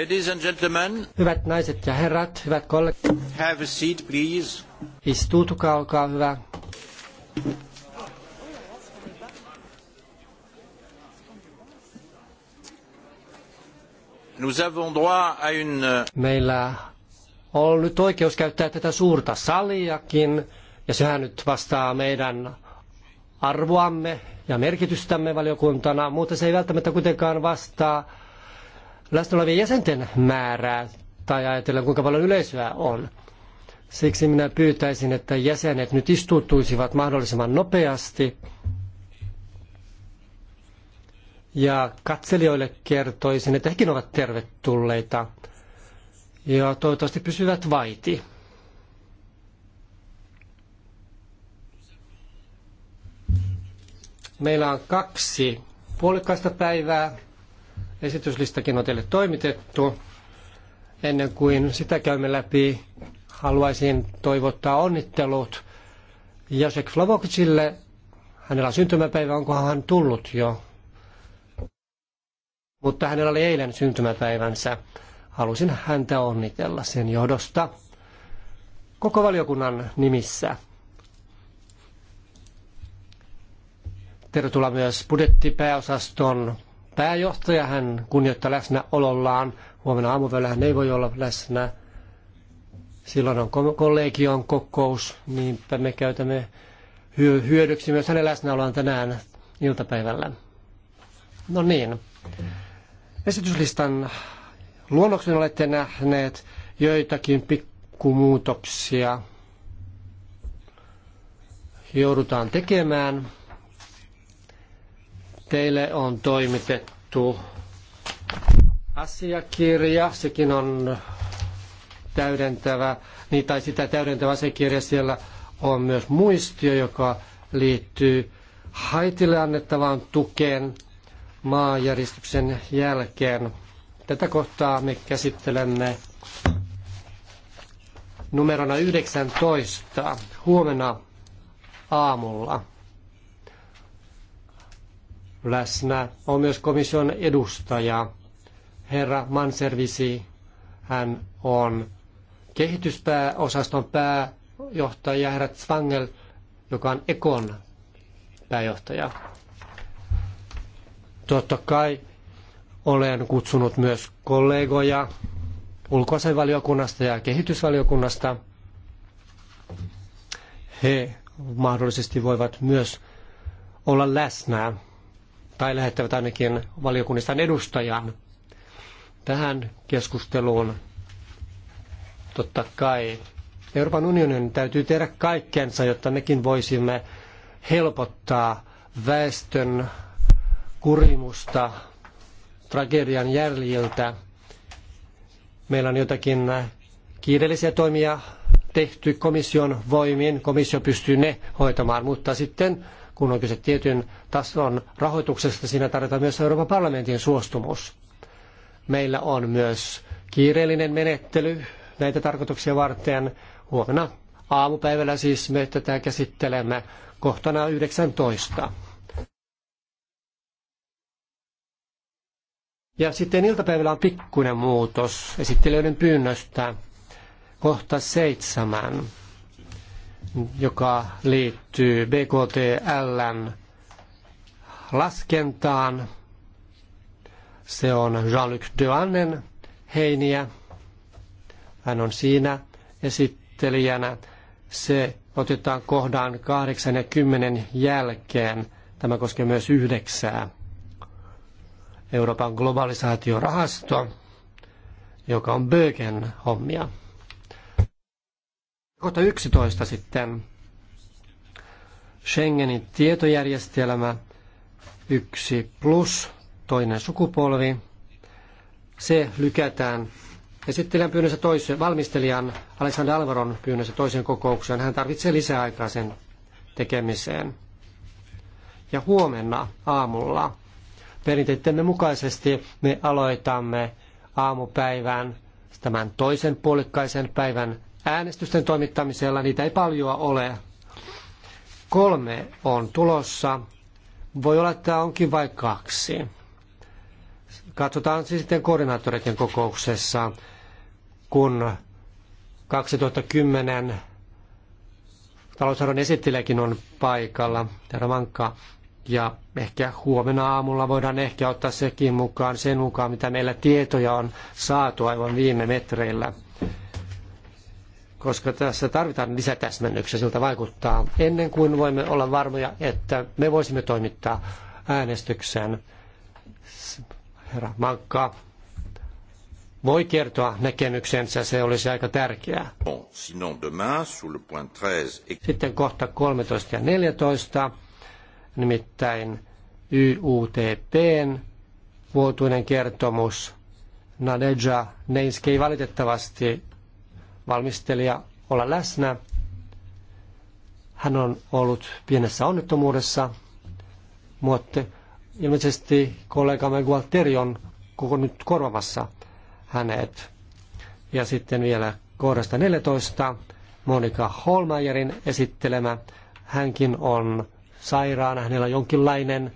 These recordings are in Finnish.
Ladies and gentlemen. Hyvät naiset ja herrat, hyvät kollegat. Have a seat, please. Istuutukaa, olkaa hyvä. Nous avons droit à une... Euh, Meillä on nyt oikeus käyttää tätä suurta saliakin, ja sehän nyt vastaa meidän arvoamme ja merkitystämme valiokuntana, mutta se ei välttämättä kuitenkaan vastaa läsnä olevien jäsenten määrää tai ajatellen kuinka paljon yleisöä on. Siksi minä pyytäisin, että jäsenet nyt istuutuisivat mahdollisimman nopeasti ja katselijoille kertoisin, että hekin ovat tervetulleita ja toivottavasti pysyvät vaiti. Meillä on kaksi puolikkaista päivää Esityslistakin on teille toimitettu. Ennen kuin sitä käymme läpi, haluaisin toivottaa onnittelut Jacek Flavokicille. Hänellä on syntymäpäivä, onkohan hän tullut jo? Mutta hänellä oli eilen syntymäpäivänsä. Halusin häntä onnitella sen johdosta koko valiokunnan nimissä. Tervetuloa myös budjettipääosaston pääjohtaja, hän kunnioittaa läsnäolollaan. Huomenna aamupäivällä hän ei voi olla läsnä. Silloin on kollegion kokous, niinpä me käytämme hyödyksi myös hänen läsnäoloaan tänään iltapäivällä. No niin. Esityslistan luonnoksen olette nähneet joitakin pikkumuutoksia joudutaan tekemään. Teille on toimitettu asiakirja, sekin on täydentävä, niin tai sitä täydentävä asiakirja siellä on myös muistio, joka liittyy Haitille annettavaan tukeen maanjäristyksen jälkeen. Tätä kohtaa me käsittelemme numerona 19 huomenna aamulla läsnä on myös komission edustaja, herra Manservisi. Hän on kehityspääosaston pääjohtaja, herra Zwangel, joka on Ekon pääjohtaja. Totta kai olen kutsunut myös kollegoja ulkoasevaliokunnasta ja kehitysvaliokunnasta. He mahdollisesti voivat myös olla läsnä tai lähettävät ainakin valiokunnistaan edustajan tähän keskusteluun. Totta kai Euroopan unionin täytyy tehdä kaikkensa, jotta mekin voisimme helpottaa väestön kurimusta tragedian jäljiltä. Meillä on jotakin kiireellisiä toimia tehty komission voimin. Komissio pystyy ne hoitamaan, mutta sitten kun on kyse tietyn tason rahoituksesta, siinä tarvitaan myös Euroopan parlamentin suostumus. Meillä on myös kiireellinen menettely näitä tarkoituksia varten. Huomenna aamupäivällä siis me tätä käsittelemme kohtana 19. Ja sitten iltapäivällä on pikkuinen muutos esittelijöiden pyynnöstä kohta seitsemän joka liittyy BKTLn laskentaan. Se on Jean-Luc Deannen heiniä. Hän on siinä esittelijänä. Se otetaan kohdan 8 ja 10 jälkeen. Tämä koskee myös yhdeksää. Euroopan globalisaatiorahasto, joka on Böken hommia. Kohta 11 sitten Schengenin tietojärjestelmä 1 plus toinen sukupolvi. Se lykätään esittelijän pyynnössä toisen valmistelijan Alexander Alvaron pyynnössä toisen kokoukseen. Hän tarvitsee lisäaikaa sen tekemiseen. Ja huomenna aamulla perinteittemme mukaisesti me aloitamme aamupäivän tämän toisen puolikkaisen päivän äänestysten toimittamisella, niitä ei paljoa ole. Kolme on tulossa, voi olla, että onkin vain kaksi. Katsotaan siis sitten koordinaattoreiden kokouksessa, kun 2010 talousarvon esittelijäkin on paikalla, Vankka. Ja ehkä huomenna aamulla voidaan ehkä ottaa sekin mukaan, sen mukaan mitä meillä tietoja on saatu aivan viime metreillä koska tässä tarvitaan lisätäsmennyksiä, siltä vaikuttaa, ennen kuin voimme olla varmoja, että me voisimme toimittaa äänestyksen. Herra Mankka voi kertoa näkemyksensä, se olisi aika tärkeää. Sitten kohta 13 ja 14, nimittäin YUTPn vuotuinen kertomus. Nadeja Neinski ei valitettavasti valmistelija olla läsnä. Hän on ollut pienessä onnettomuudessa, mutta ilmeisesti kollegamme Gualteri on koko nyt korvamassa hänet. Ja sitten vielä kohdasta 14 Monika Holmajerin esittelemä. Hänkin on sairaana, hänellä on jonkinlainen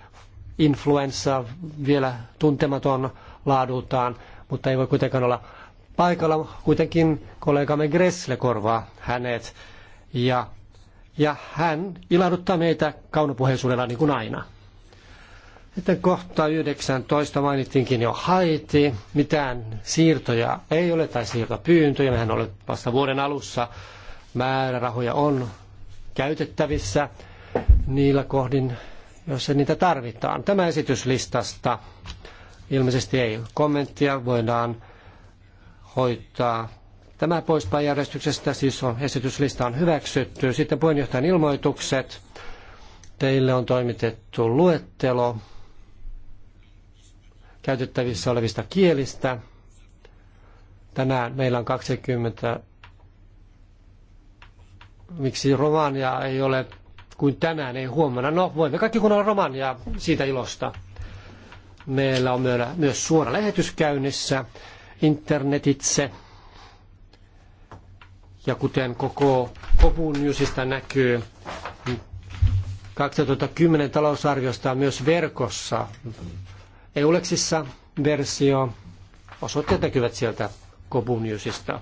influenssa, vielä tuntematon laadultaan, mutta ei voi kuitenkaan olla paikalla kuitenkin kollegamme Gressle korvaa hänet ja, ja hän ilahduttaa meitä kaunopuheisuudella niin kuin aina. Sitten kohta 19 mainittiinkin jo Haiti. Mitään siirtoja ei ole tai siirtopyyntöjä. Mehän olemme vasta vuoden alussa. Määrärahoja on käytettävissä niillä kohdin, jos niitä tarvitaan. Tämä esityslistasta ilmeisesti ei kommenttia. Voidaan hoitaa. Tämä poistaa järjestyksestä, siis on esityslista on hyväksytty. Sitten puheenjohtajan ilmoitukset. Teille on toimitettu luettelo käytettävissä olevista kielistä. Tänään meillä on 20 miksi Romania ei ole kuin tänään, ei huomenna. No, voimme kaikki kuunnella Romaniaa siitä ilosta. Meillä on myös suora lähetys käynnissä internetitse. Ja kuten koko Kopunjusista näkyy, 2010 niin talousarviosta on myös verkossa Euleksissa versio. Osoitteet näkyvät sieltä Kopunjusista.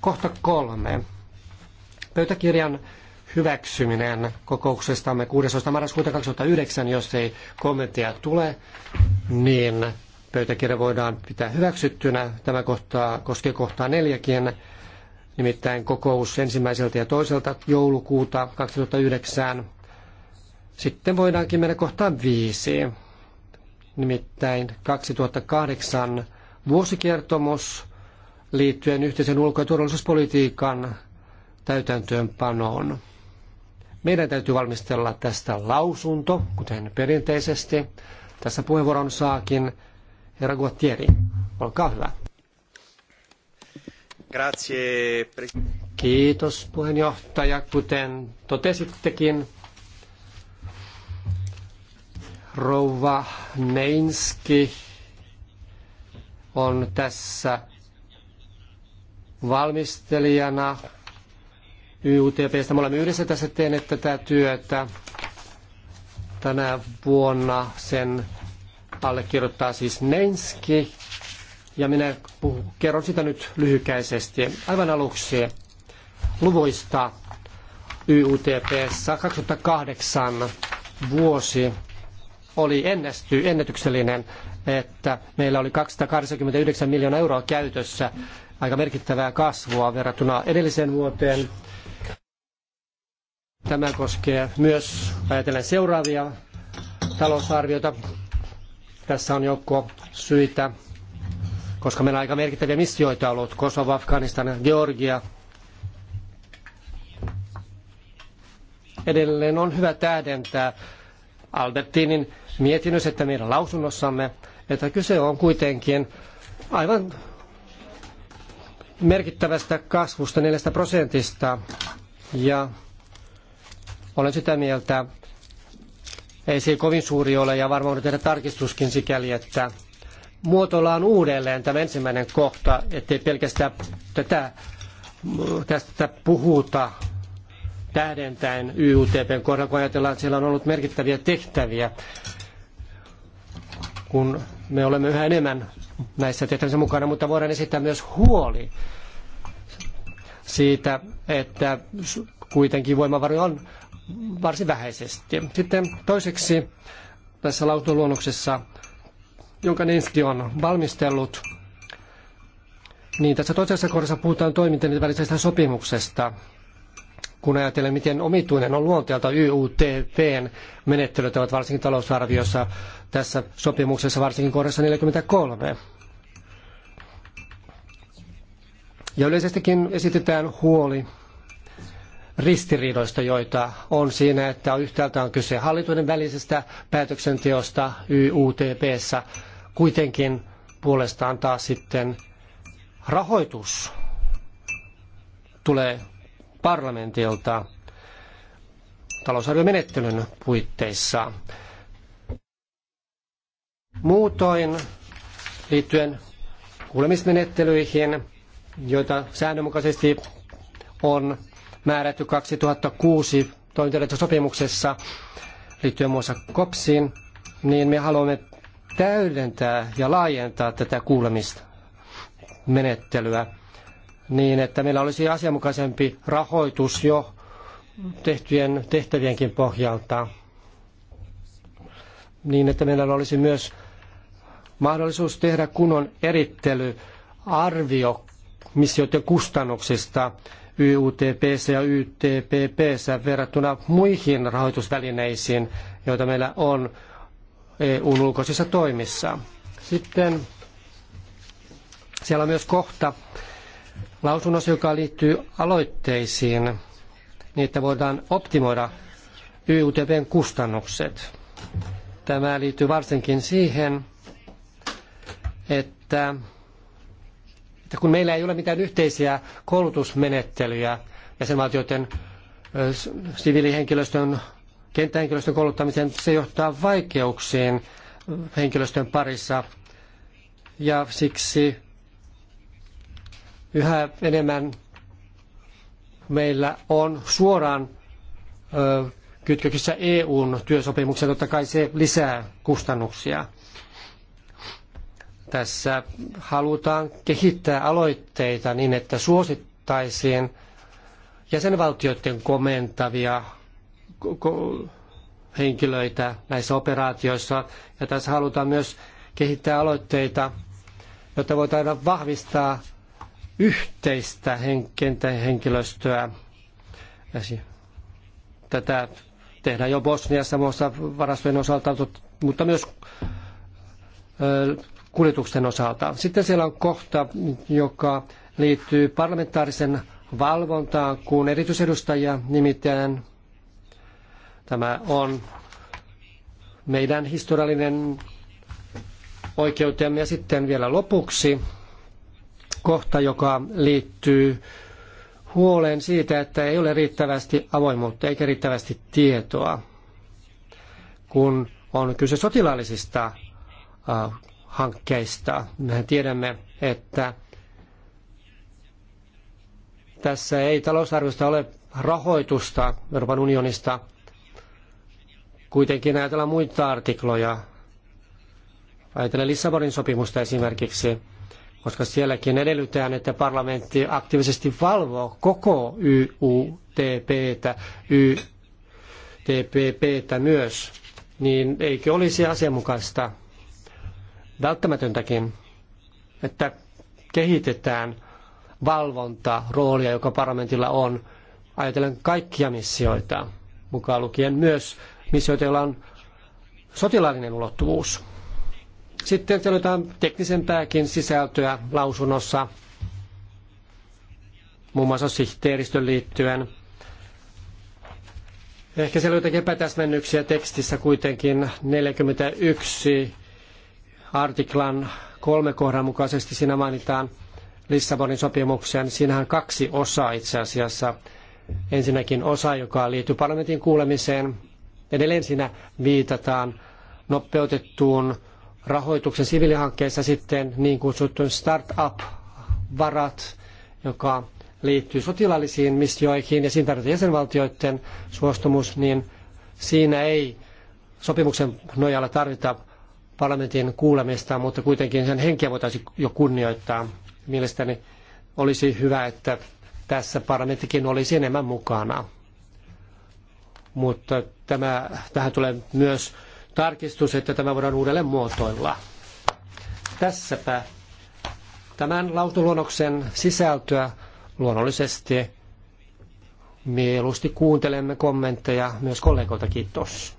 Kohta kolme. Pöytäkirjan hyväksyminen kokouksestamme 16. marraskuuta 2009, jos ei kommentteja tule, niin pöytäkirja voidaan pitää hyväksyttynä. Tämä kohtaa, koskee kohtaa neljäkin, nimittäin kokous ensimmäiseltä ja toiselta joulukuuta 2009. Sitten voidaankin mennä kohtaan viisi, nimittäin 2008 vuosikertomus liittyen yhteisen ulko- ja turvallisuuspolitiikan täytäntöönpanoon. Meidän täytyy valmistella tästä lausunto, kuten perinteisesti. Tässä puheenvuoron saakin Herra Guattieri, olkaa hyvä. Grazie, Kiitos puheenjohtaja. Kuten totesittekin, rouva Neinski on tässä valmistelijana YUTPstä. Me olemme yhdessä tässä tehneet tätä työtä tänä vuonna sen allekirjoittaa siis Nenski. Ja minä puhun, kerron sitä nyt lyhykäisesti. Aivan aluksi luvuista YUTP 2008 vuosi oli ennesty, ennätyksellinen, että meillä oli 289 miljoonaa euroa käytössä, aika merkittävää kasvua verrattuna edelliseen vuoteen. Tämä koskee myös, ajatellen seuraavia talousarviota, tässä on joukko syitä, koska meillä on aika merkittäviä missioita ollut. Kosovo, Afganistan, Georgia. Edelleen on hyvä tähdentää Albertinin mietinnössä, että meidän lausunnossamme, että kyse on kuitenkin aivan merkittävästä kasvusta 4 prosentista. Ja olen sitä mieltä, ei se kovin suuri ole ja varmaan tehdä tarkistuskin sikäli, että muotoillaan uudelleen tämä ensimmäinen kohta, ettei pelkästään tätä, tästä puhuta tähdentäen YUTPn kohdalla, kun ajatellaan, että siellä on ollut merkittäviä tehtäviä, kun me olemme yhä enemmän näissä tehtävissä mukana, mutta voidaan esittää myös huoli siitä, että kuitenkin voimavaroja on varsin vähäisesti. Sitten toiseksi tässä lausuntoluonnoksessa, jonka Ninski on valmistellut, niin tässä toisessa kohdassa puhutaan toimintojen välisestä sopimuksesta, kun ajatellaan, miten omituinen on luonteelta YUTPn menettelyt ovat varsinkin talousarviossa tässä sopimuksessa, varsinkin kohdassa 43. Ja yleisestikin esitetään huoli ristiriidoista, joita on siinä, että yhtäältä on kyse hallituiden välisestä päätöksenteosta YUTPssä, kuitenkin puolestaan taas sitten rahoitus tulee parlamentilta talousarviomenettelyn puitteissa. Muutoin liittyen kuulemismenettelyihin, joita säännönmukaisesti on määrätty 2006 toimintayrityssopimuksessa liittyen muassa COPSiin, niin me haluamme täydentää ja laajentaa tätä kuulemista menettelyä niin, että meillä olisi asianmukaisempi rahoitus jo tehtyjen tehtävienkin pohjalta. Niin, että meillä olisi myös mahdollisuus tehdä kunnon erittely, arvio missioiden kustannuksista YUTPC ja YTPPssä verrattuna muihin rahoitusvälineisiin, joita meillä on EUn ulkoisissa toimissa. Sitten siellä on myös kohta lausunnossa, joka liittyy aloitteisiin, niin että voidaan optimoida YUTPn kustannukset. Tämä liittyy varsinkin siihen, että että kun meillä ei ole mitään yhteisiä koulutusmenettelyjä jäsenvaltioiden siviilihenkilöstön, kenttähenkilöstön kouluttamiseen, se johtaa vaikeuksiin henkilöstön parissa. Ja siksi yhä enemmän meillä on suoraan kytköksissä EUn työsopimuksia, totta kai se lisää kustannuksia. Tässä halutaan kehittää aloitteita niin, että suosittaisiin jäsenvaltioiden komentavia henkilöitä näissä operaatioissa. Ja tässä halutaan myös kehittää aloitteita, jotta voidaan vahvistaa yhteistä henkilöstöä. Tätä tehdään jo Bosniassa muassa varastojen osalta, mutta myös kuljetuksen osalta. Sitten siellä on kohta, joka liittyy parlamentaarisen valvontaan, kun erityisedustajia nimittäin tämä on meidän historiallinen oikeutemme. Ja sitten vielä lopuksi kohta, joka liittyy huoleen siitä, että ei ole riittävästi avoimuutta eikä riittävästi tietoa, kun on kyse sotilaallisista äh, hankkeista. Mehän tiedämme, että tässä ei talousarviosta ole rahoitusta Euroopan unionista. Kuitenkin ajatellaan muita artikloja. Ajatellaan Lissabonin sopimusta esimerkiksi, koska sielläkin edellytään, että parlamentti aktiivisesti valvoo koko YUTPtä, YTPPtä myös. Niin eikö olisi asianmukaista välttämätöntäkin, että kehitetään valvonta roolia, joka parlamentilla on, ajatellen kaikkia missioita, mukaan lukien myös missioita, joilla on sotilaallinen ulottuvuus. Sitten siellä jotain teknisempääkin sisältöä lausunnossa, muun muassa sihteeristön liittyen. Ehkä siellä on jotakin epätäsmennyksiä tekstissä kuitenkin 41 artiklan kolme kohdan mukaisesti. Siinä mainitaan Lissabonin sopimuksen. Siinähän kaksi osaa itse asiassa. Ensinnäkin osa, joka liittyy parlamentin kuulemiseen. Edelleen siinä viitataan nopeutettuun rahoituksen siviilihankkeissa sitten niin kutsuttuun start-up-varat, joka liittyy sotilaallisiin missioihin ja siinä tarvitaan jäsenvaltioiden suostumus, niin siinä ei sopimuksen nojalla tarvita parlamentin kuulemista, mutta kuitenkin sen henkeä voitaisiin jo kunnioittaa. Mielestäni olisi hyvä, että tässä parlamenttikin olisi enemmän mukana. Mutta tämä, tähän tulee myös tarkistus, että tämä voidaan uudelleen muotoilla. Tässäpä tämän lausuntoluonnoksen sisältöä luonnollisesti mieluusti kuuntelemme kommentteja myös kollegoilta. Kiitos.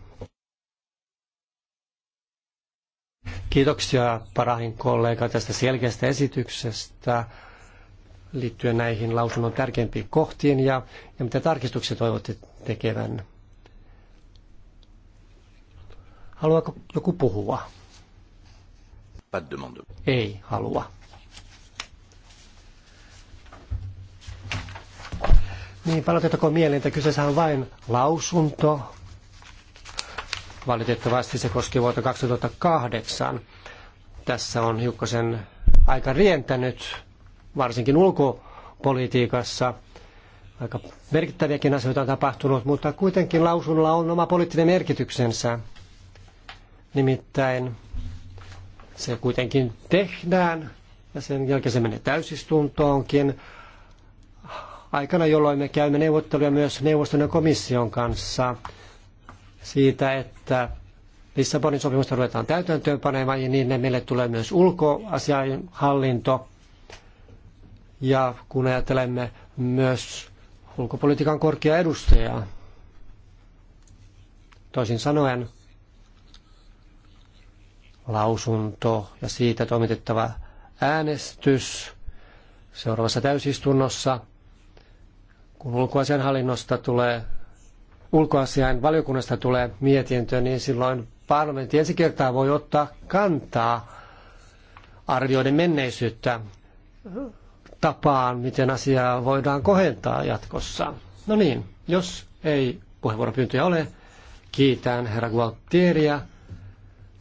Kiitoksia Parahin kollega tästä selkeästä esityksestä liittyen näihin lausunnon tärkeimpiin kohtiin ja, ja mitä tarkistuksia toivotte tekevän. Haluaako joku puhua? Ei halua. Niin, palautetako mieleen, että kyseessä on vain lausunto, Valitettavasti se koski vuotta 2008. Tässä on hiukkasen aika rientänyt, varsinkin ulkopolitiikassa. Aika merkittäviäkin asioita on tapahtunut, mutta kuitenkin lausunnolla on oma poliittinen merkityksensä. Nimittäin se kuitenkin tehdään ja sen jälkeen se menee täysistuntoonkin aikana, jolloin me käymme neuvotteluja myös neuvoston ja komission kanssa siitä, että Lissabonin sopimusta ruvetaan täytäntöönpanemaan ja niin meille tulee myös ulkoasiainhallinto. Ja kun ajattelemme myös ulkopolitiikan korkea edustajaa, toisin sanoen lausunto ja siitä toimitettava äänestys seuraavassa täysistunnossa, kun ulkoasianhallinnosta tulee ulkoasian valiokunnasta tulee mietintö, niin silloin parlamentti ensi kertaa voi ottaa kantaa arvioiden menneisyyttä tapaan, miten asiaa voidaan kohentaa jatkossa. No niin, jos ei puheenvuoropyyntöjä ole, kiitän herra Gualtieria.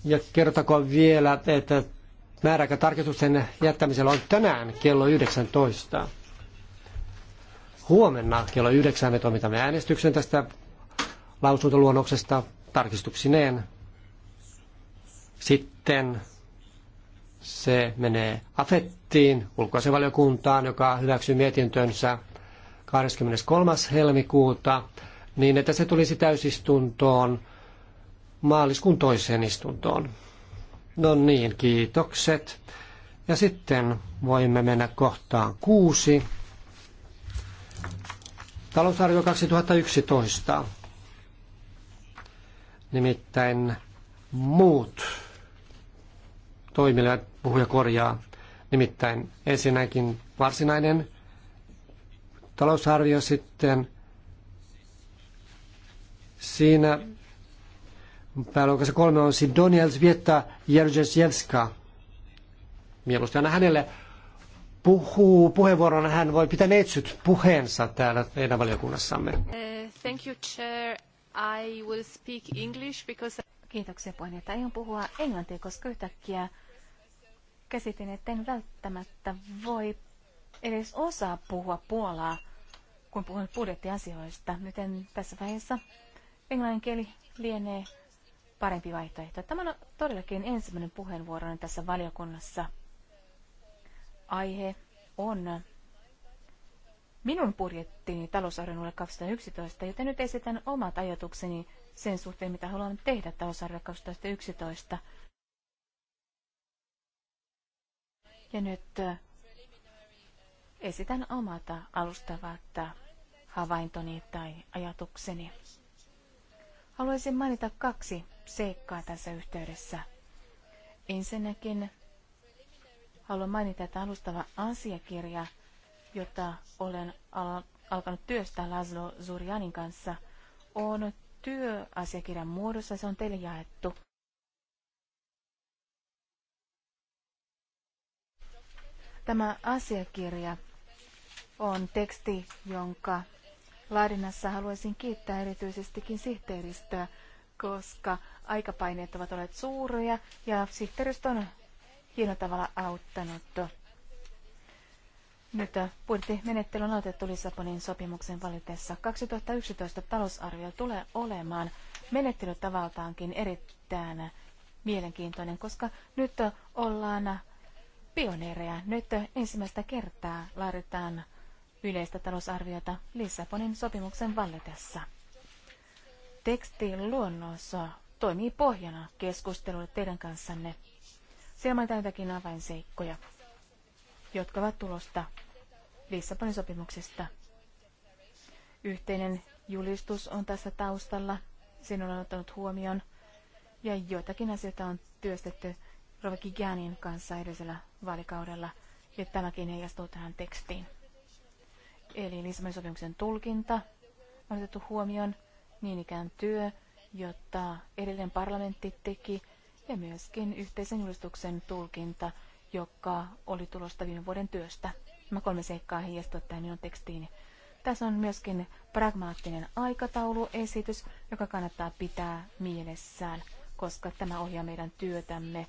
Ja kertokoon vielä, että määräaika tarkistuksen jättämisellä on tänään kello 19. Huomenna kello 9 me toimitamme äänestyksen tästä lausuntoluonnoksesta tarkistuksineen. Sitten se menee afettiin, ulkoasevaliokuntaan, joka hyväksyy mietintönsä 23. helmikuuta, niin että se tulisi täysistuntoon maaliskuun toiseen istuntoon. No niin, kiitokset. Ja sitten voimme mennä kohtaan kuusi. Talousarvio 2011 nimittäin muut toimilijat, puhuja korjaa, nimittäin ensinnäkin varsinainen talousarvio sitten siinä pääluokassa kolme on Sidonia Elzbieta Jerzewska. Mieluusti aina hänelle puhuu puheenvuoron, hän voi pitää neitsyt puheensa täällä meidän valiokunnassamme. Eh, thank you, chair. I will speak English because... Kiitoksia puheenjohtaja. Aion puhua englantia, koska yhtäkkiä käsitin, että en välttämättä voi edes osaa puhua puolaa, kun puhun budjettiasioista. en tässä vaiheessa englannin kieli lienee parempi vaihtoehto. Tämä on todellakin ensimmäinen puheenvuoroni tässä valiokunnassa. Aihe on minun budjettini talousarvion 2011, joten nyt esitän omat ajatukseni sen suhteen, mitä haluan tehdä talousarviolle 2011. Ja nyt äh, esitän omat alustavat havaintoni tai ajatukseni. Haluaisin mainita kaksi seikkaa tässä yhteydessä. Ensinnäkin haluan mainita, että alustava asiakirja – jota olen alkanut työstää Laszlo Zurianin kanssa, on työasiakirjan muodossa. Se on teille jaettu. Tämä asiakirja on teksti, jonka laadinnassa haluaisin kiittää erityisestikin sihteeristöä, koska aikapaineet ovat olleet suuria ja sihteeristö on hieno tavalla auttanut. Nyt menettely on otettu Lissabonin sopimuksen valitessa. 2011 talousarvio tulee olemaan menettelytavaltaankin erittäin mielenkiintoinen, koska nyt ollaan pioneereja. Nyt ensimmäistä kertaa laaditaan yleistä talousarviota Lissabonin sopimuksen vallitessa. Teksti luonnossa toimii pohjana keskustelulle teidän kanssanne. Siellä on jotakin avainseikkoja, jotka ovat tulosta Lissabonin sopimuksesta. Yhteinen julistus on tässä taustalla. Sen on ottanut huomioon. Ja joitakin asioita on työstetty Rovaki Gänin kanssa edellisellä vaalikaudella. Ja tämäkin heijastuu tähän tekstiin. Eli Lissabonin sopimuksen tulkinta on otettu huomioon. Niin ikään työ, jotta edellinen parlamentti teki. Ja myöskin yhteisen julistuksen tulkinta, joka oli tulosta viime vuoden työstä mä kolme seikkaa heijastua tähän minun tekstiini. Tässä on myöskin pragmaattinen aikatauluesitys, joka kannattaa pitää mielessään, koska tämä ohjaa meidän työtämme.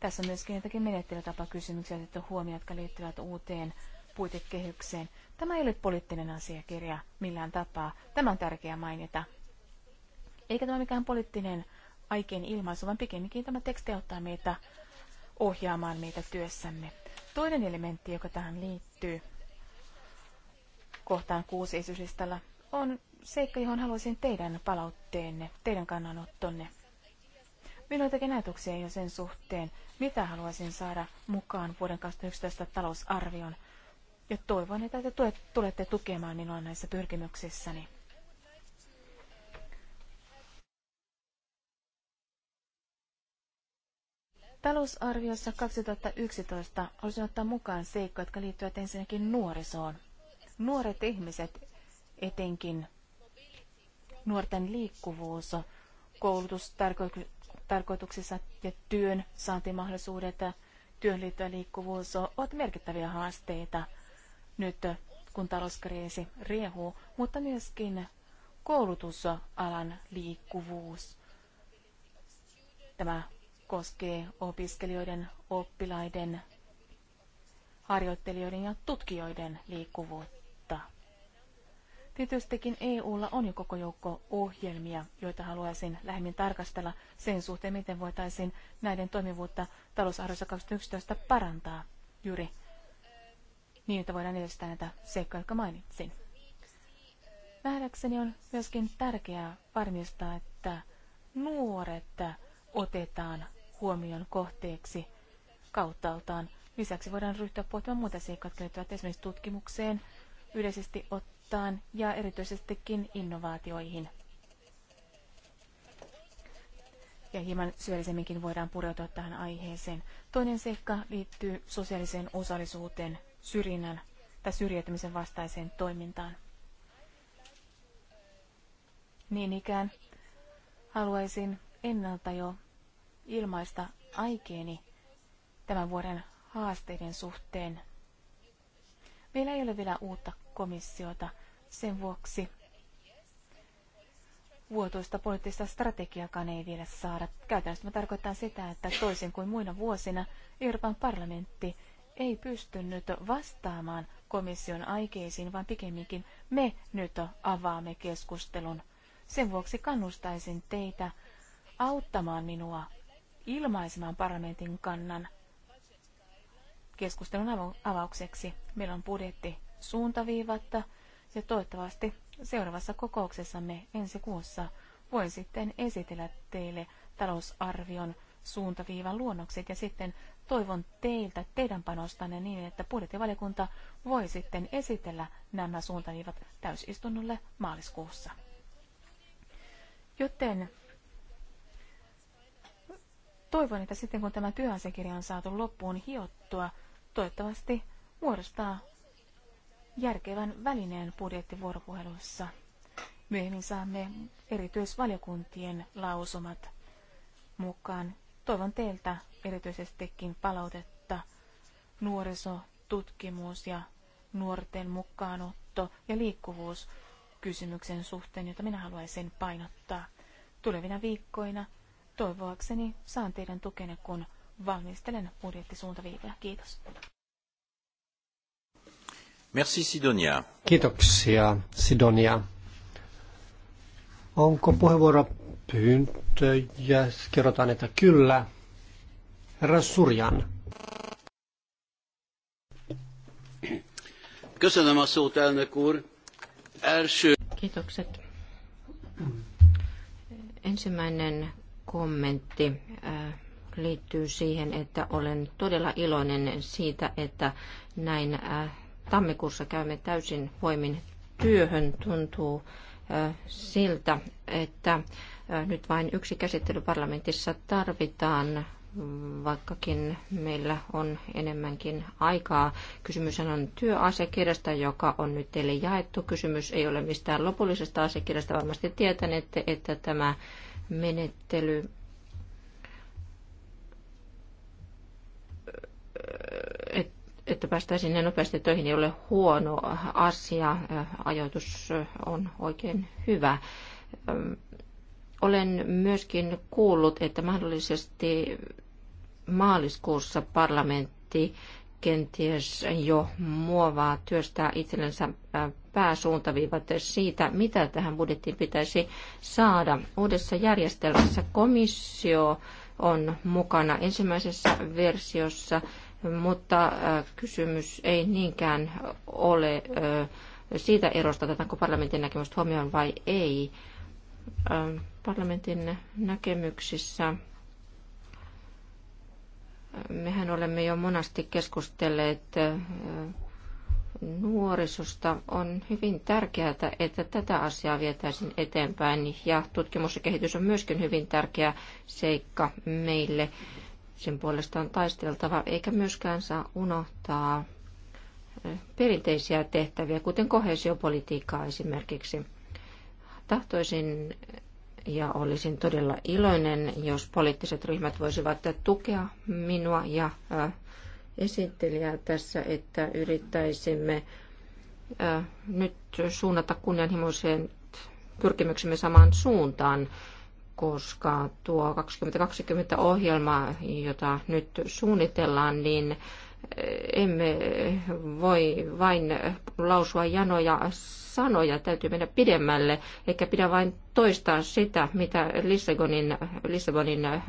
Tässä on myöskin jotakin menettelytapakysymyksiä että huomioon, jotka liittyvät uuteen puitekehykseen. Tämä ei ole poliittinen asiakirja millään tapaa. Tämä on tärkeää mainita. Eikä tämä mikään poliittinen aikeen ilmaisu, vaan pikemminkin tämä teksti auttaa meitä ohjaamaan meitä työssämme. Toinen elementti, joka tähän liittyy kohtaan kuusi esityslistalla, on seikka, johon haluaisin teidän palautteenne, teidän kannanottonne. Minulla on näytöksiä jo sen suhteen, mitä haluaisin saada mukaan vuoden 2011 talousarvion, ja toivon, että te tulette tukemaan minua näissä pyrkimyksissäni. Talousarviossa 2011 haluaisin ottaa mukaan seikkoja, jotka liittyvät ensinnäkin nuorisoon. Nuoret ihmiset etenkin, nuorten liikkuvuus, koulutustarkoituksissa ja työn saantimahdollisuudet, työn liittyvä liikkuvuus ovat merkittäviä haasteita nyt, kun talouskriisi riehuu, mutta myöskin koulutusalan liikkuvuus. Tämä koskee opiskelijoiden, oppilaiden, harjoittelijoiden ja tutkijoiden liikkuvuutta. Tietystikin EUlla on jo koko joukko ohjelmia, joita haluaisin lähemmin tarkastella sen suhteen, miten voitaisiin näiden toimivuutta talousarvoissa 2011 parantaa juuri niin, että voidaan edistää näitä seikkoja, jotka mainitsin. Nähdäkseni on myöskin tärkeää varmistaa, että nuoret otetaan huomion kohteeksi kauttaaltaan. Lisäksi voidaan ryhtyä pohtimaan muita seikkoja, jotka liittyvät esimerkiksi tutkimukseen yleisesti ottaen ja erityisestikin innovaatioihin. Ja hieman syöllisemminkin voidaan pureutua tähän aiheeseen. Toinen seikka liittyy sosiaaliseen osallisuuteen, syrjinnän tai syrjäytymisen vastaiseen toimintaan. Niin ikään haluaisin ennalta jo ilmaista aikeeni tämän vuoden haasteiden suhteen. Meillä ei ole vielä uutta komissiota, sen vuoksi vuotuista poliittista strategiakaan ei vielä saada. Käytännössä tämä tarkoittaa sitä, että toisin kuin muina vuosina Euroopan parlamentti ei pystynyt vastaamaan komission aikeisiin, vaan pikemminkin me nyt avaamme keskustelun. Sen vuoksi kannustaisin teitä auttamaan minua ilmaisemaan parlamentin kannan keskustelun avaukseksi. Meillä on budjetti suuntaviivatta ja toivottavasti seuraavassa kokouksessamme ensi kuussa voin sitten esitellä teille talousarvion suuntaviivan luonnokset ja sitten toivon teiltä teidän panostanne niin, että budjettivaliokunta voi sitten esitellä nämä suuntaviivat täysistunnolle maaliskuussa. Joten Toivon, että sitten kun tämä työasiakirja on saatu loppuun hiottua, toivottavasti muodostaa järkevän välineen budjettivuoropuhelussa. Myöhemmin saamme erityisvaliokuntien lausumat mukaan. Toivon teiltä erityisestikin palautetta nuorisotutkimus ja nuorten mukaanotto ja liikkuvuus kysymyksen suhteen, jota minä haluaisin painottaa. Tulevina viikkoina – Toivoakseni saan teidän tukenne, kun valmistelen budjettisuuntaviivoja. Kiitos. Merci Sidonia. Kiitoksia Sidonia. Onko pyyntö ja Kerrotaan, että kyllä. Herra Surjan. Köszönöm a szót, elnök úr. Első... Kiitokset. Ensimmäinen kommentti liittyy siihen, että olen todella iloinen siitä, että näin tammikuussa käymme täysin voimin työhön. Tuntuu siltä, että nyt vain yksi käsittely parlamentissa tarvitaan, vaikkakin meillä on enemmänkin aikaa. Kysymys on työasiakirjasta, joka on nyt teille jaettu. Kysymys ei ole mistään lopullisesta asiakirjasta. Varmasti tietänette, että tämä menettely, että päästään sinne nopeasti töihin, ei ole huono asia. Ajoitus on oikein hyvä. Olen myöskin kuullut, että mahdollisesti maaliskuussa parlamentti kenties jo muovaa työstää itsellensä pääsuuntaviivat siitä, mitä tähän budjettiin pitäisi saada. Uudessa järjestelmässä komissio on mukana ensimmäisessä versiossa, mutta äh, kysymys ei niinkään ole äh, siitä erosta, otetaanko parlamentin näkemystä huomioon vai ei. Ähm, parlamentin näkemyksissä äh, mehän olemme jo monasti keskustelleet nuorisosta, on hyvin tärkeää, että tätä asiaa vietäisiin eteenpäin. Ja tutkimus ja kehitys on myöskin hyvin tärkeä seikka meille. Sen puolesta on taisteltava, eikä myöskään saa unohtaa perinteisiä tehtäviä, kuten kohesiopolitiikkaa esimerkiksi. Tahtoisin ja olisin todella iloinen, jos poliittiset ryhmät voisivat tukea minua ja esittelijää tässä, että yrittäisimme äh, nyt suunnata kunnianhimoiseen pyrkimyksemme samaan suuntaan, koska tuo 2020-ohjelma, jota nyt suunnitellaan, niin äh, emme voi vain lausua janoja sanoja, täytyy mennä pidemmälle, eikä pidä vain toistaa sitä, mitä Lissabonin, Lissabonin äh,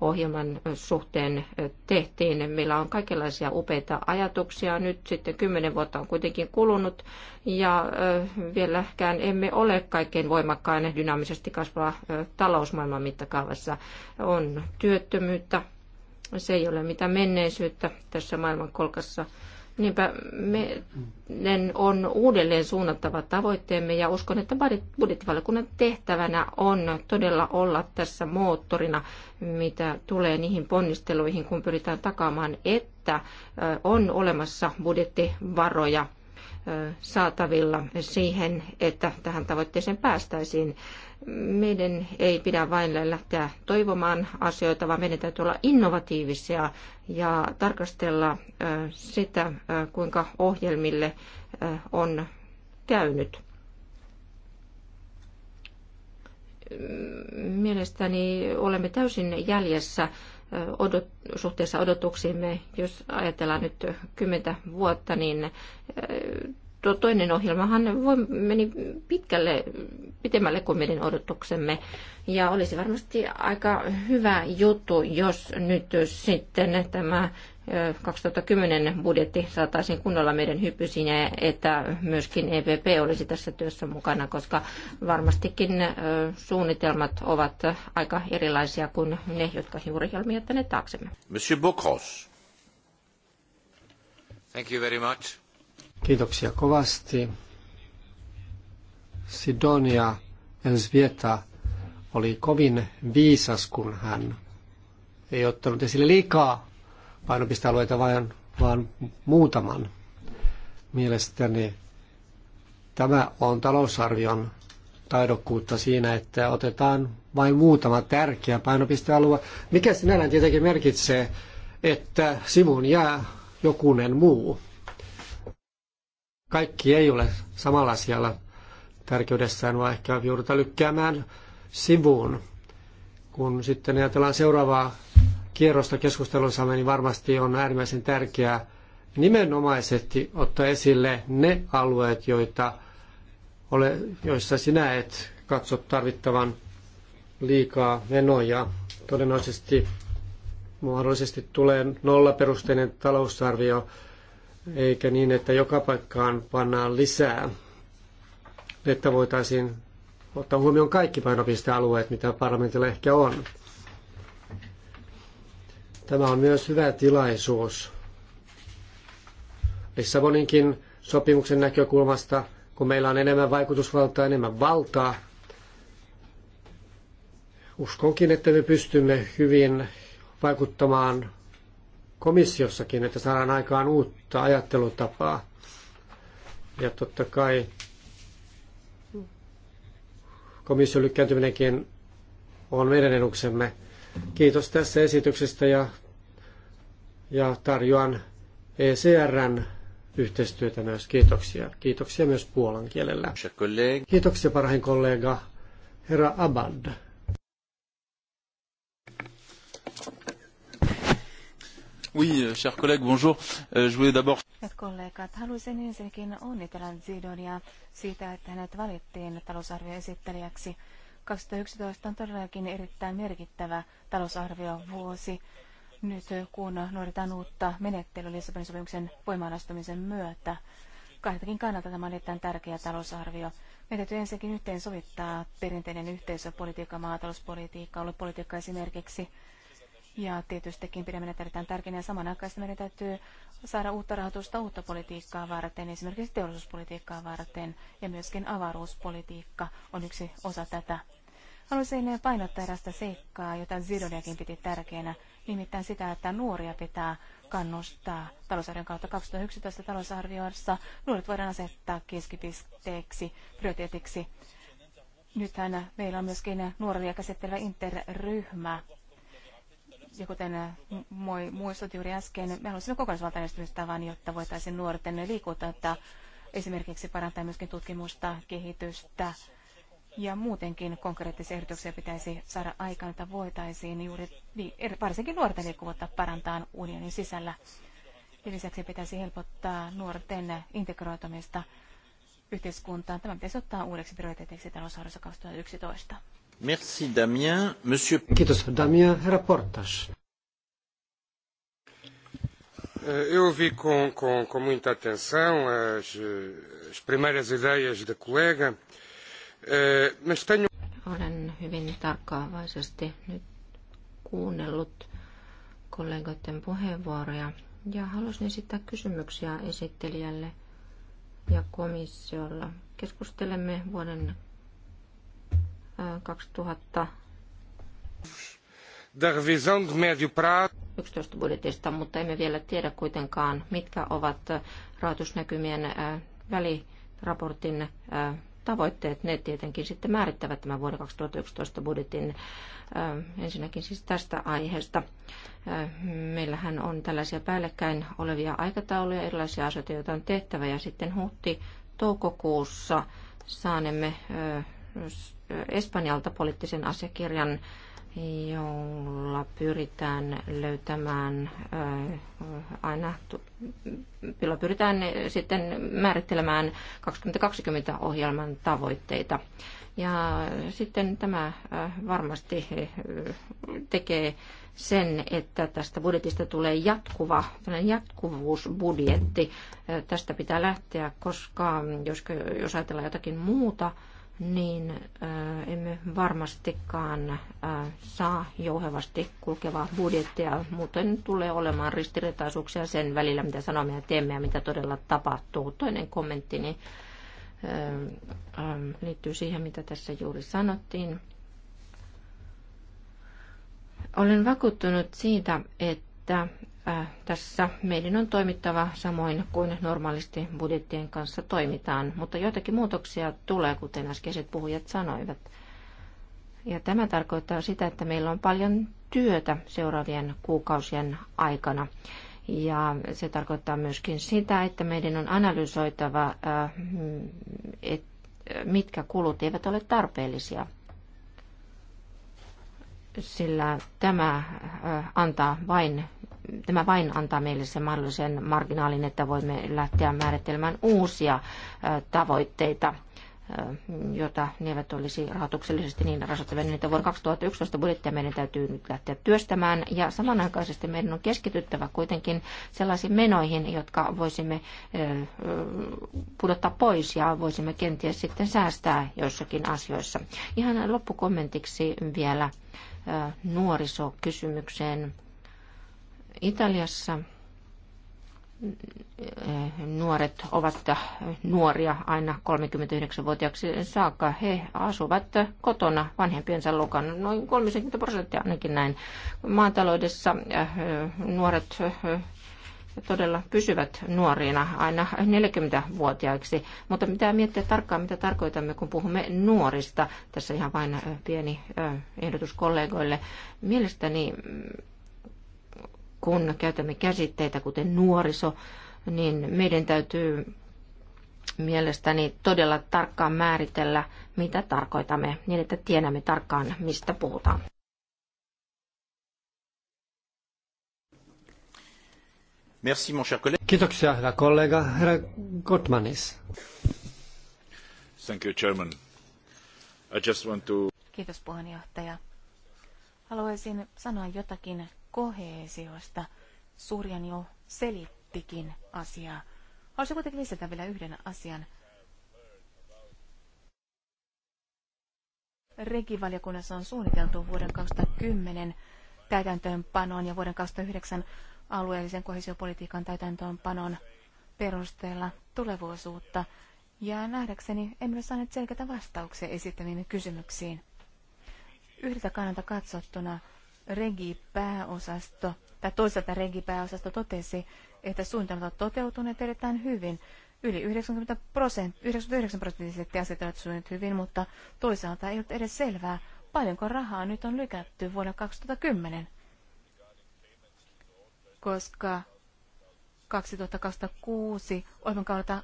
ohjelman suhteen tehtiin. Meillä on kaikenlaisia upeita ajatuksia. Nyt sitten kymmenen vuotta on kuitenkin kulunut ja vieläkään emme ole kaikkein voimakkain dynaamisesti kasvava talousmaailman mittakaavassa. On työttömyyttä, se ei ole mitään menneisyyttä tässä maailmankolkassa. kolkassa Niinpä meidän on uudelleen suunnattava tavoitteemme ja uskon, että budjettivaliokunnan tehtävänä on todella olla tässä moottorina, mitä tulee niihin ponnisteluihin, kun pyritään takaamaan, että on olemassa budjettivaroja saatavilla siihen, että tähän tavoitteeseen päästäisiin. Meidän ei pidä vain lähteä toivomaan asioita, vaan meidän täytyy olla innovatiivisia ja tarkastella sitä, kuinka ohjelmille on käynyt. Mielestäni olemme täysin jäljessä odot, suhteessa odotuksiimme. Jos ajatellaan nyt kymmentä vuotta, niin tuo toinen ohjelmahan voi, meni pitkälle, pitemmälle kuin meidän odotuksemme. Ja olisi varmasti aika hyvä juttu, jos nyt sitten tämä 2010 budjetti saataisiin kunnolla meidän hypysiin ja että myöskin EPP olisi tässä työssä mukana, koska varmastikin suunnitelmat ovat aika erilaisia kuin ne, jotka juuri tänne taaksemme. Monsieur Bokros. Thank you very much. Kiitoksia kovasti. Sidonia Elsvieta oli kovin viisas, kun hän ei ottanut esille liikaa painopistealueita, vaan, vaan muutaman. Mielestäni tämä on talousarvion taidokkuutta siinä, että otetaan vain muutama tärkeä painopistealue, mikä sinällään tietenkin merkitsee, että sivuun jää jokunen muu kaikki ei ole samalla siellä tärkeydessään, vaan ehkä joudutaan lykkäämään sivuun. Kun sitten ajatellaan seuraavaa kierrosta keskustelussa, niin varmasti on äärimmäisen tärkeää nimenomaisesti ottaa esille ne alueet, joita ole, joissa sinä et katso tarvittavan liikaa menoja. Todennäköisesti mahdollisesti tulee nollaperusteinen talousarvio eikä niin, että joka paikkaan pannaan lisää, että voitaisiin ottaa huomioon kaikki painopistealueet, mitä parlamentilla ehkä on. Tämä on myös hyvä tilaisuus Lissaboninkin sopimuksen näkökulmasta, kun meillä on enemmän vaikutusvaltaa, enemmän valtaa. Uskonkin, että me pystymme hyvin vaikuttamaan komissiossakin, että saadaan aikaan uutta ajattelutapaa. Ja totta kai komission lykkääntyminenkin on meidän eduksemme. Kiitos tässä esityksestä ja, ja tarjoan ECRn yhteistyötä myös. Kiitoksia. Kiitoksia myös puolan kielellä. Kiitoksia parhain kollega, herra Abad. Oui, euh, cher collègue, bonjour. Euh, je voulais d'abord... Hyvät kollegat, haluaisin ensinnäkin onnitella Zidonia siitä, että hänet valittiin talousarvioesittelijäksi. 2011 on todellakin erittäin merkittävä talousarviovuosi. Nyt äh, kun noudatetaan uutta menettelyä Lissabonin sopimuksen voimaanastumisen myötä, kahdeltakin kannalta tämä on erittäin tärkeä talousarvio. Meidän täytyy ensinnäkin yhteensovittaa perinteinen yhteisöpolitiikka, maatalouspolitiikka, politiikka esimerkiksi ja tietystikin pidämme näitä tärkeänä ja Samanaikaisesti meidän täytyy saada uutta rahoitusta uutta politiikkaa varten, esimerkiksi teollisuuspolitiikkaa varten ja myöskin avaruuspolitiikka on yksi osa tätä. Haluaisin painottaa erästä seikkaa, jota Zidoniakin piti tärkeänä, nimittäin sitä, että nuoria pitää kannustaa talousarvion kautta 2011 talousarviossa. Nuoret voidaan asettaa keskipisteeksi, prioriteetiksi. Nythän meillä on myöskin nuoria käsittelevä interryhmä, ja kuten äh, moi juuri äsken, me haluaisimme kokonaisvaltainen jotta voitaisiin nuorten liikuttaa esimerkiksi parantaa myöskin tutkimusta, kehitystä ja muutenkin konkreettisia ehdotuksia pitäisi saada aikaan, että voitaisiin juuri er, varsinkin nuorten liikkuvuutta parantaa unionin sisällä. Ja lisäksi pitäisi helpottaa nuorten integroitumista yhteiskuntaan. Tämä pitäisi ottaa uudeksi prioriteetiksi talousarvossa 2011. Merci Damien. Monsieur... Kiitos Damien. Herra Portas. Eh, eu ouvi com, com, com muita atenção eh, as, as primeiras ideias da colega, eh, mas tenho... Olen hyvin tarkkaavaisesti nyt kuunnellut kollegoiden puheenvuoroja ja halusin esittää kysymyksiä esittelijälle ja komissiolla. Keskustelemme vuoden 2000 11 budjetista, mutta emme vielä tiedä kuitenkaan, mitkä ovat äh, rahoitusnäkymien äh, väliraportin äh, tavoitteet. Ne tietenkin sitten määrittävät tämän vuoden 2011 budjetin ensinnäkin siis tästä aiheesta. Meillähän on tällaisia päällekkäin olevia aikatauluja, erilaisia asioita, joita on tehtävä ja sitten huhti-toukokuussa saanemme Espanjalta poliittisen asiakirjan, jolla pyritään löytämään aina, jolla pyritään sitten määrittelemään 2020-ohjelman tavoitteita. Ja sitten tämä varmasti tekee sen, että tästä budjetista tulee jatkuva, jatkuvuusbudjetti. Tästä pitää lähteä, koska jos, jos ajatellaan jotakin muuta, niin emme varmastikaan saa jouhevasti kulkevaa budjettia. Muuten tulee olemaan ristiretaisuuksia sen välillä, mitä sanomme ja teemme ja mitä todella tapahtuu. Toinen äh, liittyy siihen, mitä tässä juuri sanottiin. Olen vakuuttunut siitä, että tässä meidän on toimittava samoin kuin normaalisti budjettien kanssa toimitaan, mutta joitakin muutoksia tulee, kuten äskeiset puhujat sanoivat. Ja tämä tarkoittaa sitä, että meillä on paljon työtä seuraavien kuukausien aikana. Ja se tarkoittaa myöskin sitä, että meidän on analysoitava, että mitkä kulut eivät ole tarpeellisia sillä tämä antaa vain tämä vain antaa meille sen mahdollisen marginaalin, että voimme lähteä määrittelemään uusia tavoitteita jota ne eivät olisi rahoituksellisesti niin rasoittavia, niin että vuonna 2011 budjettia meidän täytyy nyt lähteä työstämään. Ja samanaikaisesti meidän on keskityttävä kuitenkin sellaisiin menoihin, jotka voisimme pudottaa pois ja voisimme kenties sitten säästää joissakin asioissa. Ihan loppukommentiksi vielä nuorisokysymykseen. Italiassa nuoret ovat nuoria aina 39-vuotiaaksi saakka. He asuvat kotona vanhempiensa lukana, noin 30 prosenttia ainakin näin. Maataloudessa eh, nuoret eh, todella pysyvät nuorina aina 40-vuotiaiksi. Mutta mitä miettiä tarkkaan, mitä tarkoitamme, kun puhumme nuorista. Tässä ihan vain eh, pieni ehdotus kollegoille. Mielestäni kun käytämme käsitteitä, kuten nuoriso, niin meidän täytyy mielestäni todella tarkkaan määritellä, mitä tarkoitamme, niin että tiedämme tarkkaan, mistä puhutaan. Merci, mon cher collègue. Kiitoksia, hyvä kollega, herra Gottmanis. Thank you, Chairman. I just want to... Kiitos, puheenjohtaja. Haluaisin sanoa jotakin koheesiosta. Surjan jo selittikin asiaa. Haluaisin kuitenkin lisätä vielä yhden asian. Regivaliokunnassa on suunniteltu vuoden 2010 täytäntöönpanoon ja vuoden 2009 alueellisen kohesiopolitiikan täytäntöönpanon perusteella tulevaisuutta. Ja nähdäkseni emme saaneet selkeitä vastauksia esittämiin kysymyksiin. Yhdeltä kannalta katsottuna regipääosasto, tai toisaalta regipääosasto totesi, että suunnitelmat ovat toteutuneet erittäin hyvin. Yli 90 prosent, 99 prosenttisesti asiat ovat suunnitelmat hyvin, mutta toisaalta ei ole edes selvää, paljonko rahaa nyt on lykätty vuonna 2010. Koska 2026 ohjelman kaudelta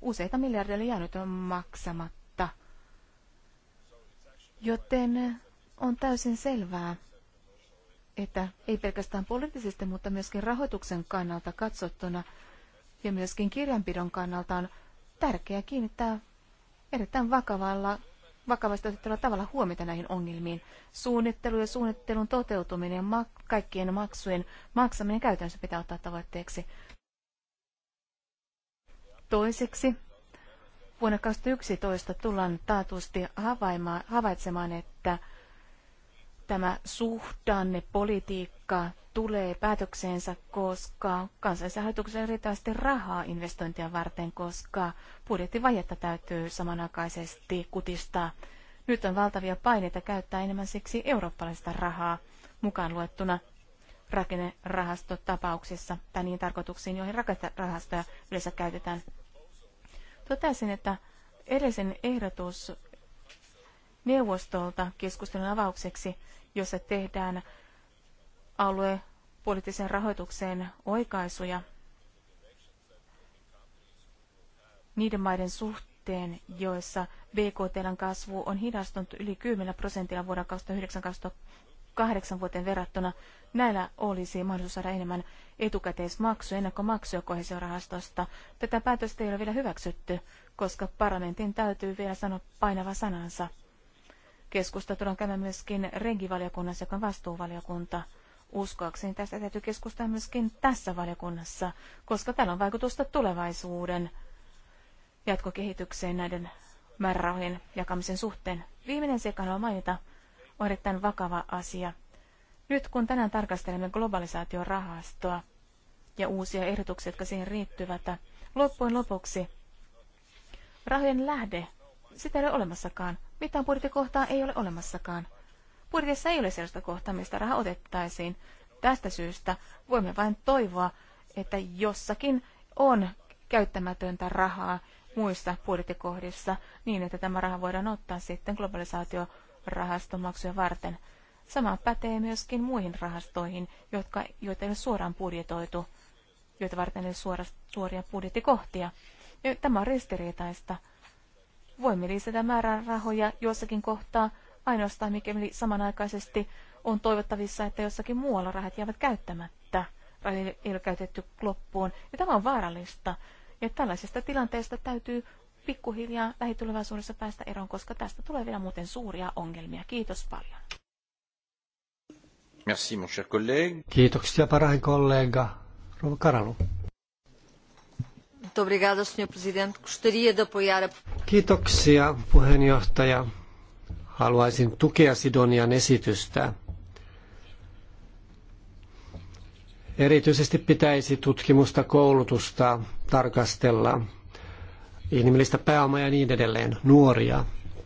useita miljardeja jäänyt on maksamatta. Joten on täysin selvää, että ei pelkästään poliittisesti, mutta myöskin rahoituksen kannalta katsottuna ja myöskin kirjanpidon kannalta on tärkeää kiinnittää erittäin vakavalla, vakavasti otettavalla tavalla huomiota näihin ongelmiin. Suunnittelu ja suunnittelun toteutuminen ja mak- kaikkien maksujen maksaminen käytännössä pitää ottaa tavoitteeksi. Toiseksi vuonna 2011 tullaan taatusti havaitsemaan, että tämä suhdannepolitiikka tulee päätökseensä, koska kansallisella hallituksella riittävästi rahaa investointia varten, koska budjettivajetta täytyy samanaikaisesti kutistaa. Nyt on valtavia paineita käyttää enemmän siksi eurooppalaista rahaa, mukaan luettuna rakennerahastotapauksissa tai niihin tarkoituksiin, joihin rahastoja yleensä käytetään. Totesin, että edellisen ehdotus neuvostolta keskustelun avaukseksi jossa tehdään aluepoliittisen rahoitukseen oikaisuja niiden maiden suhteen, joissa BKTn kasvu on hidastunut yli 10 prosentilla vuonna 2009-2008 vuoteen verrattuna. Näillä olisi mahdollisuus saada enemmän etukäteismaksuja, ennakkomaksuja kohesiorahastosta. Tätä päätöstä ei ole vielä hyväksytty, koska parlamentin täytyy vielä sanoa painava sanansa. Keskusta tullaan käymään myöskin renkivaliokunnassa, joka on vastuuvaliokunta. Uskoakseni tästä täytyy keskustella myöskin tässä valiokunnassa, koska tällä on vaikutusta tulevaisuuden jatkokehitykseen näiden määrärahojen jakamisen suhteen. Viimeinen sekä haluan mainita on erittäin vakava asia. Nyt kun tänään tarkastelemme globalisaation rahastoa ja uusia ehdotuksia, jotka siihen riittyvät, loppujen lopuksi rahojen lähde sitä ei ole olemassakaan. Mitään budjettikohtaa ei ole olemassakaan. Budjetissa ei ole sellaista kohtaa, mistä raha otettaisiin. Tästä syystä voimme vain toivoa, että jossakin on käyttämätöntä rahaa muissa budjettikohdissa niin, että tämä raha voidaan ottaa sitten globalisaatiorahaston rahastomaksuja varten. Sama pätee myöskin muihin rahastoihin, jotka, joita ei ole suoraan budjetoitu, joita varten ei ole suora, suoria budjettikohtia. Ja tämä on ristiriitaista. Voimme lisätä määrärahoja jossakin kohtaa ainoastaan, mikäli samanaikaisesti on toivottavissa, että jossakin muualla rahat jäävät käyttämättä. Rahoja ei ole käytetty loppuun. Ja tämä on vaarallista. Ja tällaisesta tilanteesta täytyy pikkuhiljaa lähitulevaisuudessa päästä eroon, koska tästä tulee vielä muuten suuria ongelmia. Kiitos paljon. Merci, mon cher collègue. Kiitoksia, kollega. Rouva Karalu. Kiitoksia puheenjohtaja. Haluaisin tukea Sidonian esitystä. Erityisesti pitäisi tutkimusta, koulutusta tarkastella, inhimillistä pääomaa ja niin edelleen, nuoria.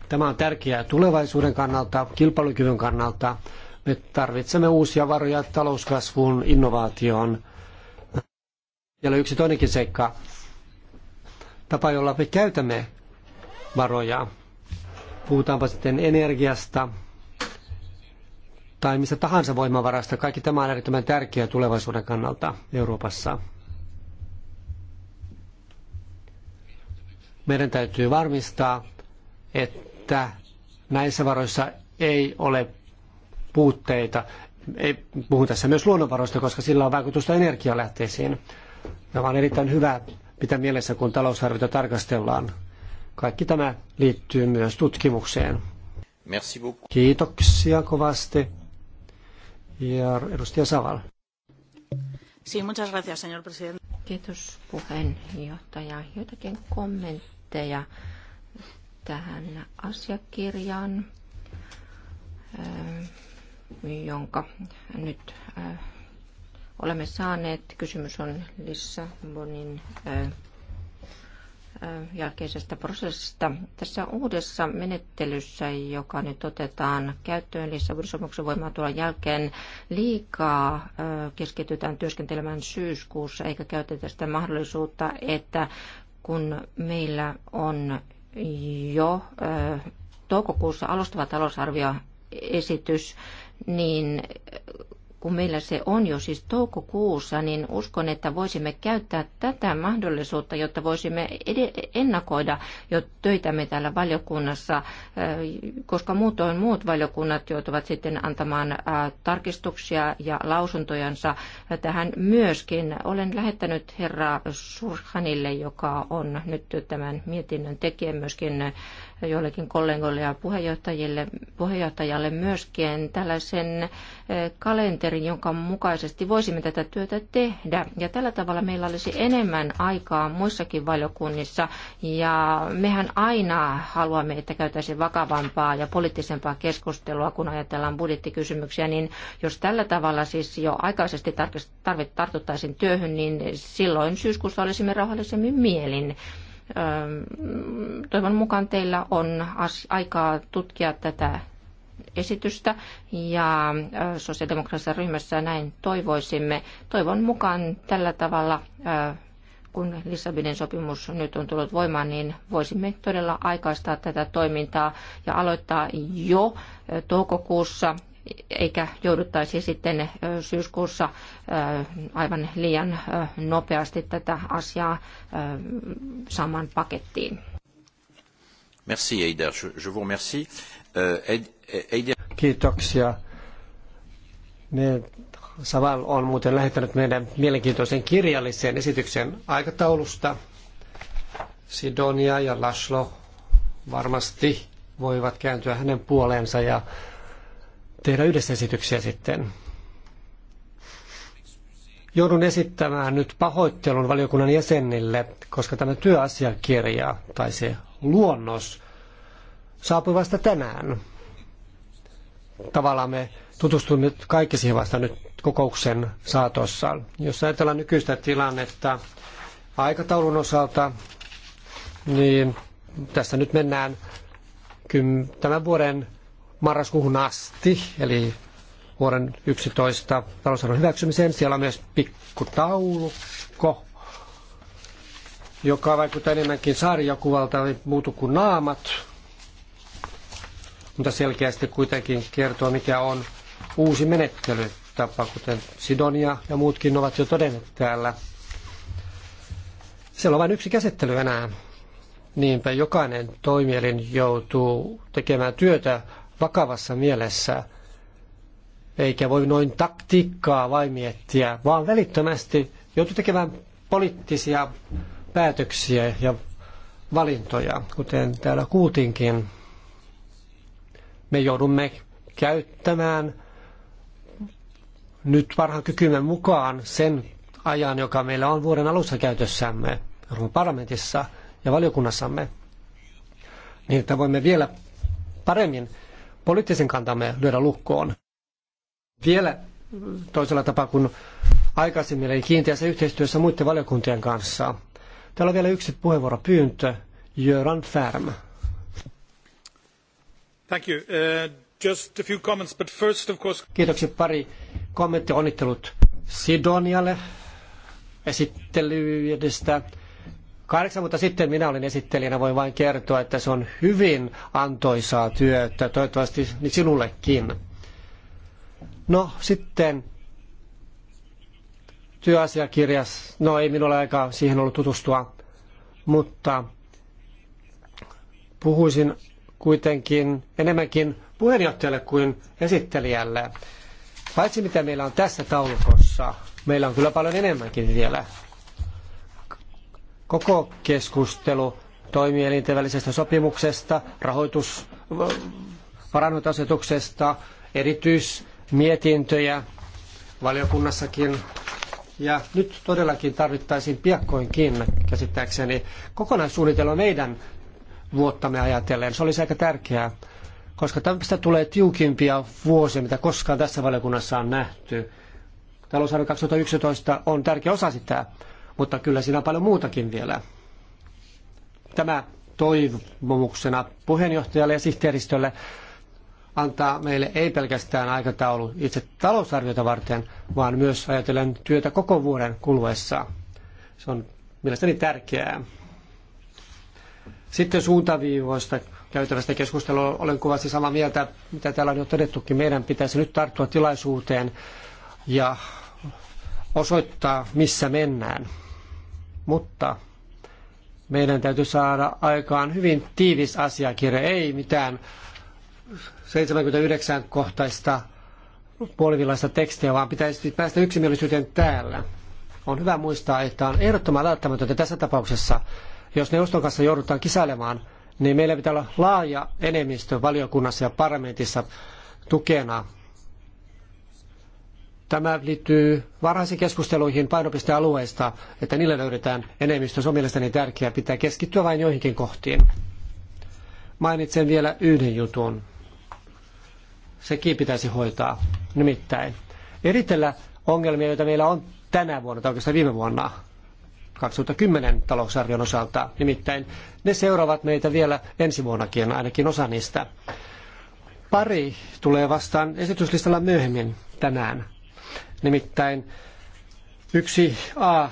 Tämä on tärkeää tulevaisuuden kannalta, kilpailukyvyn kannalta. Me tarvitsemme uusia varoja talouskasvuun, innovaatioon. Vielä yksi toinenkin seikka tapa, jolla me käytämme varoja. Puhutaanpa sitten energiasta tai missä tahansa voimavarasta. Kaikki tämä on erittäin tärkeää tulevaisuuden kannalta Euroopassa. Meidän täytyy varmistaa, että näissä varoissa ei ole puutteita. Ei, puhun tässä myös luonnonvaroista, koska sillä on vaikutusta energialähteisiin. Tämä on erittäin hyvä pitää mielessä, kun talousarviota tarkastellaan. Kaikki tämä liittyy myös tutkimukseen. Merci beaucoup. Kiitoksia kovasti. Ja edustaja Saval. Sí, muchas gracias, señor presidente. Kiitos puheenjohtaja. Jotakin kommentteja tähän asiakirjaan, eh, jonka nyt eh, olemme saaneet. Kysymys on Lissabonin jälkeisestä prosessista. Tässä uudessa menettelyssä, joka nyt otetaan käyttöön Lissabonin sopimuksen voimaantulon jälkeen, liikaa keskitytään työskentelemään syyskuussa eikä käytetä sitä mahdollisuutta, että kun meillä on jo toukokuussa alustava talousarvioesitys, niin kun meillä se on jo siis toukokuussa, niin uskon, että voisimme käyttää tätä mahdollisuutta, jotta voisimme ennakoida jo töitämme täällä valiokunnassa, koska muutoin muut valiokunnat joutuvat sitten antamaan tarkistuksia ja lausuntojansa tähän myöskin. Olen lähettänyt herra Surhanille, joka on nyt tämän mietinnön tekijä myöskin joillekin kollegoille ja puheenjohtajille, puheenjohtajalle myöskin tällaisen eh, kalenterin, jonka mukaisesti voisimme tätä työtä tehdä. Ja tällä tavalla meillä olisi enemmän aikaa muissakin valiokunnissa ja mehän aina haluamme, että käytäisiin vakavampaa ja poliittisempaa keskustelua, kun ajatellaan budjettikysymyksiä, niin jos tällä tavalla siis jo aikaisesti tarvittaisiin työhön, niin silloin syyskuussa olisimme rauhallisemmin mielin. Ähm, toivon mukaan teillä on aikaa tutkia tätä esitystä ja äh, sosiaalidemokraattisessa ryhmässä näin toivoisimme. Toivon mukaan tällä tavalla, äh, kun Lissabonin sopimus nyt on tullut voimaan, niin voisimme todella aikaistaa tätä toimintaa ja aloittaa jo äh, toukokuussa eikä jouduttaisi sitten syyskuussa aivan liian nopeasti tätä asiaa saman pakettiin. Merci Eider, je, vous remercie. Euh, Eider... Kiitoksia. Ne, Saval on muuten lähettänyt meidän mielenkiintoisen kirjallisen esityksen aikataulusta. Sidonia ja Laslo varmasti voivat kääntyä hänen puoleensa ja tehdä yhdessä esityksiä sitten. Joudun esittämään nyt pahoittelun valiokunnan jäsenille, koska tämä työasiakirja tai se luonnos saapui vasta tänään. Tavallaan me tutustumme kaikki siihen vasta nyt kokouksen saatossa. Jos ajatellaan nykyistä tilannetta aikataulun osalta, niin tässä nyt mennään tämän vuoden marraskuuhun asti, eli vuoden 11 talousarvon hyväksymiseen. Siellä on myös pikkutaulukko, joka vaikuttaa enemmänkin sarjakuvalta muutu kuin naamat, mutta selkeästi kuitenkin kertoo, mikä on uusi menettelytapa, kuten Sidonia ja muutkin ovat jo todenneet täällä. Siellä on vain yksi käsittely enää. Niinpä jokainen toimielin joutuu tekemään työtä vakavassa mielessä, eikä voi noin taktiikkaa vain miettiä, vaan välittömästi joutuu tekemään poliittisia päätöksiä ja valintoja, kuten täällä kuultiinkin. Me joudumme käyttämään nyt parhaan kykymme mukaan sen ajan, joka meillä on vuoden alussa käytössämme Euroopan parlamentissa ja valiokunnassamme, niin että voimme vielä paremmin poliittisen kantamme lyödä lukkoon. Vielä toisella tapaa kuin aikaisemmin, eli kiinteässä yhteistyössä muiden valiokuntien kanssa. Täällä on vielä yksi puheenvuoropyyntö, Jöran Färm. Thank you. Uh, just a few comments, but first of course... Kiitoksia pari kommentti onnittelut Sidonialle esittelyydestä. Kahdeksan vuotta sitten minä olin esittelijänä, voin vain kertoa, että se on hyvin antoisaa työtä, toivottavasti sinullekin. No sitten työasiakirjas, no ei minulla aikaa siihen ollut tutustua, mutta puhuisin kuitenkin enemmänkin puheenjohtajalle kuin esittelijälle. Paitsi mitä meillä on tässä taulukossa, meillä on kyllä paljon enemmänkin vielä koko keskustelu toimielinten välisestä sopimuksesta, rahoitus erityismietintöjä valiokunnassakin. Ja nyt todellakin tarvittaisiin piakkoinkin käsittääkseni kokonaissuunnitelma meidän vuottamme ajatellen. Se olisi aika tärkeää, koska tästä tulee tiukimpia vuosia, mitä koskaan tässä valiokunnassa on nähty. Talousarvio 2011 on tärkeä osa sitä mutta kyllä siinä on paljon muutakin vielä. Tämä toivomuksena puheenjohtajalle ja sihteeristölle antaa meille ei pelkästään aikataulu itse talousarviota varten, vaan myös ajatellen työtä koko vuoden kuluessa. Se on mielestäni tärkeää. Sitten suuntaviivoista käytävästä keskustelua olen kuvasti samaa mieltä, mitä täällä on jo todettukin. Meidän pitäisi nyt tarttua tilaisuuteen ja osoittaa, missä mennään mutta meidän täytyy saada aikaan hyvin tiivis asiakirja, ei mitään 79 kohtaista puolivillaista tekstiä, vaan pitäisi päästä yksimielisyyteen täällä. On hyvä muistaa, että on ehdottoman välttämätöntä tässä tapauksessa, jos neuvoston kanssa joudutaan kisailemaan, niin meillä pitää olla laaja enemmistö valiokunnassa ja parlamentissa tukena Tämä liittyy varhaisiin keskusteluihin painopistealueista, että niille löydetään enemmistö. Se on mielestäni tärkeää pitää keskittyä vain joihinkin kohtiin. Mainitsen vielä yhden jutun. Sekin pitäisi hoitaa. Nimittäin eritellä ongelmia, joita meillä on tänä vuonna tai oikeastaan viime vuonna 2010 talousarvion osalta. Nimittäin ne seuraavat meitä vielä ensi vuonnakin, ainakin osa niistä. Pari tulee vastaan esityslistalla myöhemmin tänään. Nimittäin yksi A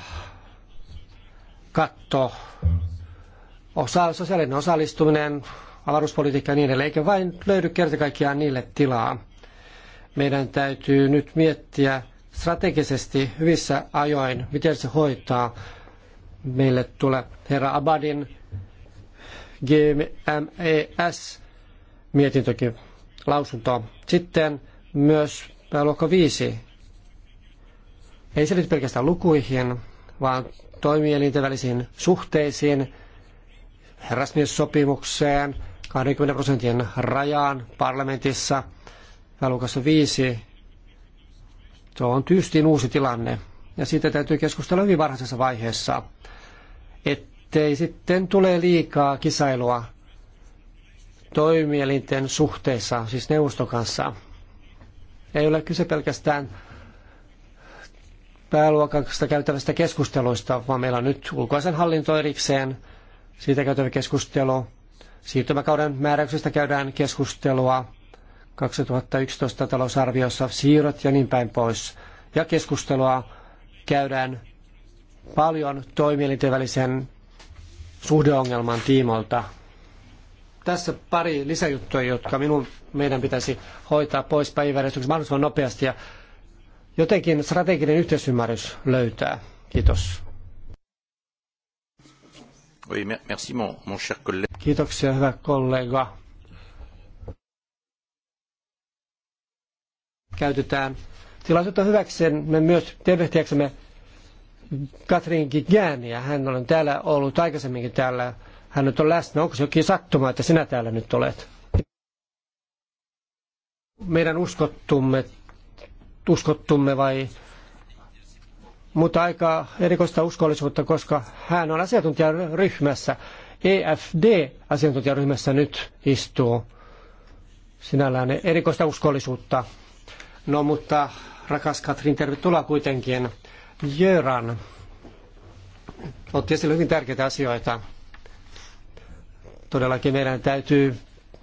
katto, osa, sosiaalinen osallistuminen, avaruuspolitiikka ja niin edelleen, eikä vain löydy kerta kaikkiaan niille tilaa. Meidän täytyy nyt miettiä strategisesti hyvissä ajoin, miten se hoitaa. Meille tulee herra Abadin GMES mietintökin lausunto. Sitten myös pääluokka 5 ei se liity pelkästään lukuihin, vaan toimielinten välisiin suhteisiin, herrasmiessopimukseen, sopimukseen 20 prosentin rajaan parlamentissa, välukassa 5. Se on tyystin uusi tilanne ja siitä täytyy keskustella hyvin varhaisessa vaiheessa, ettei sitten tule liikaa kisailua toimielinten suhteessa, siis neuvoston kanssa. Ei ole kyse pelkästään pääluokasta käytävästä keskusteluista, vaan meillä on nyt ulkoisen hallinto erikseen, siitä käytävä keskustelu. Siirtymäkauden määräyksistä käydään keskustelua 2011 talousarviossa, siirrot ja niin päin pois. Ja keskustelua käydään paljon toimielinten välisen suhdeongelman tiimolta. Tässä pari lisäjuttua, jotka minun, meidän pitäisi hoitaa pois päiväjärjestyksestä mahdollisimman nopeasti ja jotenkin strateginen yhteisymmärrys löytää. Kiitos. Oui, merci mon, mon cher collègue. Kiitoksia, hyvä kollega. Käytetään tilaisuutta hyväksemme myös tervehtiäksemme Katrin Gigääniä. Hän on täällä ollut aikaisemminkin täällä. Hän nyt on läsnä. Onko se jokin sattuma, että sinä täällä nyt olet? Meidän uskottumme uskottumme vai mutta aika erikoista uskollisuutta, koska hän on asiantuntijaryhmässä, EFD-asiantuntijaryhmässä nyt istuu. Sinällään erikoista uskollisuutta. No mutta, rakas Katrin, tervetuloa kuitenkin. Jöran otti esille hyvin tärkeitä asioita. Todellakin meidän täytyy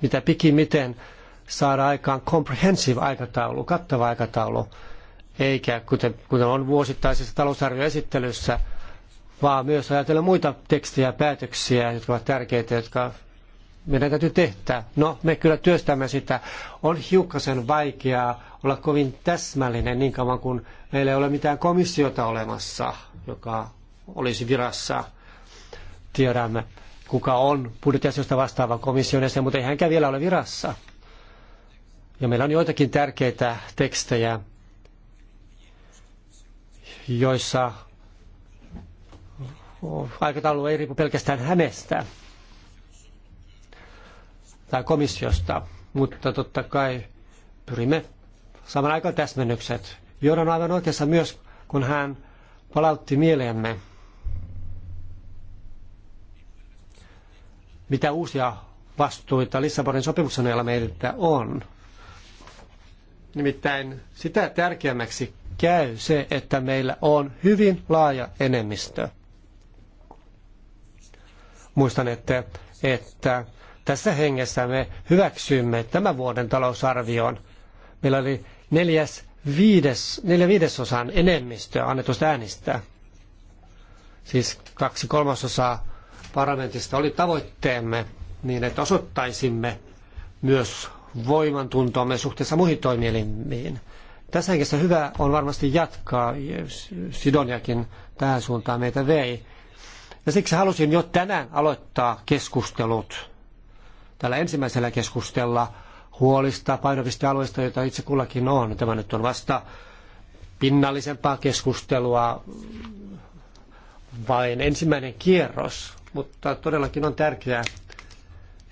mitä pikimiten miten saada aikaan comprehensive aikataulu, kattava aikataulu, eikä kuten, kuten on vuosittaisessa talousarvioesittelyssä, vaan myös ajatella muita tekstejä ja päätöksiä, jotka ovat tärkeitä, jotka meidän täytyy tehdä. No, me kyllä työstämme sitä. On hiukkasen vaikeaa olla kovin täsmällinen niin kauan kuin meillä ei ole mitään komissiota olemassa, joka olisi virassa. Tiedämme, kuka on budjettiasioista vastaava komission jäsen, mutta ei hänkään vielä ole virassa. Ja meillä on joitakin tärkeitä tekstejä, joissa aikataulu ei riipu pelkästään hänestä tai komissiosta, mutta totta kai pyrimme saman aikaan täsmennykset. Joona on aivan oikeassa myös, kun hän palautti mieleemme, mitä uusia vastuita Lissabonin sopimuksen meillä meiltä on. Nimittäin sitä tärkeämmäksi käy se, että meillä on hyvin laaja enemmistö. Muistan, että, että tässä hengessä me hyväksyimme tämän vuoden talousarvioon. Meillä oli neljäs, viides, neljä viidesosan enemmistö annetusta äänistä. Siis kaksi kolmasosaa parlamentista oli tavoitteemme niin, että osoittaisimme myös voimantuntoamme suhteessa muihin toimielimiin. Tässä hengessä hyvä on varmasti jatkaa, Sidoniakin tähän suuntaan meitä vei. Ja siksi halusin jo tänään aloittaa keskustelut, tällä ensimmäisellä keskustella huolista, painopistealueista, joita itse kullakin on. Tämä nyt on vasta pinnallisempaa keskustelua, vain ensimmäinen kierros, mutta todellakin on tärkeää,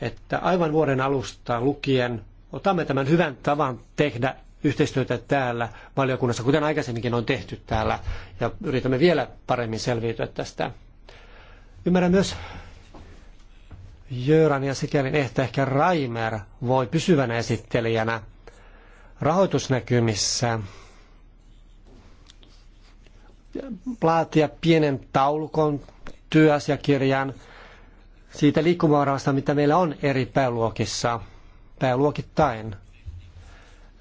että aivan vuoden alusta lukien otamme tämän hyvän tavan tehdä yhteistyötä täällä valiokunnassa, kuten aikaisemminkin on tehty täällä, ja yritämme vielä paremmin selviytyä tästä. Ymmärrän myös Jöran ja sikäli ehkä, ehkä Raimer voi pysyvänä esittelijänä rahoitusnäkymissä laatia pienen taulukon työasiakirjan siitä liikkumavarasta, mitä meillä on eri pääluokissa – pääluokittain.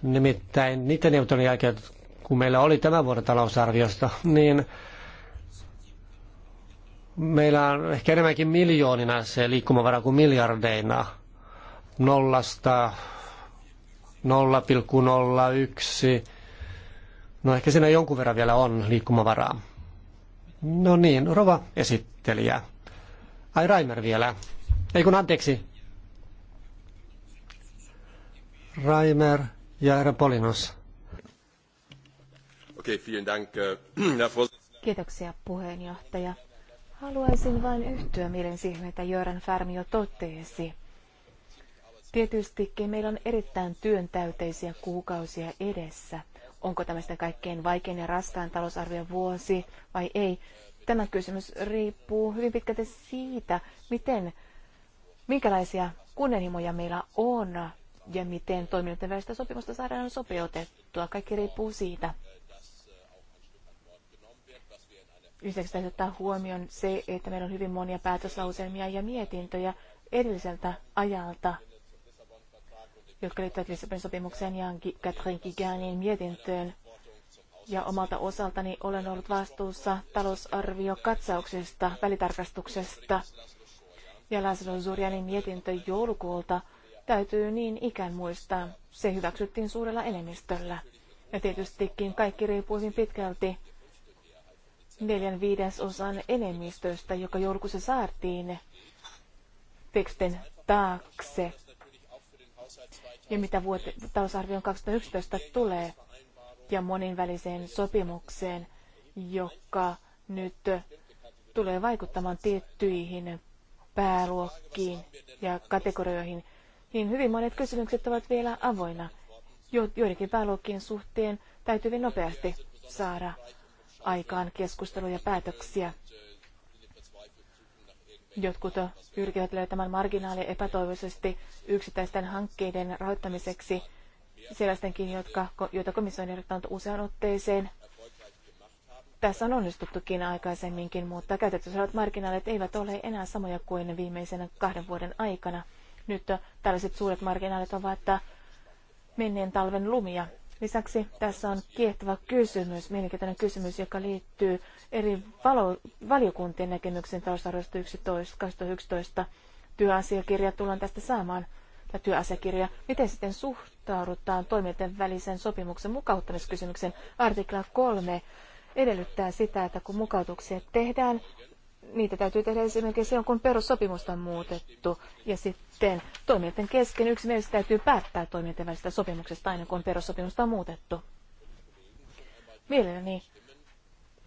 Nimittäin niiden neuvottelujen jälkeen, kun meillä oli tämän vuoden talousarviosta, niin meillä on ehkä enemmänkin miljoonina se liikkumavara kuin miljardeina. Nollasta 0,01. No ehkä siinä jonkun verran vielä on liikkumavaraa. No niin, rova esittelijä. Ai Raimer vielä. Ei kun anteeksi, Raimer ja herra Polinos. Äh, Kiitoksia puheenjohtaja. Haluaisin vain yhtyä mielen siihen, että Jöran Färmio totesi. Tietystikin meillä on erittäin työntäyteisiä kuukausia edessä. Onko sitten kaikkein vaikein ja raskaan talousarvion vuosi vai ei? Tämä kysymys riippuu hyvin pitkälti siitä, miten, minkälaisia kunnianhimoja meillä on ja miten toimijoiden välistä sopimusta saadaan sopeutettua. Kaikki riippuu siitä. Lisäksi täytyy ottaa huomioon se, että meillä on hyvin monia päätöslauselmia ja mietintöjä edelliseltä ajalta, jotka liittyvät Lissabonin sopimukseen ja Katrin Kiganin mietintöön. Ja omalta osaltani olen ollut vastuussa talousarviokatsauksesta, välitarkastuksesta ja Laszlo Zurianin mietintö joulukuulta – täytyy niin ikään muistaa. Se hyväksyttiin suurella enemmistöllä. Ja tietystikin kaikki riippuisin pitkälti neljän viidesosan enemmistöstä, joka joulukuussa saartiin tekstin taakse. Ja mitä vuote, talousarvion 2011 tulee ja moninväliseen sopimukseen, joka nyt tulee vaikuttamaan tiettyihin pääluokkiin ja kategorioihin – niin hyvin monet kysymykset ovat vielä avoinna. Jo, joidenkin pääluokkien suhteen täytyy hyvin nopeasti saada aikaan keskusteluja ja päätöksiä. Jotkut pyrkivät löytämään marginaalia epätoivoisesti yksittäisten hankkeiden rahoittamiseksi sellaistenkin, jotka, joita komissio on ehdottanut useaan otteeseen. Tässä on onnistuttukin aikaisemminkin, mutta käytetyssä marginaalit eivät ole enää samoja kuin viimeisen kahden vuoden aikana nyt tällaiset suuret marginaalit ovat menneen talven lumia. Lisäksi tässä on kiehtova kysymys, mielenkiintoinen kysymys, joka liittyy eri valo- valiokuntien näkemyksiin talousarvoista 2011. Työasiakirja tullaan tästä saamaan, tai työasiakirja. Miten sitten suhtaudutaan toimijoiden välisen sopimuksen mukauttamiskysymyksen? Artikla 3 edellyttää sitä, että kun mukautuksia tehdään, niitä täytyy tehdä esimerkiksi silloin, kun perussopimusta on muutettu. Ja sitten toimijoiden kesken yksimielisesti täytyy päättää toimijoiden välistä sopimuksesta aina, kun perussopimusta on muutettu. Mielelläni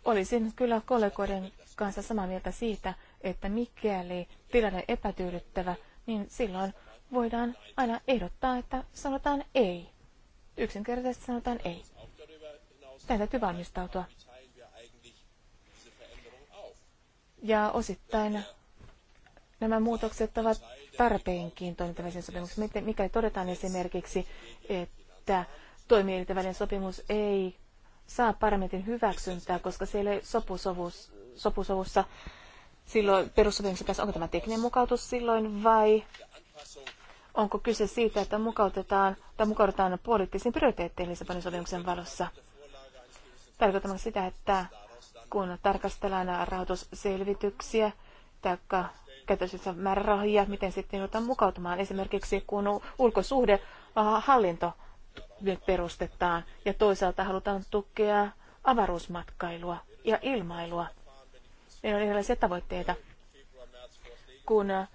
olisin kyllä kollegoiden kanssa samaa mieltä siitä, että mikäli tilanne epätyydyttävä, niin silloin voidaan aina ehdottaa, että sanotaan ei. Yksinkertaisesti sanotaan ei. Tähän täytyy valmistautua. Ja osittain nämä muutokset ovat tarpeenkin toimintavälisen sopimuksen. Mikäli todetaan esimerkiksi, että toimielintävälinen sopimus ei saa parlamentin hyväksyntää, koska siellä ei sopusovus, sopusovussa silloin perussopimuksen kanssa, onko tämä tekninen mukautus silloin vai onko kyse siitä, että mukautetaan tai mukaudutaan poliittisiin prioriteetteihin Lissabonin sopimuksen valossa? Tarkoitamalla sitä, että kun tarkastellaan rahoitusselvityksiä tai käytössä määrärahoja, miten sitten joudutaan mukautumaan. Esimerkiksi kun ulkosuhde hallinto perustetaan ja toisaalta halutaan tukea avaruusmatkailua ja ilmailua. Meillä on erilaisia tavoitteita. Kun Helmi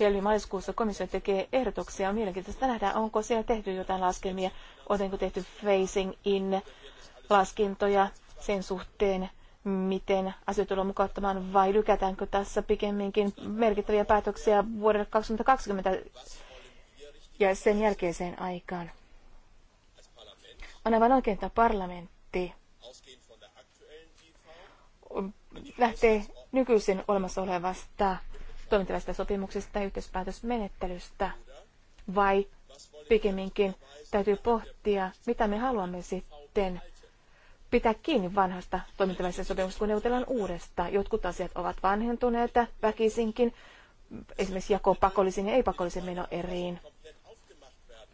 helmimaaliskuussa komissio tekee ehdotuksia, on mielenkiintoista nähdä, onko siellä tehty jotain laskelmia, onko tehty phasing in laskintoja sen suhteen, miten asia tullaan mukauttamaan vai lykätäänkö tässä pikemminkin merkittäviä päätöksiä vuodelle 2020 ja sen jälkeiseen aikaan. On aivan oikein, että parlamentti lähtee nykyisin olemassa olevasta toimintavasta sopimuksesta ja yhteispäätösmenettelystä vai pikemminkin täytyy pohtia, mitä me haluamme sitten pitää kiinni vanhasta toimintavälisestä sopimuksesta, kun neuvotellaan uudestaan. Jotkut asiat ovat vanhentuneita väkisinkin, esimerkiksi jako pakollisiin ja ei-pakollisiin menoeriin.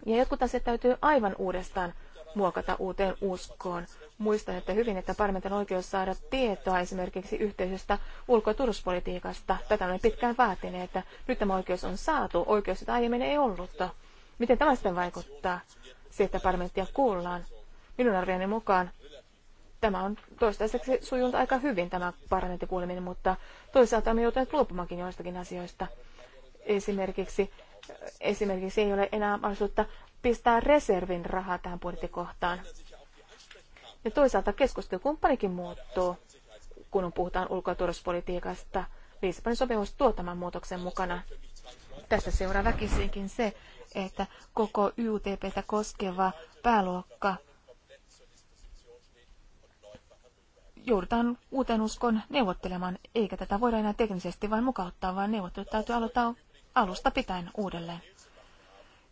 Ja jotkut asiat täytyy aivan uudestaan muokata uuteen uskoon. Muistan, että hyvin, että parlamentin oikeus saada tietoa esimerkiksi yhteisöstä ulko- ja turvallisuuspolitiikasta. Tätä olen pitkään vaatineet, että nyt tämä oikeus on saatu, oikeus jota aiemmin ei ollut. Miten tämä sitten vaikuttaa? Se, että parlamenttia kuullaan. Minun arvioni mukaan Tämä on toistaiseksi sujunut aika hyvin tämä parlamenttikuuleminen, mutta toisaalta me joutuneet luopumaankin joistakin asioista. Esimerkiksi, esimerkiksi ei ole enää mahdollisuutta pistää reservin rahaa tähän budjettikohtaan. Ja toisaalta keskustelukumppanikin muuttuu, kun puhutaan ulko- ja turvallisuuspolitiikasta. Lissabonin sopimus tuo tämän muutoksen mukana. Tässä seuraa väkisinkin se, että koko YTPtä koskeva pääluokka joudutaan uuteen uskon neuvottelemaan, eikä tätä voida enää teknisesti vain mukauttaa, vaan neuvottelut täytyy aloittaa alusta pitäen uudelleen.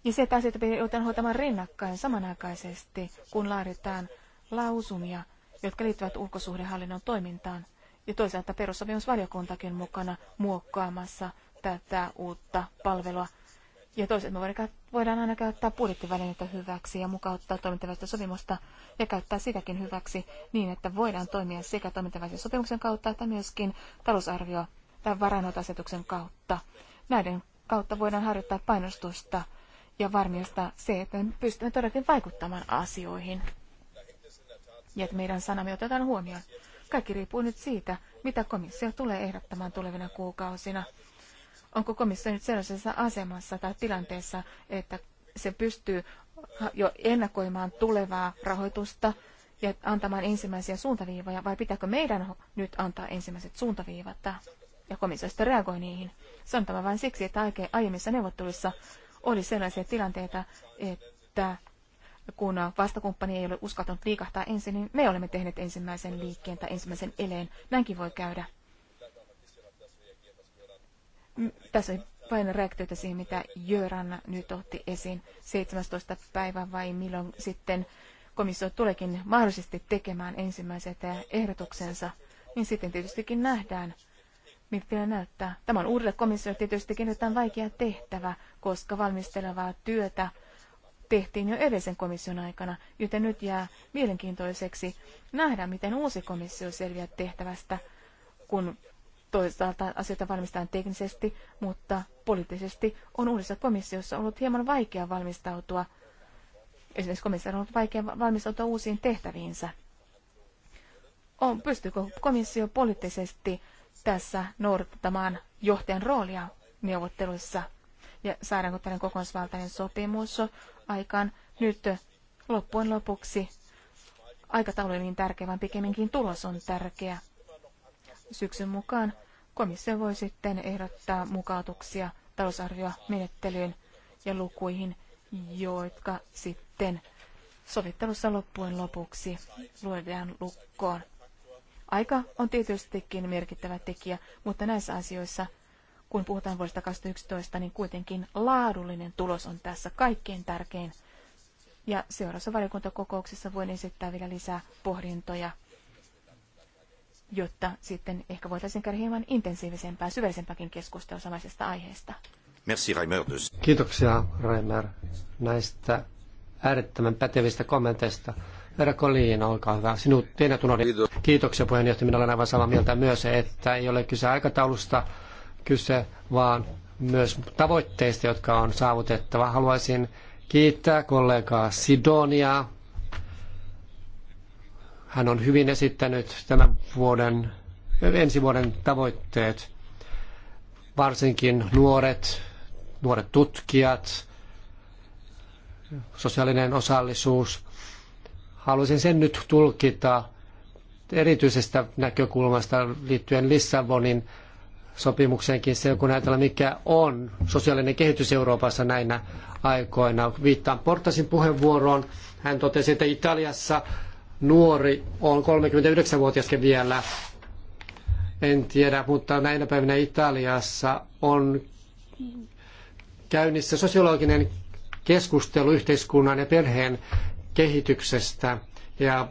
Ja se, että asioita joudutaan hoitamaan rinnakkain samanaikaisesti, kun laaditaan lausumia, jotka liittyvät ulkosuhdehallinnon toimintaan, ja toisaalta perussopimusvaliokuntakin mukana muokkaamassa tätä uutta palvelua ja toisaalta me voidaan aina käyttää budjettivälineitä hyväksi ja mukauttaa toimintaväistä sopimusta ja käyttää sitäkin hyväksi niin, että voidaan toimia sekä toimintaväisen sopimuksen kautta että myöskin talousarvio- tai varainhoitoasetuksen kautta. Näiden kautta voidaan harjoittaa painostusta ja varmistaa se, että me pystymme todellakin vaikuttamaan asioihin. Ja että meidän sanamme otetaan huomioon. Kaikki riippuu nyt siitä, mitä komissio tulee ehdottamaan tulevina kuukausina Onko komissio nyt sellaisessa asemassa tai tilanteessa, että se pystyy jo ennakoimaan tulevaa rahoitusta ja antamaan ensimmäisiä suuntaviivoja, vai pitääkö meidän nyt antaa ensimmäiset suuntaviivat ja komissio sitten reagoi niihin? Se on tämä vain siksi, että aiemmissa neuvotteluissa oli sellaisia tilanteita, että kun vastakumppani ei ole uskaltanut liikahtaa ensin, niin me olemme tehneet ensimmäisen liikkeen tai ensimmäisen eleen. Näinkin voi käydä. Mm, tässä vain reaktioita siihen, mitä Jöran nyt otti esiin 17. päivä vai milloin sitten komissio tuleekin mahdollisesti tekemään ensimmäiset ehdotuksensa, niin sitten tietystikin nähdään, miltä näyttää. Tämä on uudelle komissiolle tietystikin jotain vaikea tehtävä, koska valmistelevaa työtä tehtiin jo edellisen komission aikana, joten nyt jää mielenkiintoiseksi nähdä, miten uusi komissio selviää tehtävästä, kun toisaalta asioita valmistetaan teknisesti, mutta poliittisesti on uudessa komissiossa ollut hieman vaikea valmistautua. Esimerkiksi komissio on ollut vaikea valmistautua uusiin tehtäviinsä. On, pystyykö komissio poliittisesti tässä noudattamaan johtajan roolia neuvotteluissa? Ja saadaanko tällainen kokonaisvaltainen sopimus aikaan nyt loppujen lopuksi? Aikataulu on niin tärkeä, vaan pikemminkin tulos on tärkeä syksyn mukaan Komissio voi sitten ehdottaa mukautuksia talousarviomenettelyyn ja lukuihin, jotka sitten sovittelussa loppujen lopuksi luodaan lukkoon. Aika on tietystikin merkittävä tekijä, mutta näissä asioissa, kun puhutaan vuodesta 2011, niin kuitenkin laadullinen tulos on tässä kaikkein tärkein. Ja seuraavassa valiokuntakokouksessa voin esittää vielä lisää pohdintoja jotta sitten ehkä voitaisiin käydä hieman intensiivisempää, syvällisempääkin keskustelua samaisesta aiheesta. Merci Kiitoksia Reimer näistä äärettömän pätevistä kommenteista. Herra Koliina, olkaa hyvä. Sinut, teidät Kiitos. Kiitoksia puheenjohtaja. Minä olen aivan samaa mieltä myös, että ei ole kyse aikataulusta kyse, vaan myös tavoitteista, jotka on saavutettava. Haluaisin kiittää kollegaa Sidonia hän on hyvin esittänyt tämän vuoden, ensi vuoden tavoitteet, varsinkin nuoret, nuoret tutkijat, sosiaalinen osallisuus. Haluaisin sen nyt tulkita erityisestä näkökulmasta liittyen Lissabonin sopimukseenkin se, kun ajatellaan mikä on sosiaalinen kehitys Euroopassa näinä aikoina. Viittaan Portasin puheenvuoroon. Hän totesi, että Italiassa nuori on 39-vuotiaskin vielä. En tiedä, mutta näinä päivinä Italiassa on käynnissä sosiologinen keskustelu yhteiskunnan ja perheen kehityksestä ja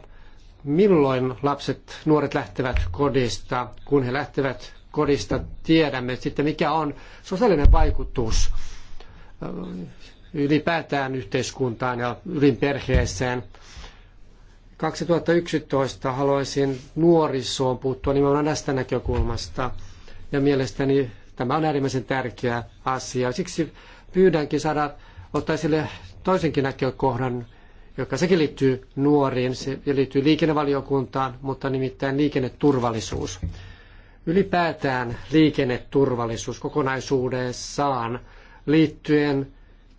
milloin lapset, nuoret lähtevät kodista, kun he lähtevät kodista tiedämme sitten, mikä on sosiaalinen vaikutus ylipäätään yhteiskuntaan ja ylin perheeseen. 2011 haluaisin nuorisoon puuttua nimenomaan tästä näkökulmasta. Ja mielestäni tämä on äärimmäisen tärkeä asia. Siksi pyydänkin saada ottaa sille toisenkin näkökohdan, joka sekin liittyy nuoriin se, ja liittyy liikennevaliokuntaan, mutta nimittäin liikenneturvallisuus. Ylipäätään liikenneturvallisuus kokonaisuudessaan liittyen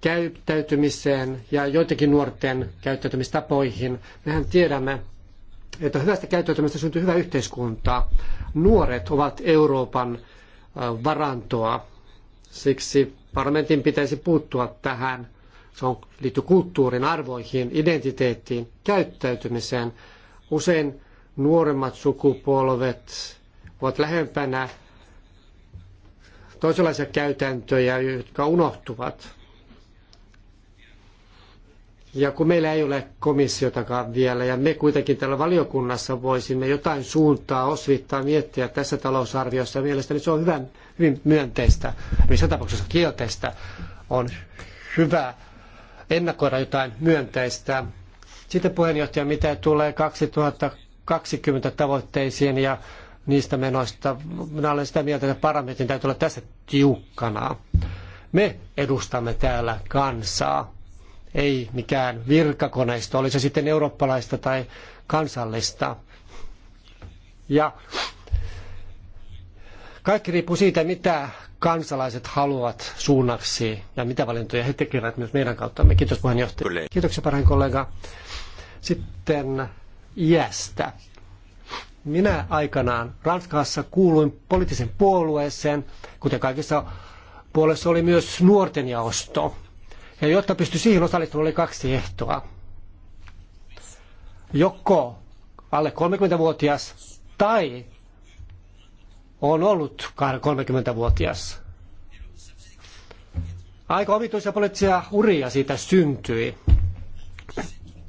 käyttäytymiseen ja joidenkin nuorten käyttäytymistapoihin. Mehän tiedämme, että hyvästä käyttäytymistä syntyy hyvä yhteiskunta. Nuoret ovat Euroopan varantoa. Siksi parlamentin pitäisi puuttua tähän. Se on, liittyy kulttuurin, arvoihin, identiteettiin, käyttäytymiseen. Usein nuoremmat sukupolvet ovat lähempänä toisenlaisia käytäntöjä, jotka unohtuvat. Ja kun meillä ei ole komissiotakaan vielä, ja me kuitenkin täällä valiokunnassa voisimme jotain suuntaa osvittaa, miettiä tässä talousarviossa, ja mielestäni se on hyvin myönteistä, missä tapauksessa kielteistä on hyvä ennakoida jotain myönteistä. Sitten puheenjohtaja, mitä tulee 2020 tavoitteisiin ja niistä menoista, minä olen sitä mieltä, että parlamentin täytyy olla tässä tiukkana. Me edustamme täällä kansaa ei mikään virkakoneisto, oli se sitten eurooppalaista tai kansallista. Ja kaikki riippuu siitä, mitä kansalaiset haluavat suunnaksi ja mitä valintoja he tekevät myös meidän kauttamme. Kiitos puheenjohtaja. Kiitoksia parhain kollega. Sitten iästä. Minä aikanaan Ranskassa kuuluin poliittisen puolueeseen, kuten kaikissa puolessa oli myös nuorten jaosto. Ja jotta pystyi siihen osallistumaan, oli kaksi ehtoa. Joko alle 30-vuotias tai on ollut 30-vuotias. Aika omituisia poliittisia uria siitä syntyi.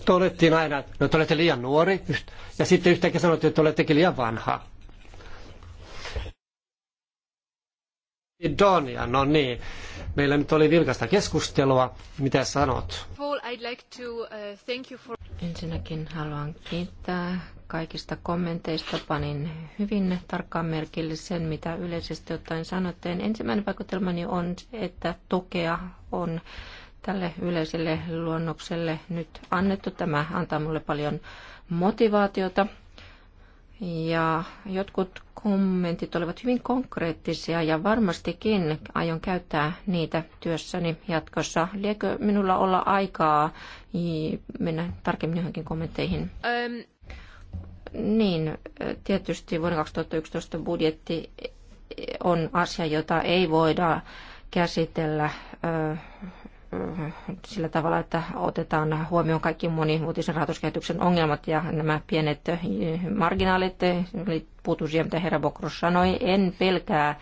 Todettiin aina, että no, te olette liian nuori, ja sitten yhtäkkiä sanottiin, että olettekin liian vanha. Donia, no niin. Meillä nyt oli vilkasta keskustelua. Mitä sanot? Paul, I'd like to, uh, thank you for... Ensinnäkin haluan kiittää kaikista kommenteista. Panin hyvin tarkkaan merkille sen, mitä yleisesti ottaen sanotte. Ensimmäinen vaikutelmani on, että tukea on tälle yleiselle luonnokselle nyt annettu. Tämä antaa minulle paljon motivaatiota ja jotkut kommentit olivat hyvin konkreettisia ja varmastikin aion käyttää niitä työssäni jatkossa. Liekö minulla olla aikaa mennä tarkemmin johonkin kommentteihin? Um. Niin, tietysti vuoden 2011 budjetti on asia, jota ei voida käsitellä sillä tavalla, että otetaan huomioon kaikki monimuotisen rahoituskehityksen ongelmat ja nämä pienet marginaalit, eli puutu siihen, mitä herra Bokros sanoi, en pelkää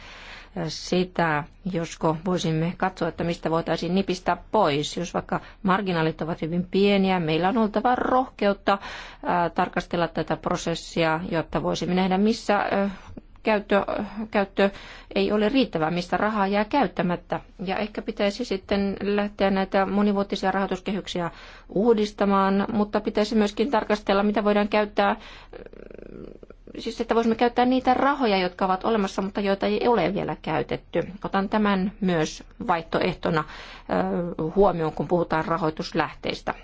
sitä, josko voisimme katsoa, että mistä voitaisiin nipistää pois. Jos vaikka marginaalit ovat hyvin pieniä, meillä on oltava rohkeutta tarkastella tätä prosessia, jotta voisimme nähdä, missä käyttö, käyttö ei ole riittävää, mistä rahaa jää käyttämättä. Ja ehkä pitäisi sitten lähteä näitä monivuotisia rahoituskehyksiä uudistamaan, mutta pitäisi myöskin tarkastella, mitä voidaan käyttää, siis että voisimme käyttää niitä rahoja, jotka ovat olemassa, mutta joita ei ole vielä käytetty. Otan tämän myös vaihtoehtona huomioon, kun puhutaan rahoituslähteistä.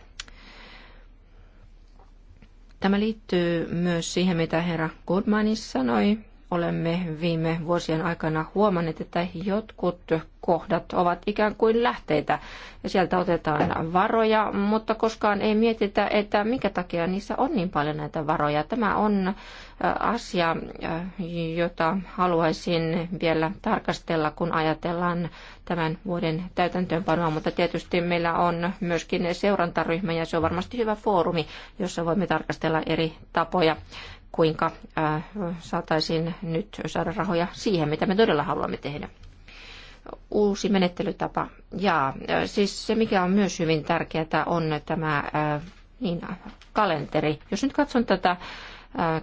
Tämä liittyy myös siihen, mitä herra Goodmanis sanoi olemme viime vuosien aikana huomanneet, että jotkut kohdat ovat ikään kuin lähteitä ja sieltä otetaan varoja, mutta koskaan ei mietitä, että mikä takia niissä on niin paljon näitä varoja. Tämä on asia, jota haluaisin vielä tarkastella, kun ajatellaan tämän vuoden täytäntöönpanoa, mutta tietysti meillä on myöskin seurantaryhmä ja se on varmasti hyvä foorumi, jossa voimme tarkastella eri tapoja kuinka saataisiin nyt saada rahoja siihen, mitä me todella haluamme tehdä. Uusi menettelytapa. Ja siis se, mikä on myös hyvin tärkeää, on tämä niin, kalenteri. Jos nyt katson tätä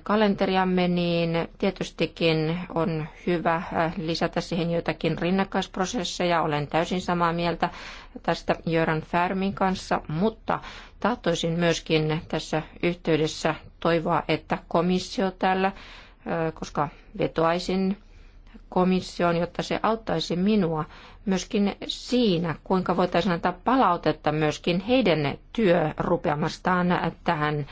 kalenteriamme, niin tietystikin on hyvä lisätä siihen joitakin rinnakkaisprosesseja. Olen täysin samaa mieltä tästä Jöran Färmin kanssa, mutta tahtoisin myöskin tässä yhteydessä toivoa, että komissio tällä, koska vetoaisin komissioon, jotta se auttaisi minua myöskin siinä, kuinka voitaisiin antaa palautetta myöskin heidän rupeamastaan tähän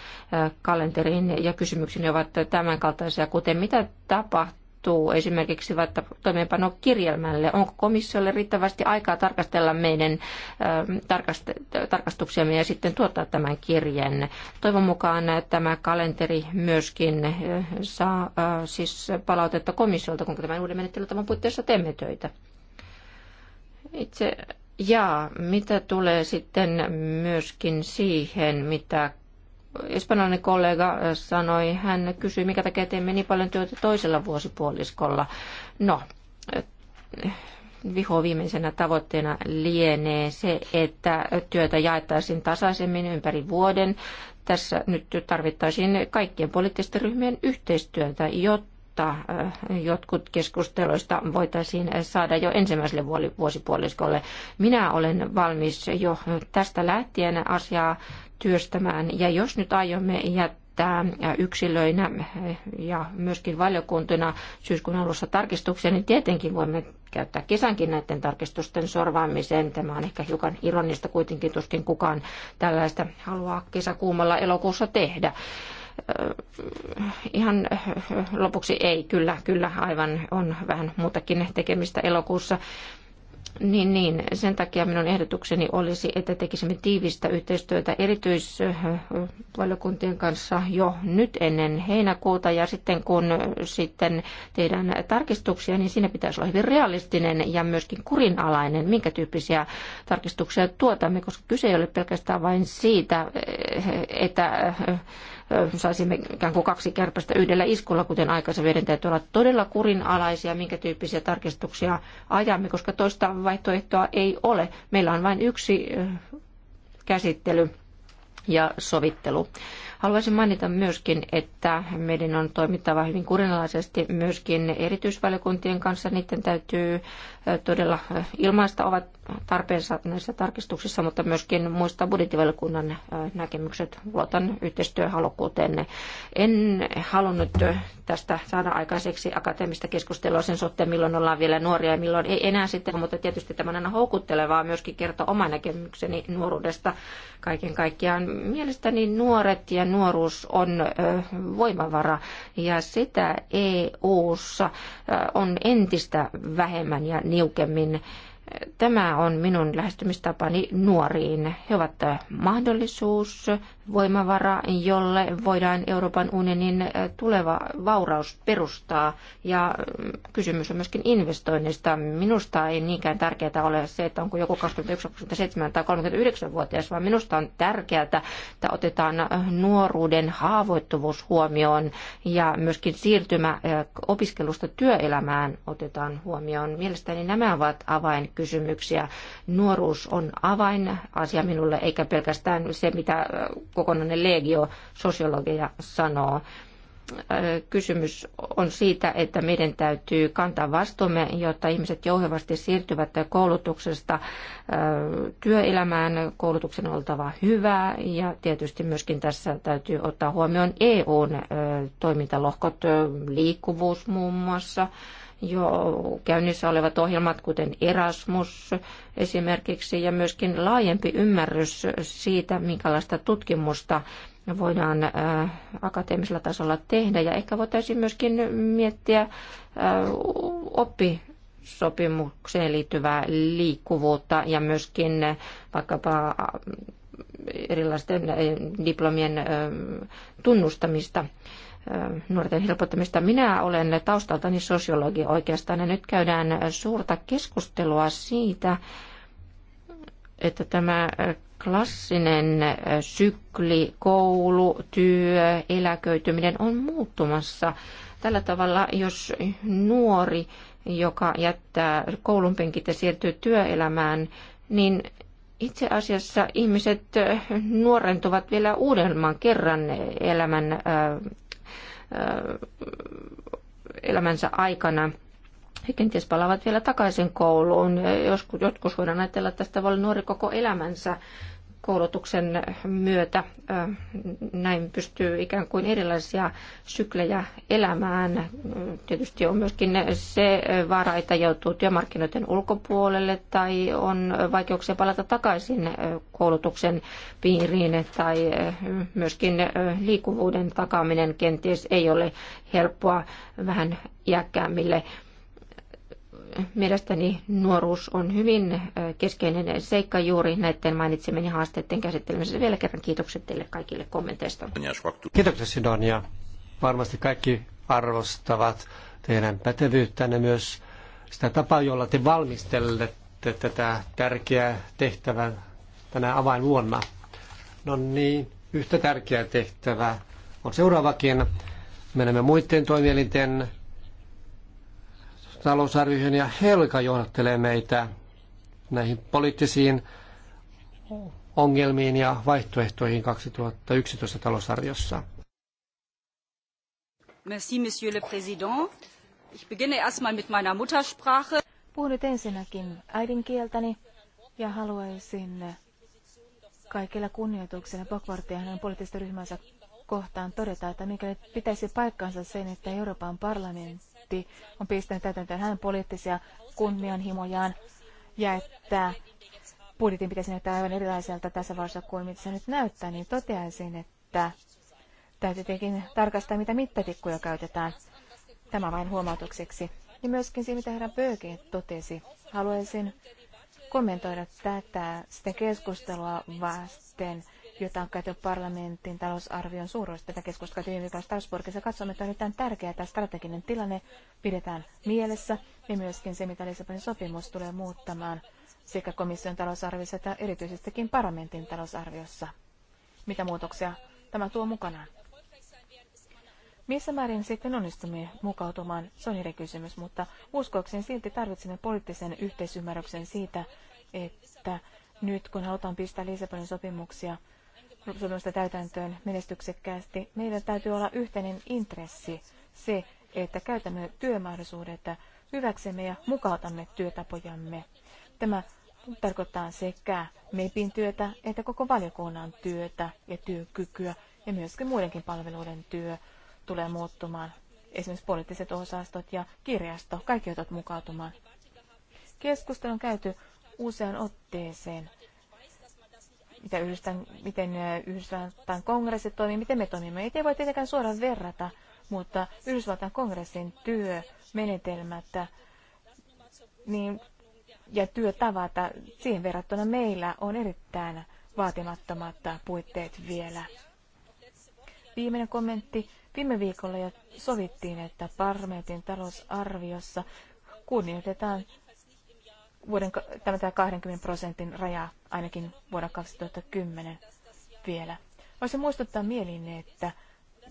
kalenteriin ja kysymyksiin ovat tämänkaltaisia, kuten mitä tapahtuu tapahtuu esimerkiksi vaikka toimeenpanokirjelmälle? Onko komissiolle riittävästi aikaa tarkastella meidän ähm, tarkastuksiamme ja sitten tuottaa tämän kirjeen? Toivon mukaan tämä kalenteri myöskin äh, saa äh, siis palautetta komissiolta, kun tämän uuden menettelytavan puitteissa teemme töitä. Itse ja mitä tulee sitten myöskin siihen, mitä espanjalainen kollega äh, sanoi, hän kysyi, mikä takia teemme niin paljon työtä toisella vuosipuoliskolla. No, äh, viho viimeisenä tavoitteena lienee se, että työtä jaettaisiin tasaisemmin ympäri vuoden. Tässä nyt tarvittaisiin kaikkien poliittisten ryhmien yhteistyötä, jotta äh, jotkut keskusteluista voitaisiin saada jo ensimmäiselle vuosipuoliskolle. Minä olen valmis jo tästä lähtien asiaa työstämään. Ja jos nyt aiomme jättää yksilöinä ja myöskin valiokuntina syyskuun alussa tarkistuksia, niin tietenkin voimme käyttää kesänkin näiden tarkistusten sorvaamiseen. Tämä on ehkä hiukan ironista kuitenkin, tuskin kukaan tällaista haluaa kesäkuumalla elokuussa tehdä äh, ihan lopuksi ei, kyllä, kyllä aivan on vähän muutakin tekemistä elokuussa. Niin, niin. Sen takia minun ehdotukseni olisi, että tekisimme tiivistä yhteistyötä erityisvaliokuntien kanssa jo nyt ennen heinäkuuta ja sitten kun sitten tehdään tarkistuksia, niin siinä pitäisi olla hyvin realistinen ja myöskin kurinalainen, minkä tyyppisiä tarkistuksia tuotamme, koska kyse ei ole pelkästään vain siitä, että saisimme ikään kuin kaksi kärpästä yhdellä iskulla, kuten aikaisemmin. Meidän täytyy olla todella kurinalaisia, minkä tyyppisiä tarkistuksia ajamme, koska toista vaihtoehtoa ei ole. Meillä on vain yksi käsittely ja sovittelu. Haluaisin mainita myöskin, että meidän on toimittava hyvin kurinalaisesti myöskin erityisvaliokuntien kanssa. Niiden täytyy todella ilmaista ovat tarpeensa näissä tarkistuksissa, mutta myöskin muistaa budjettivaliokunnan näkemykset. Luotan yhteistyöhalukkuuteenne. En halunnut tästä saada aikaiseksi akateemista keskustelua sen suhteen, milloin ollaan vielä nuoria ja milloin ei enää sitten, mutta tietysti tämä on aina houkuttelevaa myöskin kertoa oma näkemykseni nuoruudesta kaiken kaikkiaan. Mielestäni nuoret ja nuoruus on voimavara ja sitä EU:ssa on entistä vähemmän ja niukemmin. Tämä on minun lähestymistapani nuoriin. He ovat mahdollisuus, voimavara, jolle voidaan Euroopan unionin eh, tuleva vauraus perustaa. Ja mm, kysymys on myöskin investoinnista. Minusta ei niinkään tärkeää ole se, että onko joku 21, 27 tai 39-vuotias, vaan minusta on tärkeää, että otetaan eh, nuoruuden haavoittuvuus huomioon ja myöskin siirtymä eh, opiskelusta työelämään otetaan huomioon. Mielestäni nämä ovat avainkysymyksiä. Nuoruus on avainasia minulle, eikä pelkästään se, mitä kokonainen legio sosiologia sanoo kysymys on siitä, että meidän täytyy kantaa vastuumme, jotta ihmiset jouhevasti siirtyvät koulutuksesta työelämään. Koulutuksen on oltava hyvää ja tietysti myöskin tässä täytyy ottaa huomioon EUn toimintalohkot, liikkuvuus muun muassa jo käynnissä olevat ohjelmat, kuten Erasmus esimerkiksi, ja myöskin laajempi ymmärrys siitä, minkälaista tutkimusta voidaan äh, akateemisella tasolla tehdä. Ja ehkä voitaisiin myöskin miettiä äh, oppi sopimukseen liittyvää liikkuvuutta ja myöskin vaikkapa äh, erilaisten diplomien tunnustamista nuorten helpottamista. Minä olen taustaltani sosiologi oikeastaan ja nyt käydään suurta keskustelua siitä, että tämä klassinen sykli, koulu, työ, eläköityminen on muuttumassa. Tällä tavalla, jos nuori, joka jättää koulunpenkit ja siirtyy työelämään, niin itse asiassa ihmiset nuorentuvat vielä uudemman kerran elämän elämänsä aikana. He kenties palaavat vielä takaisin kouluun. Joskus, joskus voidaan ajatella, että tästä voi olla nuori koko elämänsä koulutuksen myötä näin pystyy ikään kuin erilaisia syklejä elämään. Tietysti on myöskin se vaara, että joutuu työmarkkinoiden ulkopuolelle tai on vaikeuksia palata takaisin koulutuksen piiriin tai myöskin liikkuvuuden takaaminen kenties ei ole helppoa vähän iäkkäämmille mielestäni nuoruus on hyvin keskeinen seikka juuri näiden mainitsemieni haasteiden käsittelemisessä. Vielä kerran kiitokset teille kaikille kommenteista. Kiitoksia Sidonia. Varmasti kaikki arvostavat teidän pätevyyttänne myös sitä tapaa, jolla te valmistelette tätä tärkeää tehtävää tänä avainvuonna. No niin, yhtä tärkeää tehtävää on seuraavakin. Menemme muiden toimielinten talousarvioihin ja Helka johdattelee meitä näihin poliittisiin ongelmiin ja vaihtoehtoihin 2011 talousarviossa. Merci, monsieur le président. Ich beginne erstmal mit meiner Muttersprache. Puhun nyt ensinnäkin äidinkieltäni ja haluaisin kaikilla kunnioituksella Bogvartia ja hänen poliittista ryhmänsä kohtaan todeta, että mikäli pitäisi paikkansa sen, että Euroopan parlamentti presidentti on pistänyt täytäntöön hänen poliittisia kunnianhimojaan ja että budjetin pitäisi näyttää aivan erilaiselta tässä vaiheessa kuin mitä se nyt näyttää, niin toteaisin, että täytyy tietenkin tarkastaa, mitä mittatikkuja käytetään. Tämä vain huomautukseksi. Ja myöskin siinä, mitä herra Böge totesi, haluaisin kommentoida tätä sitä keskustelua vasten – jota on käyty parlamentin talousarvion suuruudesta. Tätä keskustelua viime viikolla Strasbourgissa katsomme, että on erittäin tärkeää, että strateginen tilanne pidetään mielessä ja myöskin se, mitä Lissabonin sopimus tulee muuttamaan sekä komission talousarviossa että erityisestikin parlamentin talousarviossa. Mitä muutoksia tämä tuo mukanaan? Missä määrin sitten onnistumme mukautumaan, se on eri kysymys, mutta uskoakseni silti tarvitsemme poliittisen yhteisymmärryksen siitä, että nyt kun halutaan pistää Lissabonin sopimuksia sopimusta täytäntöön menestyksekkäästi, meidän täytyy olla yhteinen intressi se, että käytämme työmahdollisuudet hyväksemme ja mukautamme työtapojamme. Tämä tarkoittaa sekä MEPin työtä että koko valiokunnan työtä ja työkykyä ja myöskin muidenkin palveluiden työ tulee muuttumaan. Esimerkiksi poliittiset osastot ja kirjasto, kaikki joutuvat mukautumaan. Keskustelu on käyty useaan otteeseen mitä yhdistän, miten Yhdysvaltain kongressi toimii, miten me toimimme. Ei voi tietenkään suoraan verrata, mutta Yhdysvaltain kongressin työmenetelmät niin, ja työtavat siihen verrattuna meillä on erittäin vaatimattomat puitteet vielä. Viimeinen kommentti. Viime viikolla jo sovittiin, että parlamentin talousarviossa kunnioitetaan vuoden, tämä 20 prosentin raja ainakin vuonna 2010 vielä. Voisin muistuttaa mieliin, että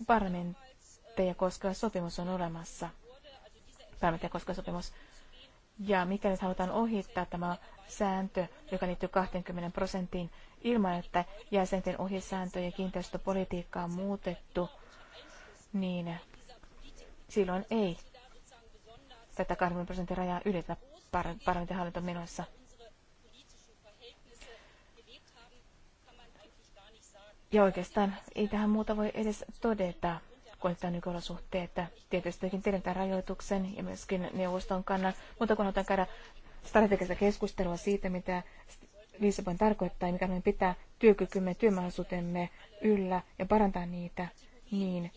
parlamentteja koskeva sopimus on olemassa. Parlamentteja koskeva sopimus. Ja mikäli halutaan ohittaa tämä sääntö, joka liittyy 20 prosenttiin, ilman että jäsenten ohisääntö ja kiinteistöpolitiikka on muutettu, niin silloin ei tätä 20 prosentin rajaa ylitä parlamentin hallintomenoissa. Ja oikeastaan ei tähän muuta voi edes todeta kun otetaan nykyolosuhteet. Tietystikin tiedetään rajoituksen ja myöskin neuvoston kannan, mutta kun otan käydä strategista keskustelua siitä, mitä Lissabon tarkoittaa ja mikä meidän pitää työkykymme, työmahdollisuutemme yllä ja parantaa niitä, niin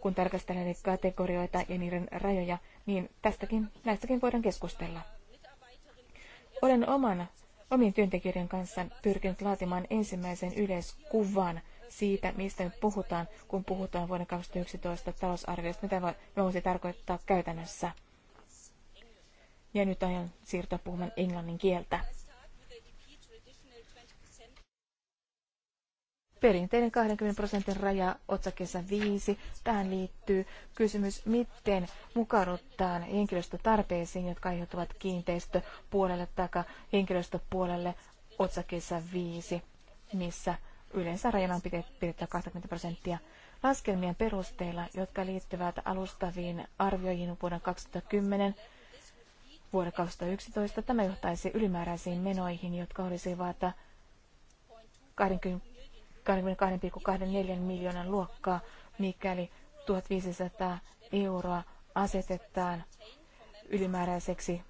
kun tarkastellaan kategorioita ja niiden rajoja, niin tästäkin, näistäkin voidaan keskustella. Olen oman, omin työntekijöiden kanssa pyrkinyt laatimaan ensimmäisen yleiskuvan siitä, mistä nyt puhutaan, kun puhutaan vuoden 2011 talousarviosta, mitä me voisi tarkoittaa käytännössä. Ja nyt aion siirtyä puhumaan englannin kieltä. Perinteinen 20 prosentin raja otsakkeessa 5. Tähän liittyy kysymys, miten mukauduttaa henkilöstötarpeisiin, jotka aiheutuvat kiinteistöpuolelle tai henkilöstöpuolelle otsakkeessa 5, missä yleensä rajana on pidettävä 20 prosenttia. Laskelmien perusteella, jotka liittyvät alustaviin arvioihin vuonna 2010, vuonna 2011 tämä johtaisi ylimääräisiin menoihin, jotka olisivat 20 22,24 miljoonan luokkaa, mikäli 1500 euroa asetetaan ylimääräiseksi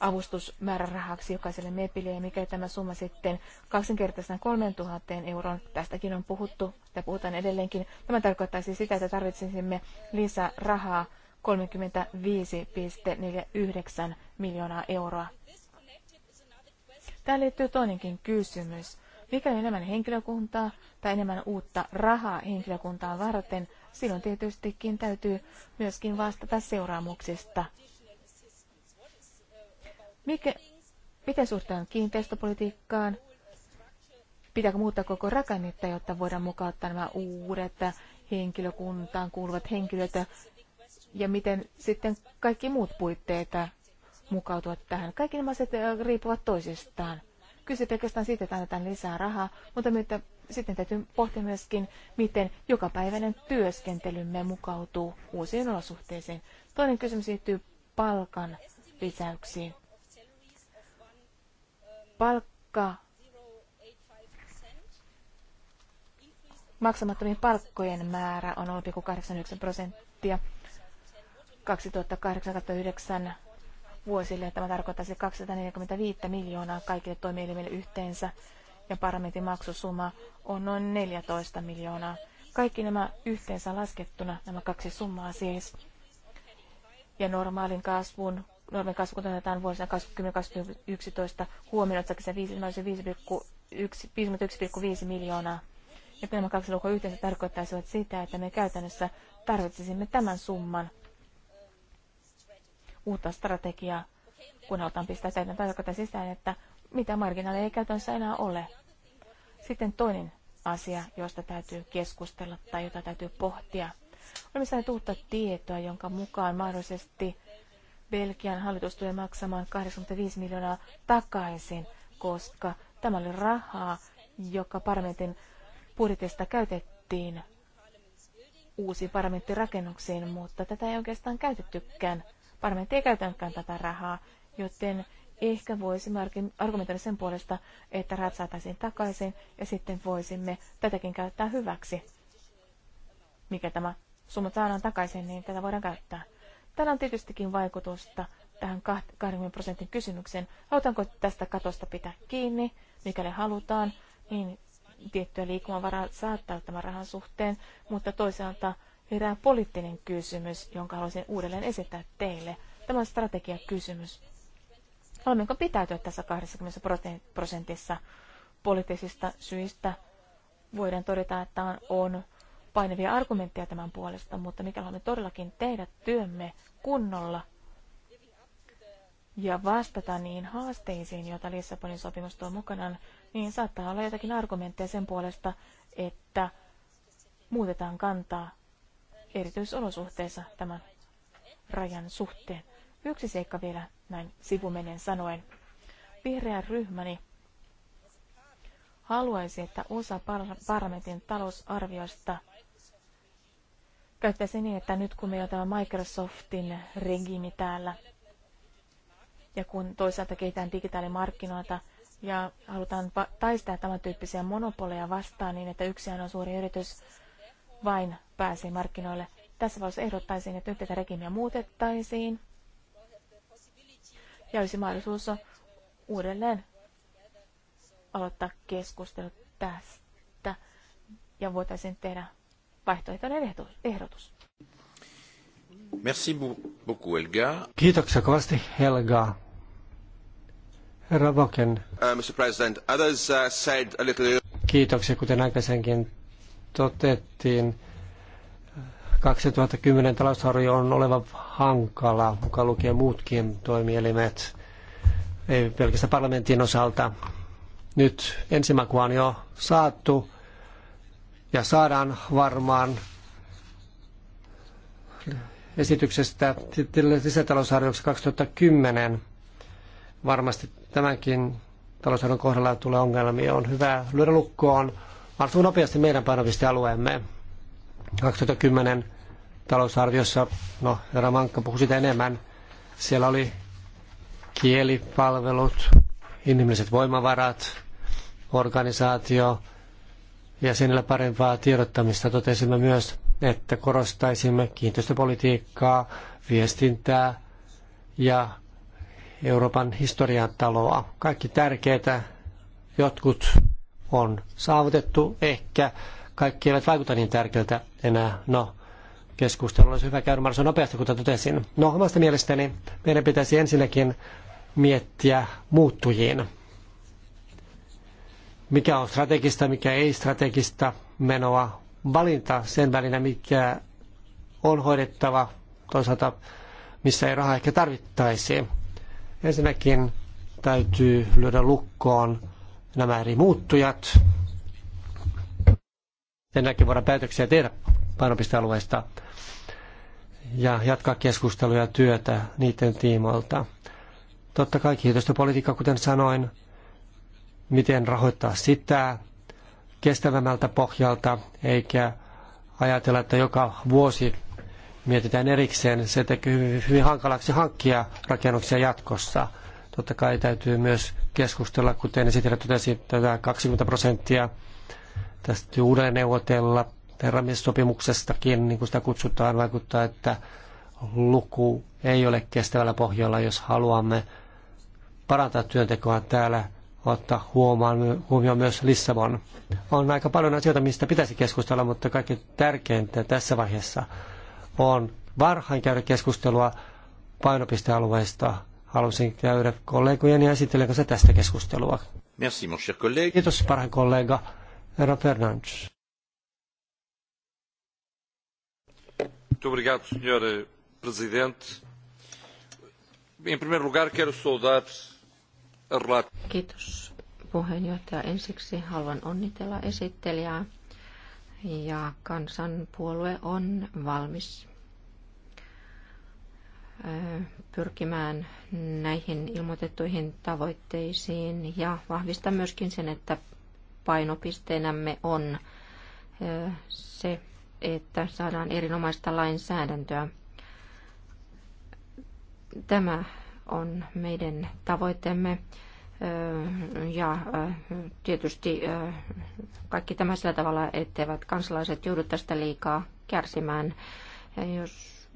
avustusmäärärahaksi jokaiselle MEPille, ja mikä tämä summa sitten kaksinkertaisena 3000 euron, tästäkin on puhuttu, ja puhutaan edelleenkin, tämä tarkoittaisi sitä, että tarvitsisimme lisää rahaa 35,49 miljoonaa euroa. Tähän liittyy toinenkin kysymys. Mikäli enemmän henkilökuntaa tai enemmän uutta rahaa henkilökuntaa varten, silloin tietystikin täytyy myöskin vastata seuraamuksista. Mikä, miten suhtaan kiinteistöpolitiikkaan? Pitääkö muuttaa koko rakennetta, jotta voidaan mukauttaa nämä uudet henkilökuntaan kuuluvat henkilöt? Ja miten sitten kaikki muut puitteet mukautuvat tähän? Kaikki nämä asiat äh, riippuvat toisistaan kyse pelkästään siitä, että annetaan lisää rahaa, mutta myötä, sitten täytyy pohtia myöskin, miten jokapäiväinen työskentelymme mukautuu uusiin olosuhteisiin. Toinen kysymys liittyy palkan lisäyksiin. Palkka maksamattomien palkkojen määrä on 0,89 prosenttia. 2008 vuosille. Tämä tarkoittaisi siis 245 miljoonaa kaikille toimielimille yhteensä ja parlamentin maksusumma on noin 14 miljoonaa. Kaikki nämä yhteensä laskettuna, nämä kaksi summaa siis. Ja normaalin kasvun, normaalin kasvun, kun otetaan vuosina 2011 huomioon, että se 51,5 miljoonaa. Ja nämä kaksi lukua yhteensä tarkoittaisivat sitä, että me käytännössä tarvitsisimme tämän summan uutta strategiaa, kun halutaan pistää täytäntöön. Tämä tarkoittaa sisään, että mitä marginaaleja ei käytännössä enää ole. Sitten toinen asia, josta täytyy keskustella tai jota täytyy pohtia. Olemme saaneet uutta tietoa, jonka mukaan mahdollisesti Belgian hallitus tulee maksamaan 85 miljoonaa takaisin, koska tämä oli rahaa, joka parlamentin budjetista käytettiin uusiin parlamenttirakennuksiin, mutta tätä ei oikeastaan käytettykään Parlamentti ei käytänytkään tätä rahaa, joten ehkä voisimme argumentoida sen puolesta, että rahat saataisiin takaisin ja sitten voisimme tätäkin käyttää hyväksi. Mikä tämä summa saadaan takaisin, niin tätä voidaan käyttää. Tällä on tietystikin vaikutusta tähän 20 prosentin kysymykseen. Halutaanko tästä katosta pitää kiinni, mikäli halutaan, niin tiettyä liikkumavaraa saattaa tämän rahan suhteen, mutta toisaalta erään poliittinen kysymys, jonka haluaisin uudelleen esittää teille. Tämä on strategiakysymys. Haluammeko pitäytyä tässä 20 prosentissa poliittisista syistä? Voidaan todeta, että on, on painavia argumentteja tämän puolesta, mutta mikä haluamme todellakin tehdä työmme kunnolla ja vastata niin haasteisiin, joita Lissabonin sopimus tuo mukanaan, niin saattaa olla jotakin argumentteja sen puolesta, että muutetaan kantaa erityisolosuhteissa tämän rajan suhteen. Yksi seikka vielä näin sivumenen sanoen. Vihreä ryhmäni haluaisi, että osa parlamentin talousarviosta käyttäisi niin, että nyt kun meillä on tämä Microsoftin regiimi täällä, ja kun toisaalta kehitetään digitaalimarkkinoita ja halutaan taistaa tämän tyyppisiä monopoleja vastaan niin, että yksi on suuri yritys vain pääsee markkinoille. Tässä vaiheessa ehdottaisin, että nyt tätä regimiä muutettaisiin ja olisi mahdollisuus uudelleen aloittaa keskustelu tästä ja voitaisiin tehdä vaihtoehtoinen ehdotus. Merci beaucoup, Helga. Kiitoksia kovasti, Helga. Herra Voken. Uh, Mr. President, others, uh, said a little... Kiitoksia, kuten aikaisemmin totettiin. 2010 talousarvio on oleva hankala, mukaan lukien muutkin toimielimet, ei pelkästään parlamentin osalta. Nyt ensimakua on jo saatu ja saadaan varmaan esityksestä lisätalousarvioksi 2010. Varmasti tämänkin talousarvion kohdalla tulee ongelmia. On hyvä lyödä lukkoon mahdollisimman nopeasti meidän painopistealueemme. 2010 talousarviossa, no herra Mankka puhui sitä enemmän, siellä oli kielipalvelut, inhimilliset voimavarat, organisaatio, ja jäsenillä parempaa tiedottamista totesimme myös, että korostaisimme kiinteistöpolitiikkaa, viestintää ja Euroopan historian taloa. Kaikki tärkeitä jotkut on saavutettu, ehkä kaikki eivät vaikuta niin tärkeältä enää. No, keskustelu olisi hyvä käydä mahdollisimman nopeasti, kuten totesin. No omasta mielestäni meidän pitäisi ensinnäkin miettiä muuttujiin. Mikä on strategista, mikä ei strategista menoa, valinta sen välinä, mikä on hoidettava, toisaalta missä ei rahaa ehkä tarvittaisi. Ensinnäkin täytyy lyödä lukkoon nämä eri muuttujat. Sen jälkeen voidaan päätöksiä tehdä painopistealueista ja jatkaa keskustelua ja työtä niiden tiimoilta. Totta kai kiinteistöpolitiikka, kuten sanoin, miten rahoittaa sitä kestävämmältä pohjalta, eikä ajatella, että joka vuosi mietitään erikseen. Se tekee hyvin, hyvin hankalaksi hankkia rakennuksia jatkossa. Totta kai täytyy myös keskustella, kuten esitellä totesi, tätä 20 prosenttia tästä uudelleen neuvotella Terramiessopimuksestakin, niin kuin sitä kutsutaan, vaikuttaa, että luku ei ole kestävällä pohjalla, jos haluamme parantaa työntekoa täällä, ottaa huomioon, huomioon myös Lissabon. On aika paljon asioita, mistä pitäisi keskustella, mutta kaikki tärkeintä tässä vaiheessa on varhain käydä keskustelua painopistealueista. Halusin käydä kollegojen ja esittelen kanssa tästä keskustelua. Merci, mon cher collègue. Kiitos parhaan kollega, herra Fernandes. Muito eh, Presidente. Em primeiro lugar, quero saudar a relatora. Kiitos, puheenjohtaja. Ensiksi haluan onnitella esittelijää ja kansanpuolue on valmis pyrkimään näihin ilmoitettuihin tavoitteisiin ja vahvista myöskin sen, että painopisteenämme on se että saadaan erinomaista lainsäädäntöä. Tämä on meidän tavoitteemme. Ja tietysti kaikki tämä sillä tavalla, etteivät kansalaiset joudu tästä liikaa kärsimään. Jos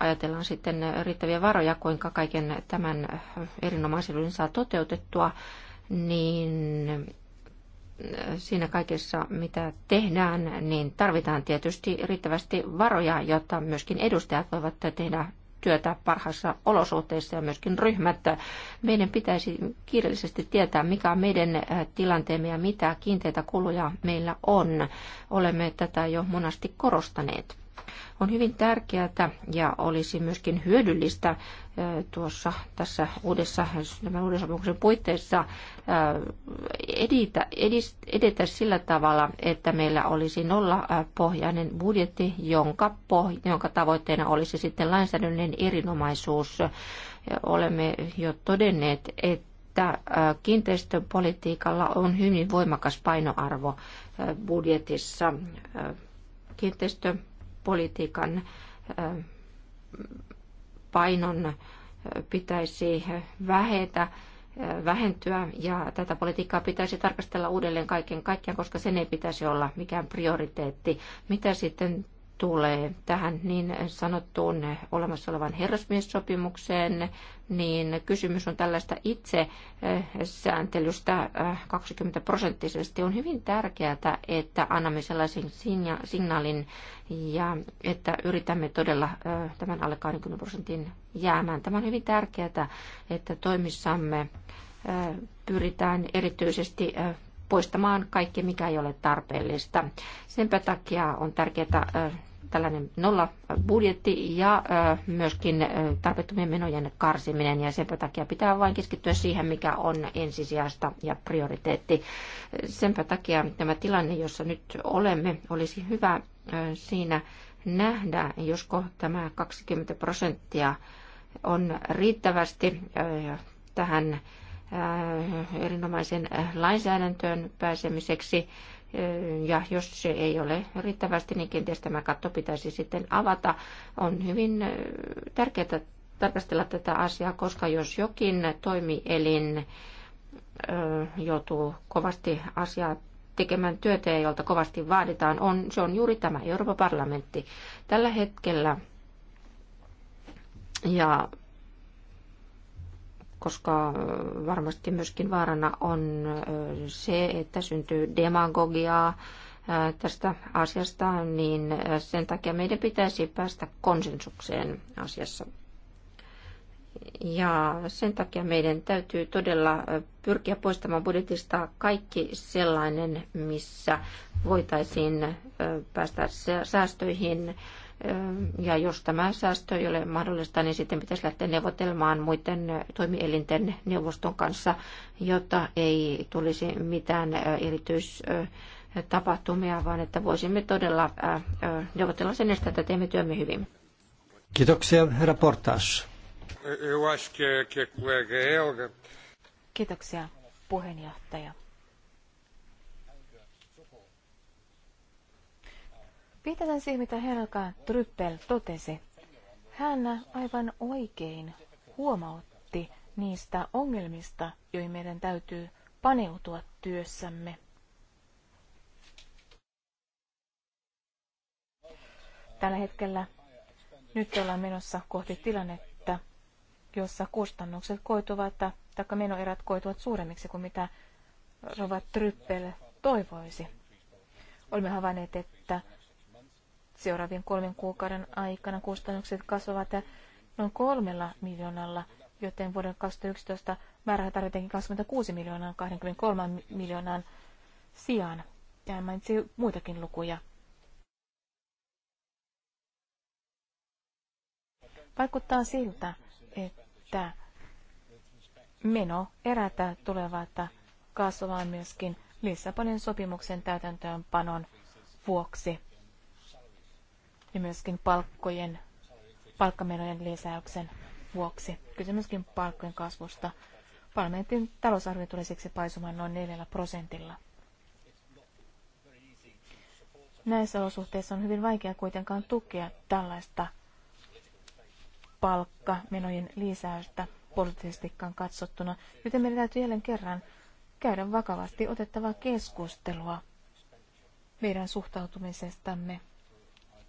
ajatellaan sitten riittäviä varoja, kuinka kaiken tämän erinomaisuuden saa toteutettua, niin siinä kaikessa, mitä tehdään, niin tarvitaan tietysti riittävästi varoja, jotta myöskin edustajat voivat tehdä työtä parhaissa olosuhteissa ja myöskin ryhmät. Meidän pitäisi kiireellisesti tietää, mikä on meidän tilanteemme ja mitä kiinteitä kuluja meillä on. Olemme tätä jo monasti korostaneet on hyvin tärkeää ja olisi myöskin hyödyllistä tuossa tässä uudessa, tämän uuden sopimuksen puitteissa edetä, edetä sillä tavalla, että meillä olisi nolla pohjainen budjetti, jonka, poh, jonka tavoitteena olisi sitten lainsäädännön erinomaisuus. Olemme jo todenneet, että että kiinteistöpolitiikalla on hyvin voimakas painoarvo budjetissa. Kiinteistö politiikan painon pitäisi vähetä, vähentyä ja tätä politiikkaa pitäisi tarkastella uudelleen kaiken kaikkiaan, koska sen ei pitäisi olla mikään prioriteetti. Mitä sitten tulee tähän niin sanottuun olemassa olevan herrasmiessopimukseen, niin kysymys on tällaista itse, eh, sääntelystä 20 eh, prosenttisesti. On hyvin tärkeää, että annamme sellaisen signaalin ja että yritämme todella eh, tämän alle 20 prosentin jäämään. Tämä on hyvin tärkeää, että toimissamme pyritään erityisesti poistamaan kaikki, mikä ei ole tarpeellista. Senpä takia on tärkeää tällainen nolla budjetti ja myöskin tarpeettomien menojen karsiminen ja sen takia pitää vain keskittyä siihen, mikä on ensisijaista ja prioriteetti. Sen takia tämä tilanne, jossa nyt olemme, olisi hyvä siinä nähdä, josko tämä 20 prosenttia on riittävästi tähän erinomaisen lainsäädäntöön pääsemiseksi ja jos se ei ole riittävästi, niin kenties tämä katto pitäisi sitten avata. On hyvin tärkeää tarkastella tätä asiaa, koska jos jokin toimielin joutuu kovasti asiaa tekemään työtä, jolta kovasti vaaditaan, on, se on juuri tämä Euroopan parlamentti. Tällä hetkellä ja koska varmasti myöskin vaarana on se, että syntyy demagogiaa tästä asiasta, niin sen takia meidän pitäisi päästä konsensukseen asiassa. Ja sen takia meidän täytyy todella pyrkiä poistamaan budjetista kaikki sellainen, missä voitaisiin päästä säästöihin ja jos tämä säästö ei ole mahdollista, niin sitten pitäisi lähteä neuvotelmaan muiden toimielinten neuvoston kanssa, jotta ei tulisi mitään erityistapahtumia, vaan että voisimme todella neuvotella sen estää, että teemme työmme hyvin. Kiitoksia, herra Portas. Kiitoksia, puheenjohtaja. Viitataan siihen, mitä Helga Tryppel totesi. Hän aivan oikein huomautti niistä ongelmista, joihin meidän täytyy paneutua työssämme. Tällä hetkellä nyt ollaan menossa kohti tilannetta, jossa kustannukset koituvat tai menoerät koituvat suuremmiksi kuin mitä Rova Tryppel toivoisi. Olemme havainneet, että Seuraavien kolmen kuukauden aikana kustannukset kasvavat noin kolmella miljoonalla, joten vuoden 2011 määrä tarvitaankin 26 miljoonaan 23 miljoonaan sijaan. Ja mainitsin muitakin lukuja. Vaikuttaa siltä, että meno erätä tulevat kasvamaan myöskin Lissabonin sopimuksen täytäntöönpanon vuoksi ja myöskin palkkojen, palkkamenojen lisäyksen vuoksi. Kyse myöskin palkkojen kasvusta. Parlamentin talousarvio tulee siksi paisumaan noin 4 prosentilla. Näissä olosuhteissa on hyvin vaikea kuitenkaan tukea tällaista palkkamenojen lisäystä poliittisestikaan katsottuna, joten meidän täytyy jälleen kerran käydä vakavasti otettavaa keskustelua meidän suhtautumisestamme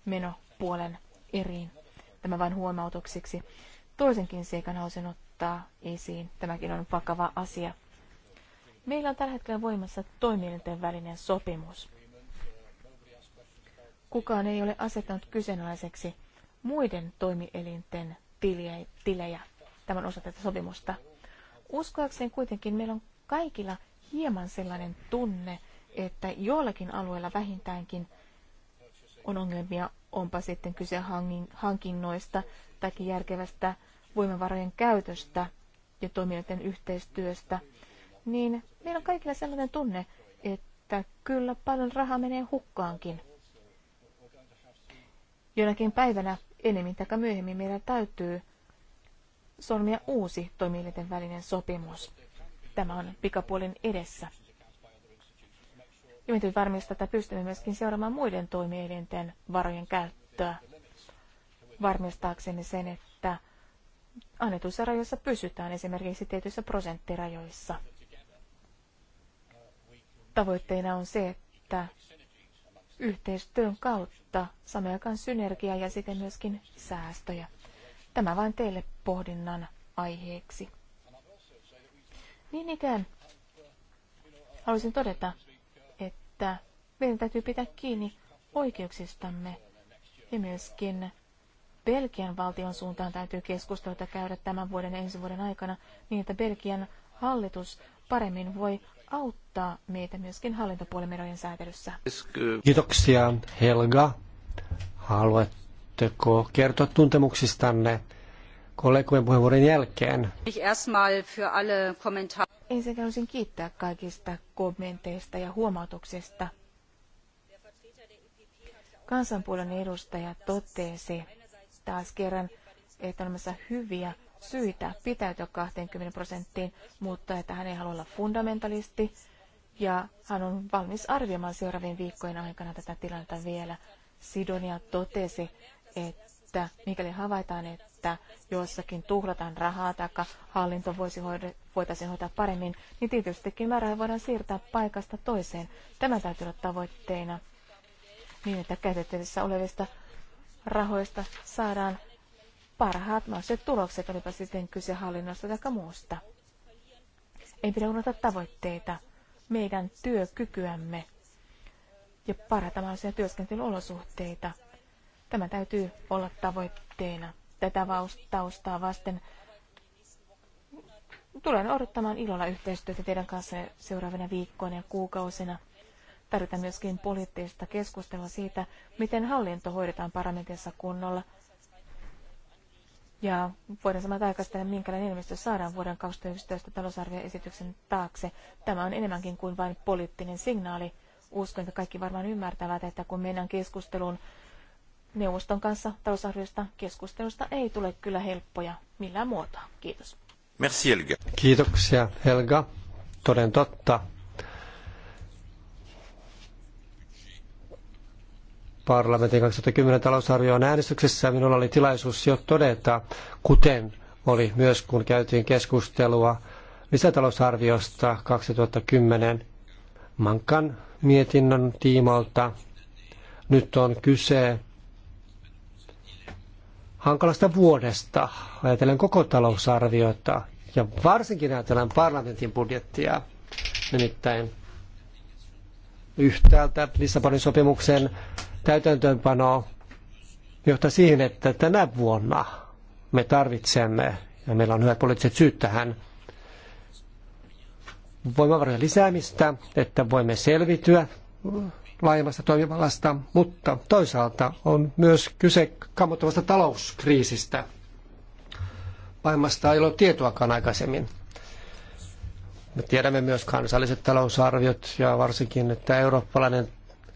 menopuolen eriin. Tämä vain huomautukseksi. Toisenkin seikan haluaisin ottaa esiin. Tämäkin on vakava asia. Meillä on tällä hetkellä voimassa toimielinten välinen sopimus. Kukaan ei ole asettanut kyseenalaiseksi muiden toimielinten tilejä tämän osa tätä sopimusta. Uskoakseen kuitenkin meillä on kaikilla hieman sellainen tunne, että jollakin alueella vähintäänkin – on ongelmia, onpa sitten kyse hankinnoista tai järkevästä voimavarojen käytöstä ja toimijoiden yhteistyöstä, niin meillä on kaikilla sellainen tunne, että kyllä paljon rahaa menee hukkaankin. Jonakin päivänä enemmän tai myöhemmin meidän täytyy solmia uusi toimielinten välinen sopimus. Tämä on pikapuolin edessä. Ja varmistaa, että pystymme myöskin seuraamaan muiden toimielinten varojen käyttöä varmistaaksemme sen, että annetuissa rajoissa pysytään esimerkiksi tietyissä prosenttirajoissa. Tavoitteena on se, että yhteistyön kautta saamme aikaan synergiaa ja sitten myöskin säästöjä. Tämä vain teille pohdinnan aiheeksi. Niin ikään haluaisin todeta, että meidän täytyy pitää kiinni oikeuksistamme ja myöskin Belgian valtion suuntaan täytyy keskustelua käydä tämän vuoden ja ensi vuoden aikana niin, että Belgian hallitus paremmin voi auttaa meitä myöskin hallintopuolimerojen säätelyssä. Kiitoksia Helga. Haluatteko kertoa tuntemuksistanne kollegojen puheenvuoron jälkeen? Ensin haluaisin kiittää kaikista kommenteista ja huomautuksista. Kansanpuolen edustaja totesi taas kerran, että on olemassa hyviä syitä pitäytyä 20 prosenttiin, mutta että hän ei halua olla fundamentalisti ja hän on valmis arvioimaan seuraavien viikkojen aikana tätä tilannetta vielä. Sidonia totesi, että mikäli havaitaan, että jossakin tuhlataan rahaa tai hallinto voisi voitaisiin hoitaa paremmin, niin tietystikin määrää voidaan siirtää paikasta toiseen. Tämä täytyy olla tavoitteena niin, että käytettävissä olevista rahoista saadaan parhaat mahdolliset tulokset, olipa sitten kyse hallinnosta tai muusta. Ei pidä unohtaa tavoitteita, meidän työkykyämme ja parhaita mahdollisia työskentelyolosuhteita. Tämä täytyy olla tavoitteena. Tätä taustaa vasten tulen odottamaan ilolla yhteistyötä teidän kanssa seuraavina viikkoina ja kuukausina. Tarvitaan myöskin poliittista keskustelua siitä, miten hallinto hoidetaan parlamentissa kunnolla. Ja voidaan samalla tarkastella, minkälainen ilmestys saadaan vuoden 2011 talousarvioesityksen taakse. Tämä on enemmänkin kuin vain poliittinen signaali. Uskon, että kaikki varmaan ymmärtävät, että kun mennään keskusteluun neuvoston kanssa talousarviosta, keskustelusta ei tule kyllä helppoja millään muotoa. Kiitos. Merci Helga. Kiitoksia Helga. Toden totta. Parlamentin 2010 talousarvioon äänestyksessä minulla oli tilaisuus jo todeta, kuten oli myös kun käytiin keskustelua lisätalousarviosta 2010 Mankan mietinnön tiimoilta. Nyt on kyse hankalasta vuodesta, ajatellen koko talousarviota ja varsinkin ajatellen parlamentin budjettia. Nimittäin yhtäältä Lissabonin sopimuksen täytäntöönpano johtaa siihen, että tänä vuonna me tarvitsemme, ja meillä on hyvät poliittiset syyt tähän, voimavarojen lisäämistä, että voimme selvityä laajemmasta toimivallasta, mutta toisaalta on myös kyse kammottavasta talouskriisistä. Maailmasta ei ole tietoakaan aikaisemmin. Me tiedämme myös kansalliset talousarviot ja varsinkin, että eurooppalainen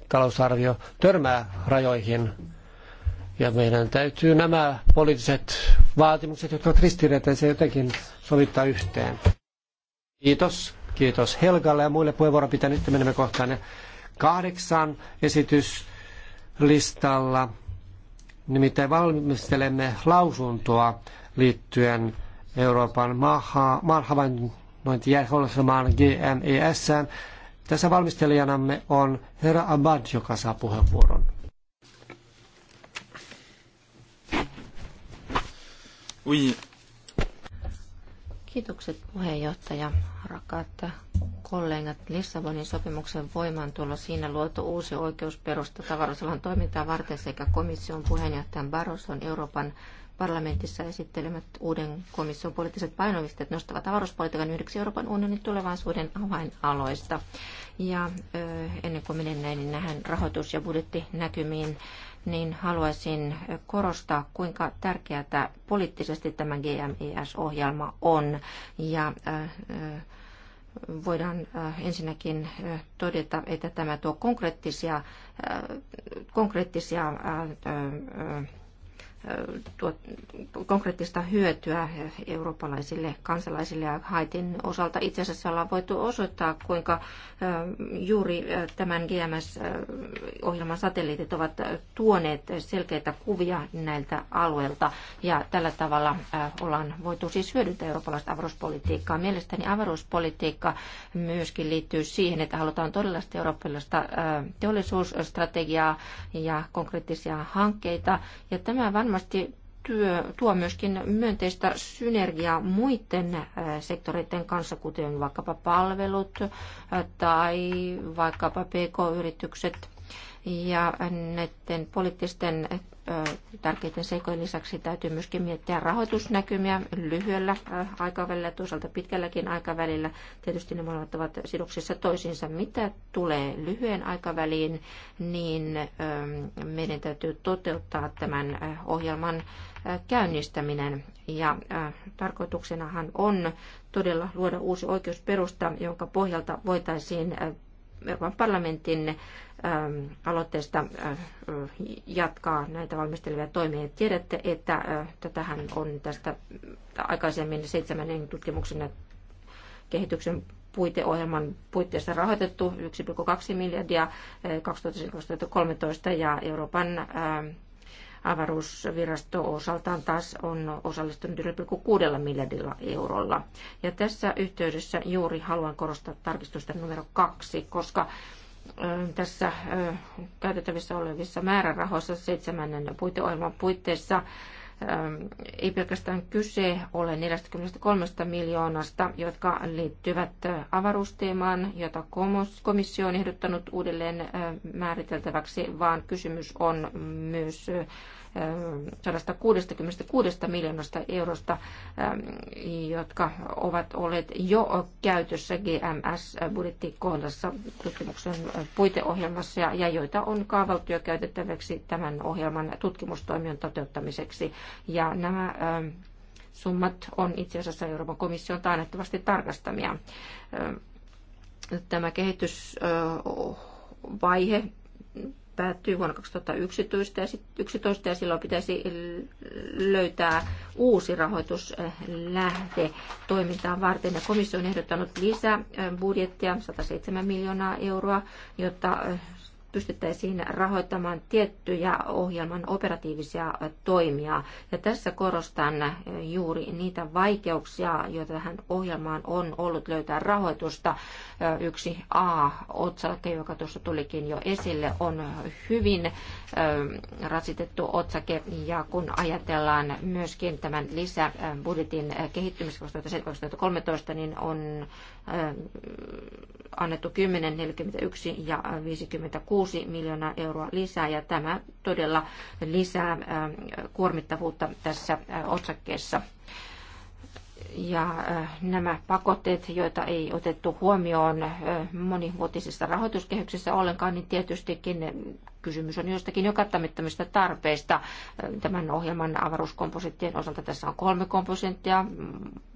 talousarvio törmää rajoihin. Ja meidän täytyy nämä poliittiset vaatimukset, jotka ovat ristiriitaisia, jotenkin sovittaa yhteen. Kiitos. Kiitos Helgalle ja muille puheenvuoron pitäneet. Menemme kohtaan kahdeksan esityslistalla. Nimittäin valmistelemme lausuntoa liittyen Euroopan maahavainnointijärjestelmään e GMES. Tässä valmistelijanamme on herra Abad, joka saa puheenvuoron. Oui, Kiitokset puheenjohtaja, rakkaat kollegat. Lissabonin sopimuksen voimaantulo siinä luotu uusi oikeusperusta tavarasalan toimintaa varten sekä komission puheenjohtajan Barroson Euroopan parlamentissa esittelemät uuden komission poliittiset painopisteet nostavat tavaruspolitiikan yhdeksi Euroopan unionin tulevaisuuden avainaloista. Ja ennen kuin menen näin, niin nähdään rahoitus- ja budjettinäkymiin niin haluaisin korostaa, kuinka tärkeää poliittisesti tämä GMES-ohjelma on. Ja äh, voidaan äh, ensinnäkin äh, todeta, että tämä tuo konkreettisia, konkreettisia tuot, konkreettista hyötyä eurooppalaisille kansalaisille. Ja Haitin osalta itse asiassa ollaan voitu osoittaa, kuinka juuri tämän GMS-ohjelman satelliitit ovat tuoneet selkeitä kuvia näiltä alueilta. Ja tällä tavalla ollaan voitu siis hyödyntää eurooppalaista avaruuspolitiikkaa. Mielestäni avaruuspolitiikka myöskin liittyy siihen, että halutaan todella eurooppalaista teollisuusstrategiaa ja konkreettisia hankkeita. Ja tämä varmasti varmasti työ tuo myöskin myönteistä synergiaa muiden äh, sektoreiden kanssa, kuten vaikkapa palvelut äh, tai vaikkapa PK-yritykset. Ja näiden poliittisten tärkeiden seikojen lisäksi täytyy myöskin miettiä rahoitusnäkymiä lyhyellä aikavälillä ja toisaalta pitkälläkin aikavälillä. Tietysti ne molemmat ovat sidoksissa toisiinsa. Mitä tulee lyhyen aikaväliin, niin meidän täytyy toteuttaa tämän ohjelman käynnistäminen. Ja tarkoituksenahan on todella luoda uusi oikeusperusta, jonka pohjalta voitaisiin Euroopan parlamentin ähm, aloitteesta äh, jatkaa näitä valmistelevia toimia. Tiedätte, että äh, tätähän on tästä aikaisemmin seitsemännen tutkimuksen ja kehityksen puiteohjelman puitteissa rahoitettu 1,2 miljardia 2013 äh, ja Euroopan ähm, Avaruusvirasto osaltaan taas on osallistunut 1,6 miljardilla eurolla. Ja tässä yhteydessä juuri haluan korostaa tarkistusta numero kaksi, koska tässä käytettävissä olevissa määrärahoissa seitsemännen puiteohjelman puitteissa ei pelkästään kyse ole 43 miljoonasta, jotka liittyvät äh, avaruusteemaan, jota komissio on ehdottanut uudelleen äh, määriteltäväksi, vaan kysymys on myös äh, 166 miljoonasta eurosta, ähm, jotka ovat olleet jo käytössä GMS-budjettikohdassa tutkimuksen puiteohjelmassa ja joita on kaavaltu jo käytettäväksi tämän ohjelman tutkimustoimion toteuttamiseksi. Ja nämä ähm, summat on itse asiassa Euroopan komission taannettavasti tarkastamia. Ähm, tämä kehitysvaihe päättyy vuonna 2011 ja, sit 11, ja silloin pitäisi löytää uusi rahoituslähde toimintaan varten. Ja komissio on ehdottanut lisää budjettia, 107 miljoonaa euroa, jotta pystyttäisiin rahoittamaan tiettyjä ohjelman operatiivisia toimia. Ja tässä korostan juuri niitä vaikeuksia, joita tähän ohjelmaan on ollut löytää rahoitusta. Yksi A-otsake, joka tuossa tulikin jo esille, on hyvin rasitettu otsake. Ja kun ajatellaan myöskin tämän lisäbudjetin kehittymistä 2013, niin on annettu 10, 41 ja 56 miljoonaa euroa lisää. Ja tämä todella lisää kuormittavuutta tässä otsakkeessa ja äh, nämä pakotteet, joita ei otettu huomioon äh, monivuotisessa rahoituskehyksessä ollenkaan, niin tietystikin äh, kysymys on jostakin jo kattamittomista tarpeista. Tämän ohjelman avaruuskomponenttien osalta tässä on kolme komponenttia, mm,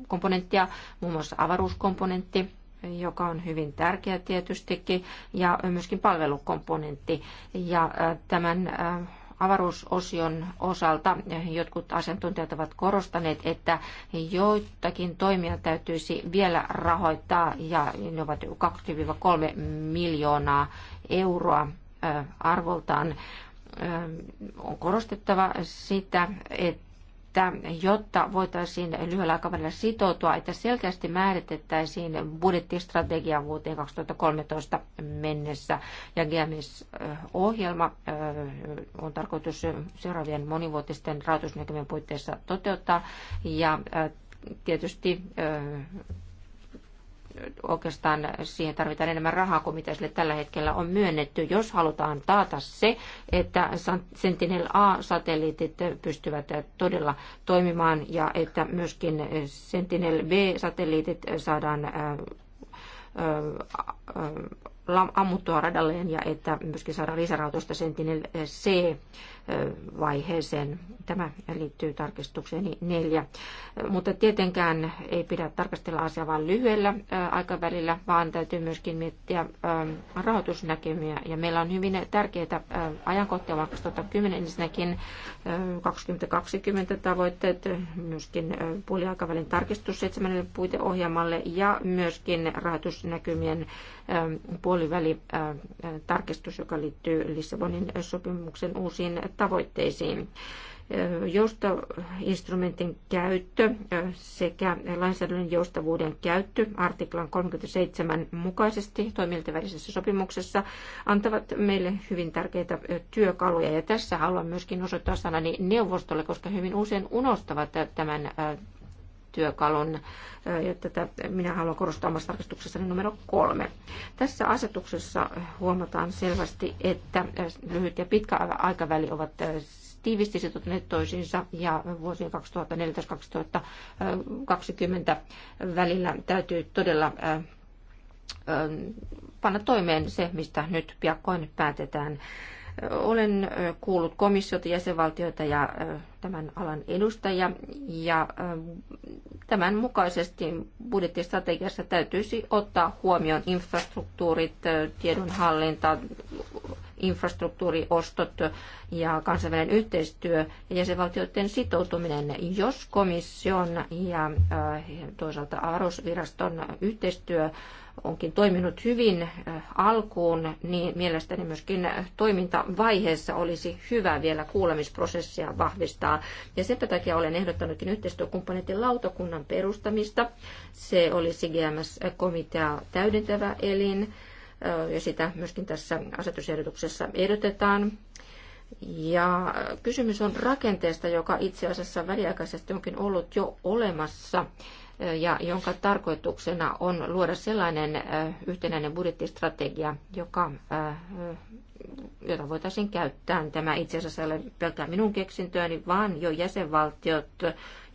komponenttia muun muassa avaruuskomponentti, joka on hyvin tärkeä tietystikin, ja myöskin palvelukomponentti. Ja tämän avaruusosion osalta jotkut asiantuntijat ovat korostaneet, että joitakin toimia täytyisi vielä rahoittaa ja ne ovat 2-3 miljoonaa euroa arvoltaan on korostettava sitä, että että jotta voitaisiin lyhyellä aikavälillä sitoutua, että selkeästi määritettäisiin budjettistrategia vuoteen 2013 mennessä. Ja GMS-ohjelma on tarkoitus seuraavien monivuotisten rahoitusnäkymien puitteissa toteuttaa. Ja tietysti oikeastaan siihen tarvitaan enemmän rahaa kuin mitä sille tällä hetkellä on myönnetty, jos halutaan taata se, että Sentinel-A-satelliitit pystyvät todella toimimaan ja että myöskin Sentinel-B-satelliitit saadaan ammuttua radalleen ja että myöskin saadaan lisärahoitusta Sentinel C vaiheeseen. Tämä liittyy tarkistukseen neljä. Mutta tietenkään ei pidä tarkastella asiaa vain lyhyellä aikavälillä, vaan täytyy myöskin miettiä rahoitusnäkymiä. Ja meillä on hyvin tärkeitä ajankohtia, vaikka 2010 ensinnäkin 2020 tavoitteet, myöskin puoliaikavälin tarkistus seitsemännelle puiteohjelmalle ja myöskin rahoitusnäkymien puoliväli tarkistus, joka liittyy Lissabonin sopimuksen uusiin tavoitteisiin eh, joustoinstrumentin käyttö eh, sekä lainsäädännön joustavuuden käyttö artiklan 37 mukaisesti toimijoiden välisessä sopimuksessa antavat meille hyvin tärkeitä eh, työkaluja. Ja tässä haluan myöskin osoittaa sanani neuvostolle, koska hyvin usein unohtavat tämän työkalun. Ja tätä minä haluan korostaa omassa tarkastuksessani numero kolme. Tässä asetuksessa huomataan selvästi, että lyhyt ja pitkä aikaväli ovat tiivisti sitoutuneet toisiinsa ja vuosien 2014-2020 välillä täytyy todella panna toimeen se, mistä nyt piakkoin päätetään. Olen kuullut komissiota, jäsenvaltioita ja tämän alan edustajia, ja tämän mukaisesti budjettistrategiassa täytyisi ottaa huomioon infrastruktuurit, tiedonhallinta, infrastruktuuriostot ja kansainvälinen yhteistyö ja jäsenvaltioiden sitoutuminen. Jos komission ja äh, toisaalta avaruusviraston yhteistyö onkin toiminut hyvin äh, alkuun, niin mielestäni myöskin toimintavaiheessa olisi hyvä vielä kuulemisprosessia vahvistaa. Ja sen takia olen ehdottanutkin yhteistyökumppaneiden lautakunnan perustamista. Se olisi GMS-komitea täydentävä elin ja sitä myöskin tässä asetusehdotuksessa ehdotetaan. Ja kysymys on rakenteesta, joka itse asiassa väliaikaisesti onkin ollut jo olemassa ja jonka tarkoituksena on luoda sellainen yhtenäinen budjettistrategia, joka jota voitaisiin käyttää. Tämä itse asiassa ei ole pelkään minun keksintöäni, vaan jo jäsenvaltiot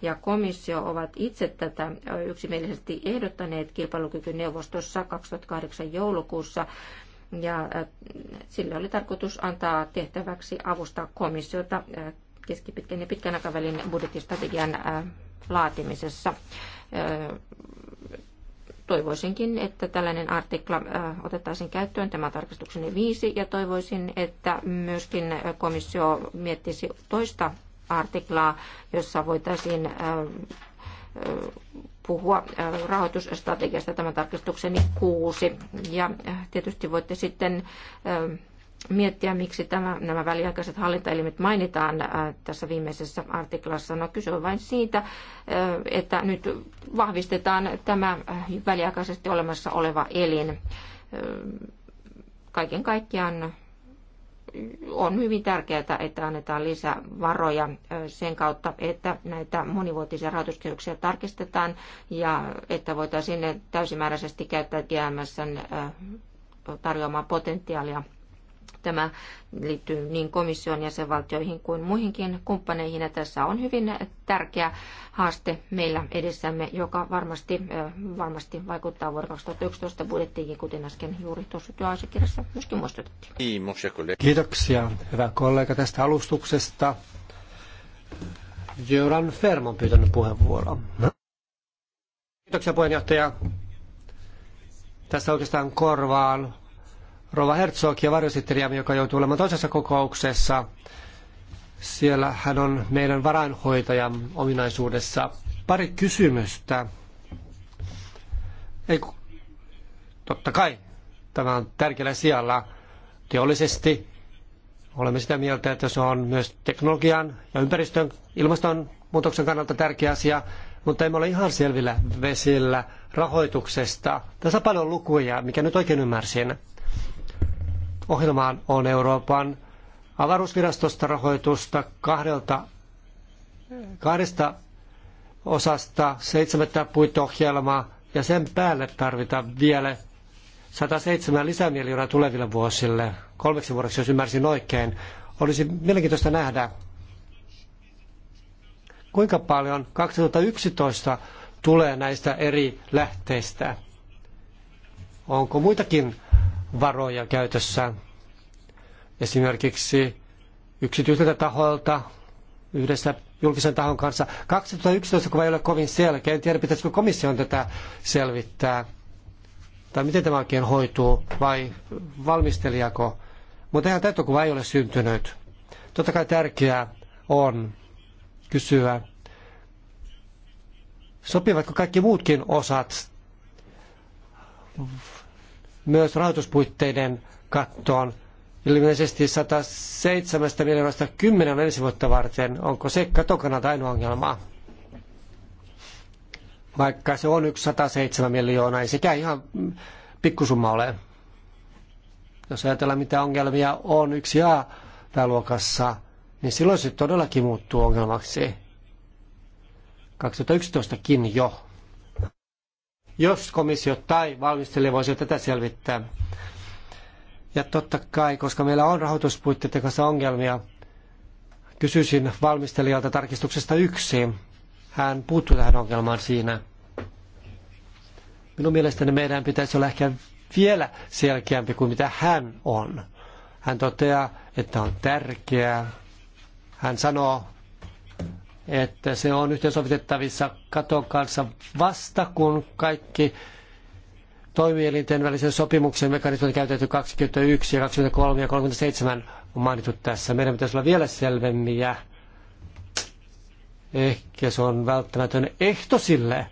ja komissio ovat itse tätä yksimielisesti ehdottaneet kilpailukykyneuvostossa 2008 joulukuussa. Ja äh, sille oli tarkoitus antaa tehtäväksi avustaa komissiota äh, keskipitkän ja pitkän aikavälin budjettistrategian äh, laatimisessa toivoisinkin, että tällainen artikla otettaisiin käyttöön, tämä tarkistukseni viisi, ja toivoisin, että myöskin komissio miettisi toista artiklaa, jossa voitaisiin puhua rahoitusstrategiasta tämän tarkistukseni kuusi. Ja tietysti voitte sitten miettiä, miksi tämä, nämä väliaikaiset hallintaelimet mainitaan äh, tässä viimeisessä artiklassa. No kyse on vain siitä, äh, että nyt vahvistetaan tämä äh, väliaikaisesti olemassa oleva elin. Kaiken kaikkiaan on hyvin tärkeää, että annetaan lisää varoja sen kautta, että näitä monivuotisia rahoituskehyksiä tarkistetaan ja että voitaisiin täysimääräisesti käyttää GMSn tarjoamaa potentiaalia Tämä liittyy niin komission jäsenvaltioihin kuin muihinkin kumppaneihin ja tässä on hyvin tärkeä haaste meillä edessämme, joka varmasti, varmasti vaikuttaa vuoden 2011 budjettiinkin, kuten äsken juuri tuossa työasiakirjassa myöskin muistutettiin. Niin, Kiitoksia, hyvä kollega tästä alustuksesta. Jöran Ferm on pyytänyt puheenvuoroa. Kiitoksia puheenjohtaja. Tässä oikeastaan korvaan rouva Herzog ja varjosihteeriämme, joka joutuu olemaan toisessa kokouksessa. Siellä hän on meidän varainhoitajan ominaisuudessa. Pari kysymystä. Ei, totta kai, tämä on tärkeällä sijalla teollisesti. Olemme sitä mieltä, että se on myös teknologian ja ympäristön ilmastonmuutoksen kannalta tärkeä asia, mutta emme ole ihan selvillä vesillä rahoituksesta. Tässä on paljon lukuja, mikä nyt oikein ymmärsin. Ohjelmaan on Euroopan avaruusvirastosta rahoitusta kahdelta, kahdesta osasta seitsemättä puitohjelmaa ja sen päälle tarvitaan vielä 107 lisämiljoonaa tuleville vuosille, kolmeksi vuodeksi, jos ymmärsin oikein. Olisi mielenkiintoista nähdä, kuinka paljon 2011 tulee näistä eri lähteistä. Onko muitakin varoja käytössään. Esimerkiksi yksityiseltä taholta yhdessä julkisen tahon kanssa. 2011 kuva ei ole kovin selkeä, en tiedä pitäisikö komission tätä selvittää. Tai miten tämä oikein hoituu, vai valmistelijako. Mutta ihan täyttökuva ei ole syntynyt. Totta kai tärkeää on kysyä, sopivatko kaikki muutkin osat myös rahoituspuitteiden kattoon. Ilmeisesti 107 miljoonasta 10 on ensi vuotta varten. Onko se katon kannalta ainoa ongelma? Vaikka se on yksi 107 miljoonaa, ei sekään ihan pikkusumma ole. Jos ajatellaan, mitä ongelmia on yksi A pääluokassa, niin silloin se todellakin muuttuu ongelmaksi. 2011kin jo jos komissio tai valmistelija voisi tätä selvittää. Ja totta kai, koska meillä on rahoituspuitteiden kanssa ongelmia, kysyisin valmistelijalta tarkistuksesta yksi. Hän puuttui tähän ongelmaan siinä. Minun mielestäni meidän pitäisi olla ehkä vielä selkeämpi kuin mitä hän on. Hän toteaa, että on tärkeää. Hän sanoo että se on yhteensovitettavissa katon kanssa vasta, kun kaikki toimielinten välisen sopimuksen mekanismit on käytetty 21 ja 23 ja 37 on mainittu tässä. Meidän pitäisi olla vielä selvemmiä. Ehkä se on välttämätön ehto sille,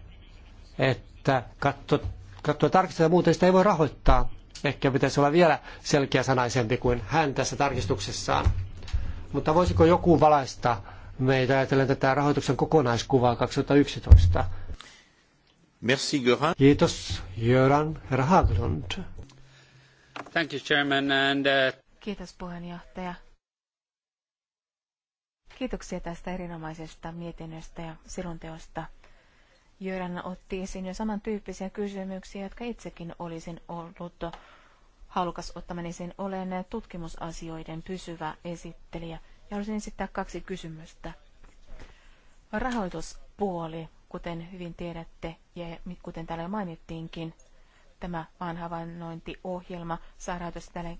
että katto, kattoa tarkistetaan, muuten sitä ei voi rahoittaa. Ehkä pitäisi olla vielä selkeä sanaisempi kuin hän tässä tarkistuksessaan. Mutta voisiko joku valaista meitä ajatellen tätä rahoituksen kokonaiskuvaa 2011. Merci, Göran. Kiitos, Göran Herra Haglund. Thank you, Chairman, and, uh... Kiitos, puheenjohtaja. Kiitoksia tästä erinomaisesta mietinnöstä ja selonteosta. Jöran otti esiin jo samantyyppisiä kysymyksiä, jotka itsekin olisin ollut halukas ottamaan esiin. Olen tutkimusasioiden pysyvä esittelijä – ja haluaisin esittää kaksi kysymystä. Rahoituspuoli, kuten hyvin tiedätte ja kuten täällä jo mainittiinkin, tämä maan havainnointiohjelma saa rahoitusta tällä,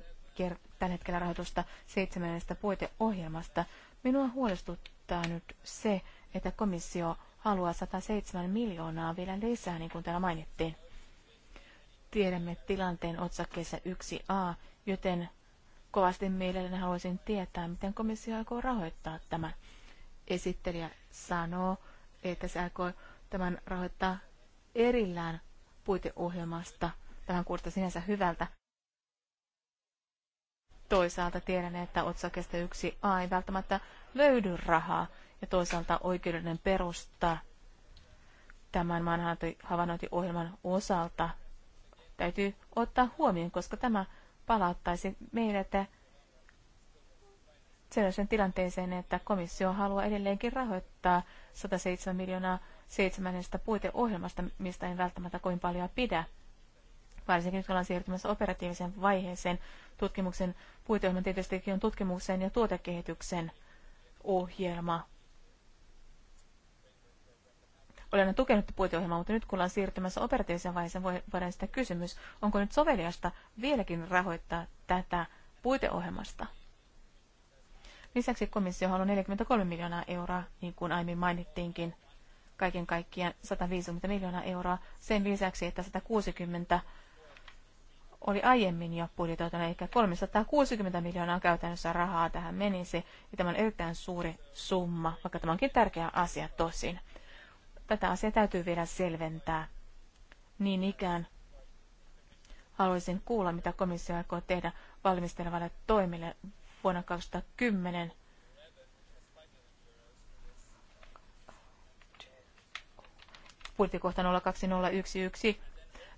tällä hetkellä rahoitusta seitsemännestä puiteohjelmasta. Minua huolestuttaa nyt se, että komissio haluaa 107 miljoonaa vielä lisää, niin kuin täällä mainittiin. Tiedämme tilanteen otsakkeessa 1a, joten kovasti mielelläni haluaisin tietää, miten komissio aikoo rahoittaa tämän. Esittelijä sanoo, että se aikoo tämän rahoittaa erillään puiteohjelmasta. Tähän kuulostaa sinänsä hyvältä. Toisaalta tiedän, että otsakesta yksi A ei välttämättä löydy rahaa ja toisaalta oikeudellinen perusta tämän maan havainnointiohjelman osalta täytyy ottaa huomioon, koska tämä palauttaisi meidät sellaisen tilanteeseen, että komissio haluaa edelleenkin rahoittaa 107 miljoonaa seitsemännestä puiteohjelmasta, mistä en välttämättä kovin paljon pidä. Varsinkin nyt ollaan siirtymässä operatiiviseen vaiheeseen. Tutkimuksen puiteohjelma tietystikin on tutkimuksen ja tuotekehityksen ohjelma olen aina tukenut puiteohjelmaa, mutta nyt kun ollaan siirtymässä operatiiviseen vaiheeseen, voidaan sitä kysymys, onko nyt soveliasta vieläkin rahoittaa tätä puiteohjelmasta? Lisäksi komissio on 43 miljoonaa euroa, niin kuin aiemmin mainittiinkin, kaiken kaikkiaan 150 miljoonaa euroa sen lisäksi, että 160 oli aiemmin jo budjetoituna, eli 360 miljoonaa käytännössä rahaa tähän menisi, ja tämä on erittäin suuri summa, vaikka tämä onkin tärkeä asia tosin. Tätä asiaa täytyy vielä selventää. Niin ikään haluaisin kuulla, mitä komissio aikoo tehdä valmistelevalle toimille vuonna 2010 budjettikohta 02011.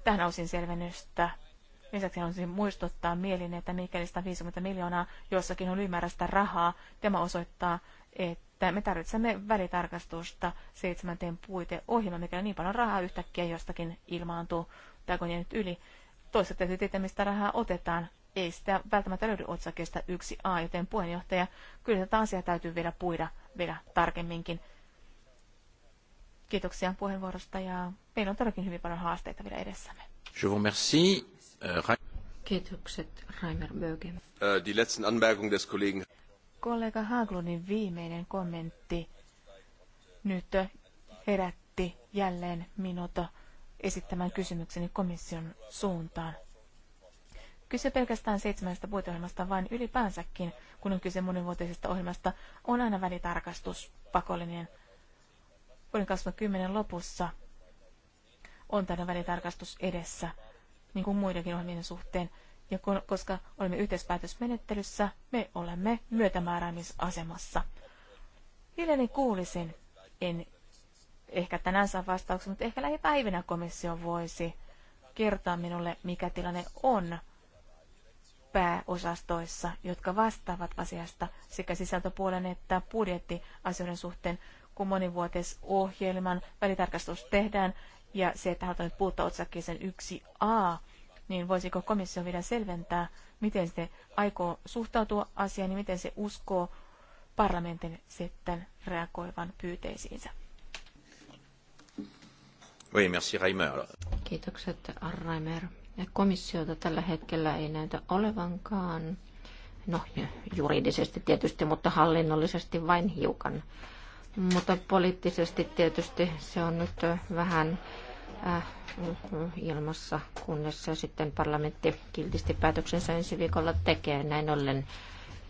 Tähän osin selvennystä. Lisäksi haluaisin muistuttaa mielin, että mikäli 150 miljoonaa jossakin on ylimääräistä rahaa, tämä osoittaa, että me tarvitsemme välitarkastusta seitsemänteen puiteohjelma, mikä niin paljon rahaa yhtäkkiä jostakin ilmaantuu, tai kun nyt yli. Toista täytyy tietää, mistä rahaa otetaan. Ei sitä välttämättä löydy otsakesta 1a, joten puheenjohtaja, kyllä tätä asiaa täytyy vielä puida vielä tarkemminkin. Kiitoksia puheenvuorosta ja meillä on todellakin hyvin paljon haasteita vielä edessämme. Je vous remercie. Euh, Kiitokset, Reimer Böge. Euh, die letzten Anmerkungen des Kollegen kollega Haglundin viimeinen kommentti nyt herätti jälleen minut esittämään kysymykseni komission suuntaan. Kyse pelkästään seitsemästä vuoteohjelmasta, vaan ylipäänsäkin, kun on kyse monivuotisesta ohjelmasta, on aina välitarkastus pakollinen. Vuoden 2010 lopussa on tämä välitarkastus edessä, niin kuin muidenkin ohjelmien suhteen. Ja kun, koska olemme yhteispäätösmenettelyssä, me olemme myötämääräämisasemassa. Hiljeni kuulisin, en ehkä tänään saa vastauksen, mutta ehkä lähipäivinä komissio voisi kertoa minulle, mikä tilanne on pääosastoissa, jotka vastaavat asiasta sekä sisältöpuolen että budjettiasioiden suhteen, kun monivuotisohjelman välitarkastus tehdään ja se, että halutaan nyt puuttua otsakkeeseen 1a niin voisiko komissio vielä selventää, miten se aikoo suhtautua asiaan ja miten se uskoo parlamentin sitten reagoivan pyyteisiinsä. Oui, merci Reimer. Kiitokset Raimer. Komissiota tällä hetkellä ei näytä olevankaan. No, juridisesti tietysti, mutta hallinnollisesti vain hiukan. Mutta poliittisesti tietysti se on nyt vähän Äh, mm-hmm, ilmassa, kunnes sitten parlamentti kiltisti päätöksensä ensi viikolla tekee. Näin ollen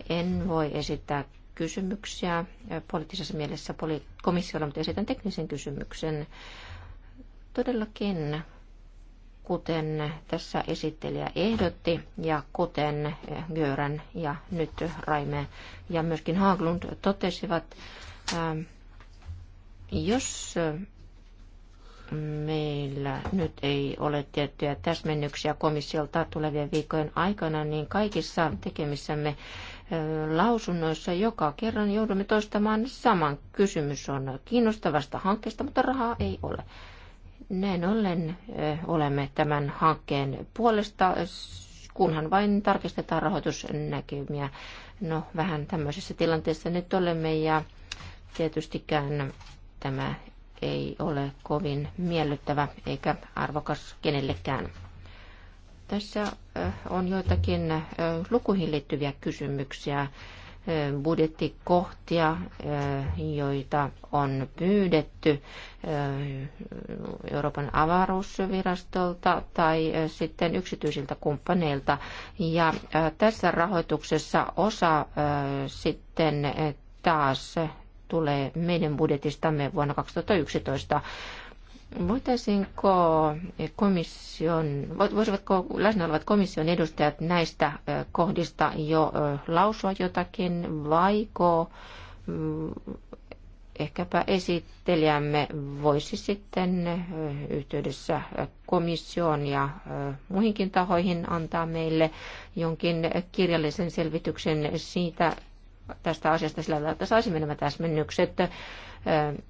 en voi esittää kysymyksiä äh, poliittisessa mielessä komissiolla, mutta esitän teknisen kysymyksen. Todellakin, kuten tässä esittelijä ehdotti ja kuten äh, Göran ja nyt Raime ja myöskin Haaglund totesivat, jos meillä nyt ei ole tiettyjä täsmennyksiä komissiolta tulevien viikkojen aikana, niin kaikissa tekemissämme lausunnoissa joka kerran joudumme toistamaan saman. Kysymys on kiinnostavasta hankkeesta, mutta rahaa ei ole. Näin ollen olemme tämän hankkeen puolesta, kunhan vain tarkistetaan rahoitusnäkymiä. No, vähän tämmöisessä tilanteessa nyt olemme ja tietystikään tämä ei ole kovin miellyttävä eikä arvokas kenellekään. Tässä on joitakin lukuihin liittyviä kysymyksiä, budjettikohtia, joita on pyydetty Euroopan avaruusvirastolta tai sitten yksityisiltä kumppaneilta. Ja tässä rahoituksessa osa sitten taas tulee meidän budjetistamme vuonna 2011. Voitaisinko komission, voisivatko läsnä olevat komission edustajat näistä kohdista jo lausua jotakin, vaiko mm, ehkäpä esittelijämme voisi sitten yhteydessä komissioon ja muihinkin tahoihin antaa meille jonkin kirjallisen selvityksen siitä, tästä asiasta sillä tavalla, että saisimme nämä täsmennykset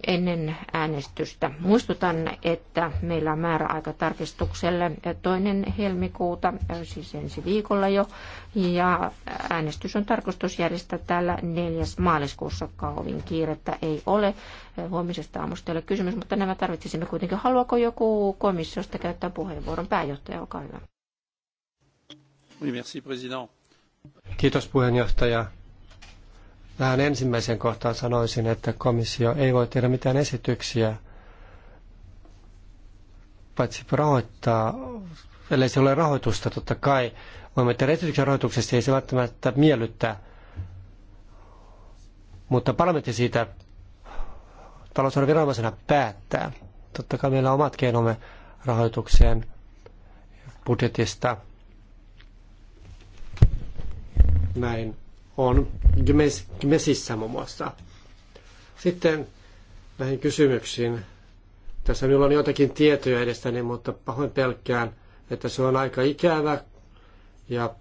ennen äänestystä. Muistutan, että meillä on määräaika tarkistukselle toinen helmikuuta, siis ensi viikolla jo, ja äänestys on tarkoitus järjestää täällä 4. maaliskuussa kauvin kiirettä ei ole. Huomisesta aamusta ei ole kysymys, mutta nämä tarvitsisimme kuitenkin. Haluaako joku komissiosta käyttää puheenvuoron? Pääjohtaja, olkaa hyvä. Kiitos puheenjohtaja. Tähän ensimmäiseen kohtaan sanoisin, että komissio ei voi tehdä mitään esityksiä, paitsi rahoittaa, ellei se ole rahoitusta totta kai. Voimme tehdä esityksen rahoituksesta, ei se välttämättä miellyttää, mutta parlamentti siitä talousarvon viranomaisena päättää. Totta kai meillä on omat keinomme rahoitukseen budjetista. Näin on Gmesissä muun muassa. Sitten näihin kysymyksiin. Tässä minulla on jotakin tietoja edestäni, mutta pahoin pelkkään, että se on aika ikävä ja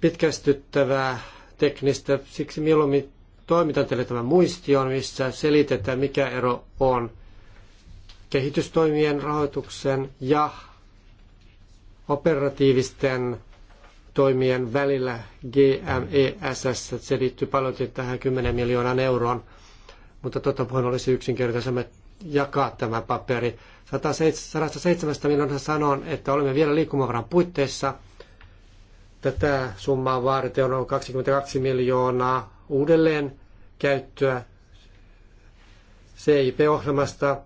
pitkästyttävää teknistä. Siksi mieluummin toimitan teille tämän muistion, missä selitetään, mikä ero on kehitystoimien rahoituksen ja operatiivisten toimien välillä GMESS. Se liittyy paljon tähän 10 miljoonan euroon, mutta totta puheen olisi yksinkertaisemmin jakaa tämä paperi. 107 miljoonasta sanon, että olemme vielä liikkumavaran puitteissa. Tätä summaa varten on 22 miljoonaa uudelleen käyttöä CIP-ohjelmasta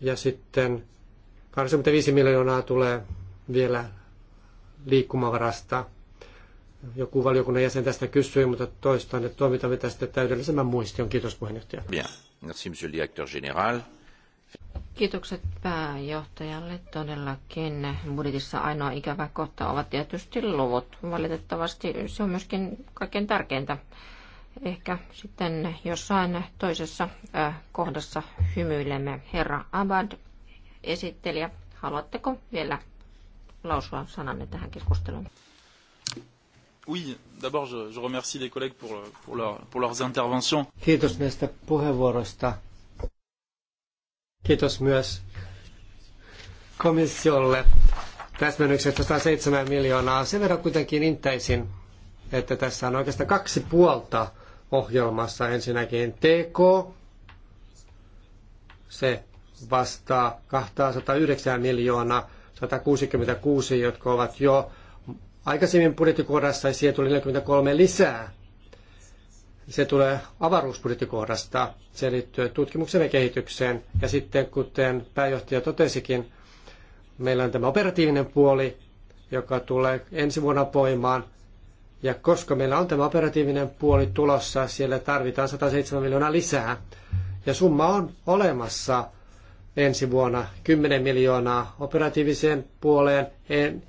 ja sitten 25 miljoonaa tulee vielä liikkumavarasta joku valiokunnan jäsen tästä kysyi, mutta toistan, että toimitamme tästä täydellisemmän muistion. Kiitos puheenjohtaja. Bien. Merci, monsieur le directeur général. Kiitokset pääjohtajalle. Todellakin budjetissa ainoa ikävä kohta ovat tietysti luvut. Valitettavasti se on myöskin kaikkein tärkeintä. Ehkä sitten jossain toisessa äh, kohdassa hymyilemme. Herra Abad, esittelijä, haluatteko vielä lausua sananne tähän keskusteluun? Oui, d'abord je, je remercie les collègues pour, pour, leur, pour leurs interventions. Kiitos näistä puheenvuoroista. Kiitos myös komissiolle täsmennyksestä 107 miljoonaa. Sen verran kuitenkin intäisin, että tässä on oikeastaan kaksi puolta ohjelmassa. Ensinnäkin TK, se vastaa 209 miljoonaa 166, jotka ovat jo Aikaisemmin budjettikohdassa ja siihen tuli 43 lisää. Se tulee avaruusbudjettikohdasta. Se liittyy tutkimukseen ja kehitykseen. Ja sitten, kuten pääjohtaja totesikin, meillä on tämä operatiivinen puoli, joka tulee ensi vuonna poimaan. Ja koska meillä on tämä operatiivinen puoli tulossa, siellä tarvitaan 107 miljoonaa lisää. Ja summa on olemassa ensi vuonna 10 miljoonaa operatiiviseen puoleen,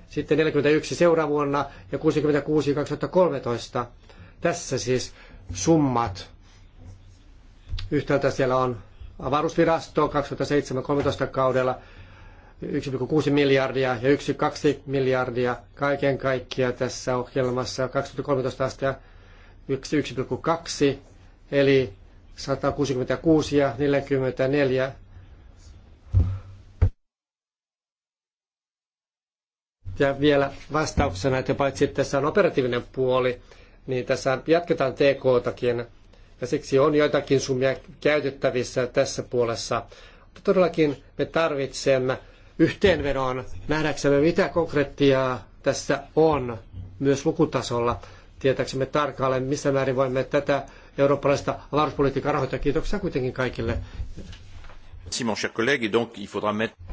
sitten 41 seuraavuonna ja 66 2013. Tässä siis summat. Yhtäältä siellä on avaruusvirasto 2007-2013 kaudella 1,6 miljardia ja 1,2 miljardia kaiken kaikkia tässä ohjelmassa 2013 asti 1,2 eli 166 ja 44 Ja vielä vastauksena, että paitsi että tässä on operatiivinen puoli, niin tässä jatketaan TK-takin. Ja siksi on joitakin summia käytettävissä tässä puolessa. Mutta todellakin me tarvitsemme yhteenvedon nähdäksemme, mitä konkreettiaa tässä on myös lukutasolla, tietääksemme tarkalleen, missä määrin voimme tätä eurooppalaista avaruuspolitiikan rahoittaa. Kiitoksia kuitenkin kaikille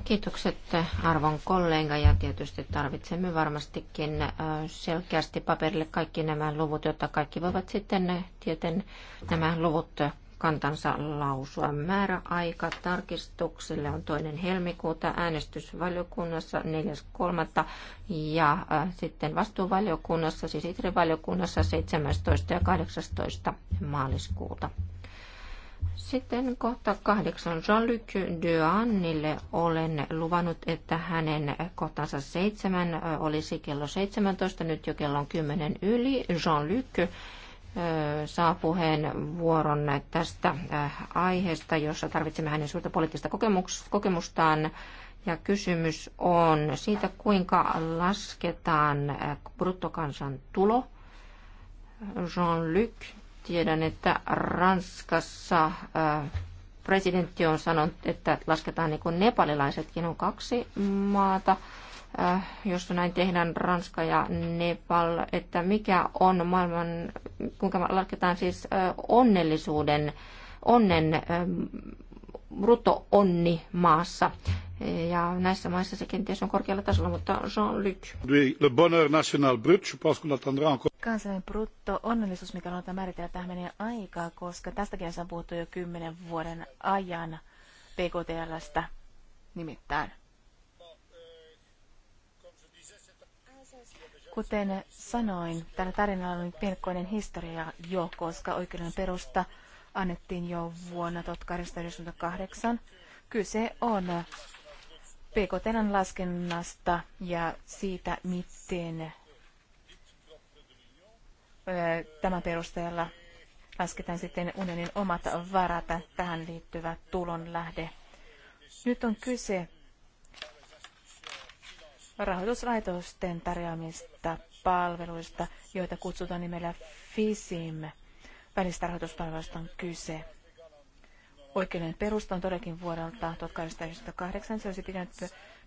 Kiitokset arvon kollega ja tietysti tarvitsemme varmastikin äh, selkeästi paperille kaikki nämä luvut, jotta kaikki voivat sitten äh, tieten nämä luvut kantansa lausua. Määräaika tarkistuksille on toinen helmikuuta äänestysvaliokunnassa 4.3. ja äh, sitten vastuuvaliokunnassa, siis itrivaliokunnassa 17. ja 18. maaliskuuta. Sitten kohta kahdeksan Jean-Luc Duannille olen luvannut, että hänen kohtansa seitsemän olisi kello 17, nyt jo kello on 10 yli. Jean-Luc saa puheen vuoron tästä aiheesta, jossa tarvitsemme hänen suurta poliittista kokemustaan. Ja kysymys on siitä, kuinka lasketaan bruttokansantulo. Jean-Luc, Tiedän, että Ranskassa äh, presidentti on sanonut, että lasketaan niin kuin nepalilaisetkin on kaksi maata, äh, jos näin tehdään Ranska ja Nepal, että mikä on maailman, kuinka lasketaan siis äh, onnellisuuden, onnen ähm, Brutto onni maassa. Ja näissä maissa se kenties on korkealla tasolla, mutta Jean-Luc. Le bonheur national brut, je pense qu'on attendra encore. Kansallinen brutto onnellisuus, mikä on määritellä, tähän menee aikaa, koska tästäkin on puhuttu jo kymmenen vuoden ajan PKTLstä nimittäin. Kuten sanoin, tällä tarinalla on pienkoinen historia jo, koska oikeuden perusta – annettiin jo vuonna 1898. Kyse on PKTn laskennasta ja siitä, miten tämän perusteella lasketaan sitten unionin omat varat tähän liittyvä tulonlähde. Nyt on kyse rahoituslaitosten tarjoamista palveluista, joita kutsutaan nimellä FISIM välistä on kyse. Oikeuden perusta on todellakin vuodelta 1998. Se olisi pitänyt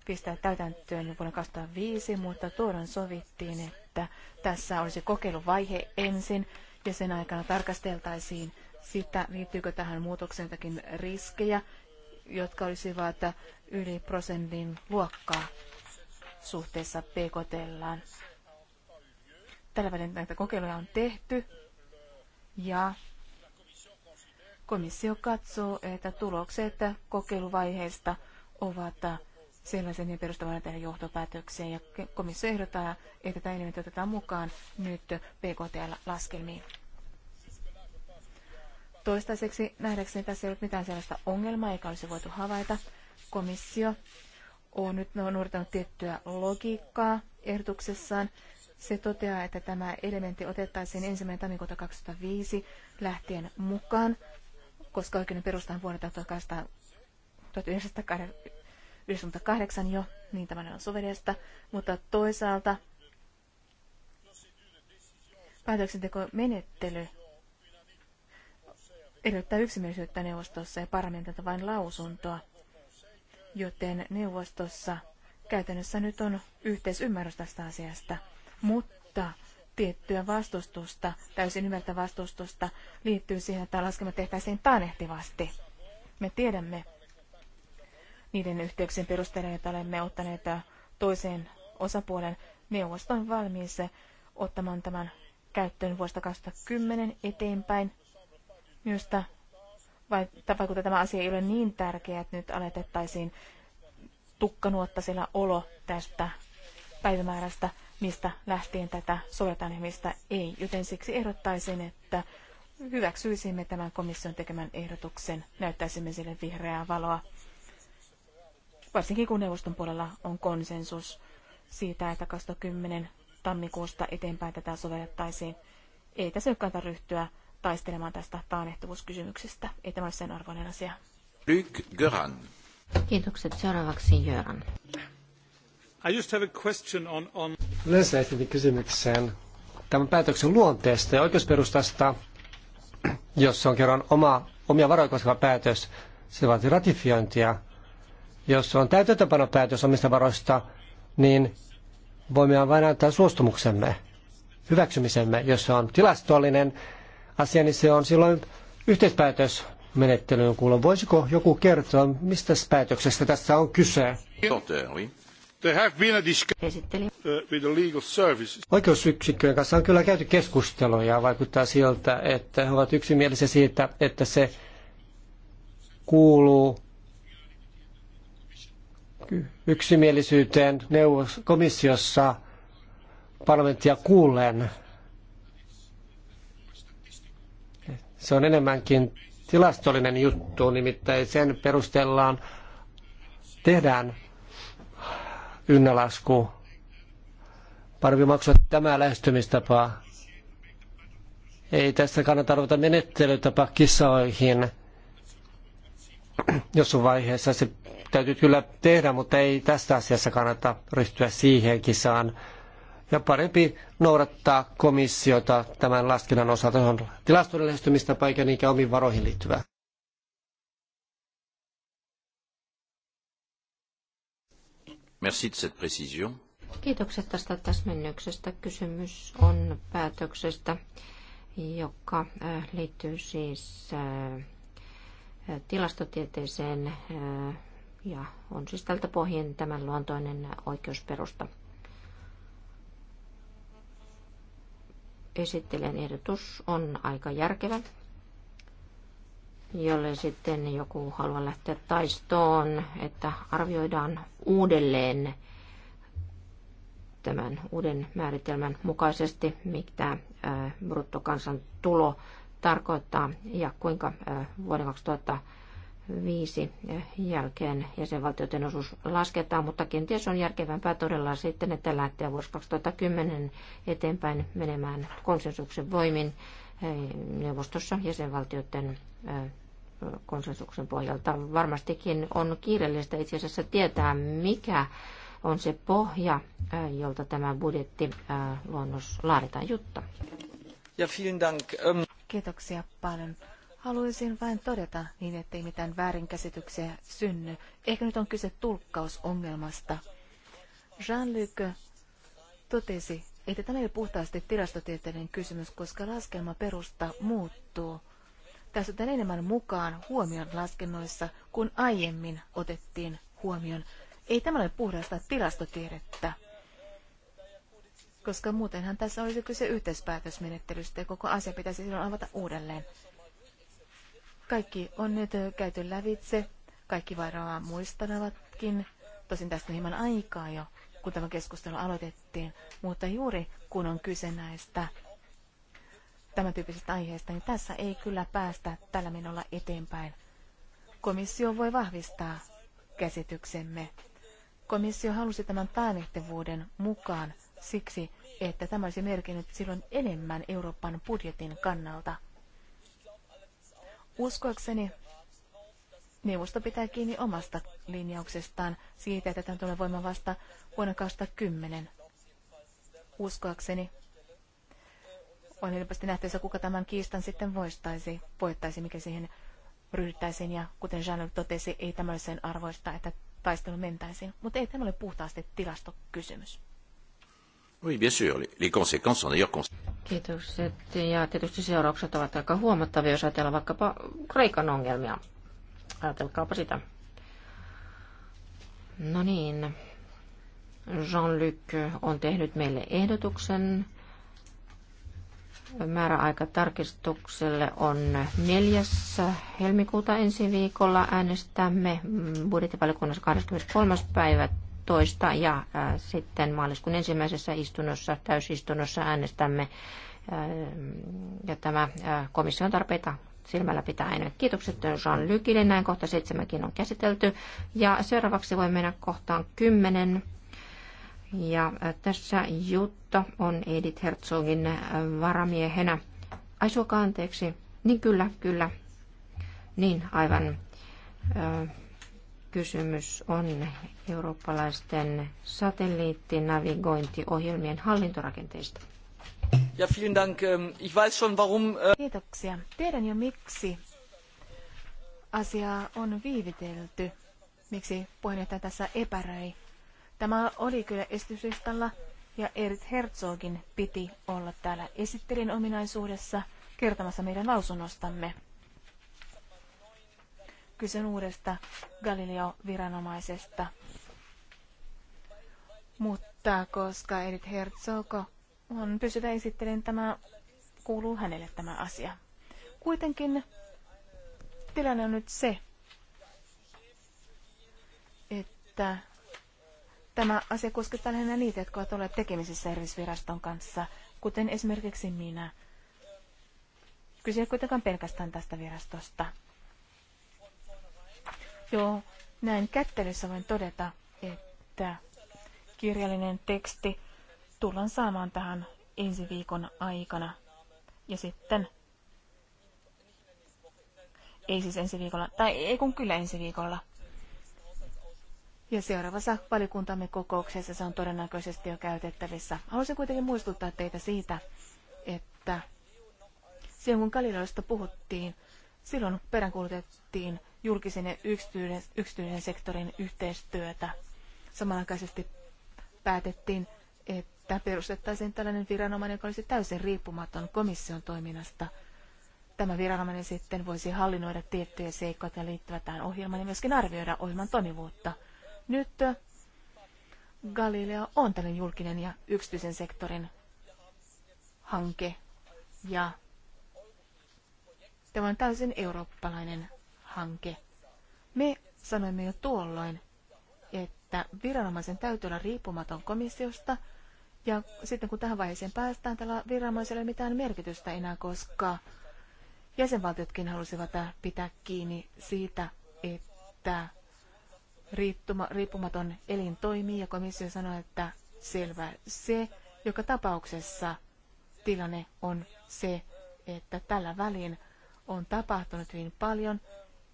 pistää täytäntöön jo vuonna 2005, mutta tuolloin sovittiin, että tässä olisi kokeiluvaihe ensin ja sen aikana tarkasteltaisiin sitä, liittyykö tähän muutokseen jotakin riskejä, jotka olisivat yli prosentin luokkaa suhteessa PKT. Tällä välin näitä kokeiluja on tehty ja komissio katsoo, että tulokset kokeiluvaiheesta ovat sellaisen ja perustavana tehdä johtopäätöksiä. Ja komissio ehdottaa, että tämä elementti otetaan mukaan nyt PKTL-laskelmiin. Toistaiseksi nähdäkseni tässä ei ollut mitään sellaista ongelmaa, eikä olisi voitu havaita. Komissio on nyt noudattanut tiettyä logiikkaa ehdotuksessaan se toteaa, että tämä elementti otettaisiin 1. tammikuuta 2005 lähtien mukaan, koska oikeuden perustaan vuonna 1998 jo, niin tämä on sovellista, mutta toisaalta päätöksentekomenettely edellyttää yksimielisyyttä neuvostossa ja parlamentilta vain lausuntoa, joten neuvostossa käytännössä nyt on yhteisymmärrys tästä asiasta – mutta tiettyä vastustusta, täysin ymmärtä vastustusta, liittyy siihen, että laskelma tehtäisiin taanehtivasti. Me tiedämme niiden yhteyksien perusteella, joita olemme ottaneet äh, toiseen osapuolen neuvoston valmiin äh, ottamaan tämän käyttöön vuodesta 2010 eteenpäin. Minusta vaikuttaa tämä asia ei ole niin tärkeä, että nyt aletettaisiin tukkanuottasella olo tästä päivämäärästä mistä lähtien tätä sovelletaan ja mistä ei. Joten siksi ehdottaisin, että hyväksyisimme tämän komission tekemän ehdotuksen, näyttäisimme sille vihreää valoa. Varsinkin kun neuvoston puolella on konsensus siitä, että 2010 tammikuusta eteenpäin tätä sovellettaisiin. Ei tässä nyt kannata ryhtyä taistelemaan tästä taanehtuvuuskysymyksestä. Ei tämä ole sen arvoinen asia. Luc Göran. Kiitokset. Seuraavaksi Göran. I just have a question on, on... Yleensä esitin kysymyksen tämän päätöksen luonteesta ja oikeusperustasta, jos se on kerran oma, omia varoja koskeva päätös, se vaatii ratifiointia. Jos on päätös, omista varoista, niin voimme vain antaa suostumuksemme, hyväksymisemme. Jos se on tilastollinen asia, niin se on silloin yhteispäätös menettelyyn kuulun. Voisiko joku kertoa, mistä päätöksestä tässä on kyse? Oikeusyksikköjen kanssa on kyllä käyty keskusteluja ja vaikuttaa siltä, että he ovat yksimielisiä siitä, että se kuuluu yksimielisyyteen neuvos komissiossa parlamenttia kuulleen. Se on enemmänkin tilastollinen juttu, nimittäin sen perusteellaan tehdään Ynnä lasku Parempi maksua tämä lähestymistapa. Ei tässä kannata ruveta menettelytapa kissoihin. on vaiheessa se täytyy kyllä tehdä, mutta ei tästä asiassa kannata ryhtyä siihen kisaan. Ja parempi noudattaa komissiota tämän laskennan osalta. Se on tilastollinen lähestymistapa eikä niinkään omiin varoihin liittyvää. Merci de cette précision. Kiitokset tästä täsmennyksestä. Kysymys on päätöksestä, joka äh, liittyy siis äh, tilastotieteeseen äh, ja on siis tältä pohjin tämän luontoinen oikeusperusta. Esittelijän ehdotus on aika järkevä, jolle sitten joku haluaa lähteä taistoon, että arvioidaan uudelleen tämän uuden määritelmän mukaisesti, mitä bruttokansantulo tarkoittaa ja kuinka vuoden 2005 viisi jälkeen jäsenvaltioiden osuus lasketaan, mutta kenties on järkevämpää todella sitten, että lähtee vuosi 2010 eteenpäin menemään konsensuksen voimin neuvostossa jäsenvaltioiden konsensuksen pohjalta. Varmastikin on kiireellistä itse asiassa tietää, mikä on se pohja, jolta tämä budjettiluonnos laaditaan. Jutta. Ja vielen dank. Ähm, Kiitoksia paljon. Haluaisin vain todeta niin, ettei mitään väärinkäsityksiä synny. Ehkä nyt on kyse tulkkausongelmasta. Jean-Luc totesi, että tämä ei ole puhtaasti tilastotieteellinen kysymys, koska laskelma perusta muuttuu – tässä otetaan enemmän mukaan huomion laskennoissa, kuin aiemmin otettiin huomioon. Ei tämä ole puhdasta tilastotiedettä, koska muutenhan tässä olisi kyse yhteispäätösmenettelystä ja koko asia pitäisi silloin avata uudelleen. Kaikki on nyt käyty lävitse, kaikki varmaan muistanavatkin, tosin tästä on hieman aikaa jo, kun tämä keskustelu aloitettiin, mutta juuri kun on kyse näistä tämän tyyppisestä aiheista, niin tässä ei kyllä päästä tällä menolla eteenpäin. Komissio voi vahvistaa käsityksemme. Komissio halusi tämän taannehtivuuden mukaan siksi, että tämä olisi merkinnyt silloin enemmän Euroopan budjetin kannalta. Uskoakseni neuvosto pitää kiinni omasta linjauksestaan siitä, että tämä tulee voimaan vasta vuonna 2010. Uskoakseni on helposti nähtävissä, kuka tämän kiistan sitten voistaisi, voittaisi mikä siihen ryhdyttäisiin. Ja kuten Jean totesi, ei tämä ole sen arvoista, että taistelu mentäisiin. Mutta ei tämä ole puhtaasti tilastokysymys. Oui, bien sûr. Les conséquences sont d'ailleurs Kiitokset. Ja tietysti seuraukset ovat aika huomattavia, jos ajatellaan vaikkapa Kreikan ongelmia. Ajatelkaapa sitä. No niin. Jean-Luc on tehnyt meille ehdotuksen Määräaika tarkistukselle on 4. helmikuuta ensi viikolla. Äänestämme budjettivaliokunnassa 23. päivä toista ja äh, sitten maaliskuun ensimmäisessä istunnossa, täysistunnossa äänestämme äh, ja tämä äh, komission tarpeita silmällä pitäen. Kiitokset Jean-Lykille, näin kohta seitsemänkin on käsitelty. Ja seuraavaksi voi mennä kohtaan kymmenen. Ja tässä Jutta on Edith Herzogin varamiehenä. Ai suokaa anteeksi. Niin kyllä, kyllä. Niin, aivan. Kysymys on eurooppalaisten satelliittinavigointiohjelmien hallintorakenteista. Ja, vielen Dank. Ähm, ich weiß schon, warum... Äh Kiitoksia. Tiedän jo miksi asiaa on viivitelty. Miksi puheenjohtaja tässä epäröi Tämä oli kyllä esityslistalla ja Erit Herzogin piti olla täällä esittelin ominaisuudessa kertomassa meidän lausunnostamme. Kysyn uudesta Galileo-viranomaisesta. Mutta koska Erit Herzog on pysyvä esittelin, tämä kuuluu hänelle tämä asia. Kuitenkin tilanne on nyt se, että Tämä asia koskettaa lähinnä niitä, jotka ovat olleet tekemisissä erillisviraston kanssa, kuten esimerkiksi minä. Kyse ei kuitenkaan pelkästään tästä virastosta. Joo, näin kättelyssä voin todeta, että kirjallinen teksti tullaan saamaan tähän ensi viikon aikana. Ja sitten, ei siis ensi viikolla, tai ei kun kyllä ensi viikolla, ja seuraavassa valikuntamme kokouksessa se on todennäköisesti jo käytettävissä. Haluaisin kuitenkin muistuttaa teitä siitä, että silloin kun Galileosta puhuttiin, silloin peräänkuulutettiin julkisen ja yksityisen, yksityisen sektorin yhteistyötä. Samanaikaisesti päätettiin, että perustettaisiin tällainen viranomainen, joka olisi täysin riippumaton komission toiminnasta. Tämä viranomainen sitten voisi hallinnoida tiettyjä seikkoja, jotka liittyvät tähän ohjelmaan ja myöskin arvioida ohjelman toimivuutta – nyt Galileo on tällainen julkinen ja yksityisen sektorin hanke ja tämä on täysin eurooppalainen hanke. Me sanoimme jo tuolloin, että viranomaisen täytyy olla riippumaton komissiosta, ja sitten kun tähän vaiheeseen päästään, tällä viranomaisella ei ole mitään merkitystä enää, koska jäsenvaltiotkin halusivat pitää kiinni siitä, että riittuma, riippumaton elin toimii ja komissio sanoi, että selvä se, joka tapauksessa tilanne on se, että tällä välin on tapahtunut hyvin paljon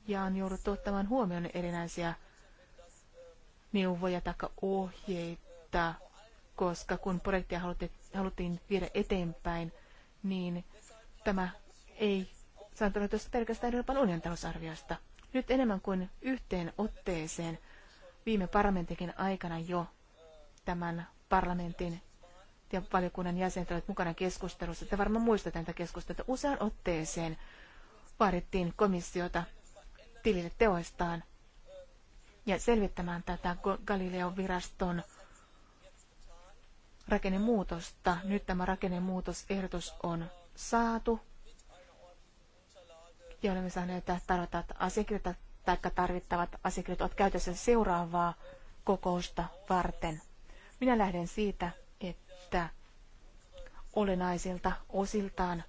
ja on jouduttu ottamaan huomioon erinäisiä neuvoja tai ohjeita, koska kun projektia haluttiin viedä eteenpäin, niin tämä ei saanut tuosta pelkästään Euroopan unionin talousarviosta. Nyt enemmän kuin yhteen otteeseen viime parlamentinkin aikana jo tämän parlamentin ja valiokunnan jäsenet olivat mukana keskustelussa. Te varmaan muistatte tätä keskustelua. Usean otteeseen vaadittiin komissiota tilille teoistaan ja selvittämään tätä Galileon viraston rakennemuutosta. Nyt tämä rakennemuutosehdotus on saatu ja olemme saaneet tarvitaan asiakirjat tai tarvittavat asiakirjat ovat käytössä seuraavaa kokousta varten. Minä lähden siitä, että olennaisilta osiltaan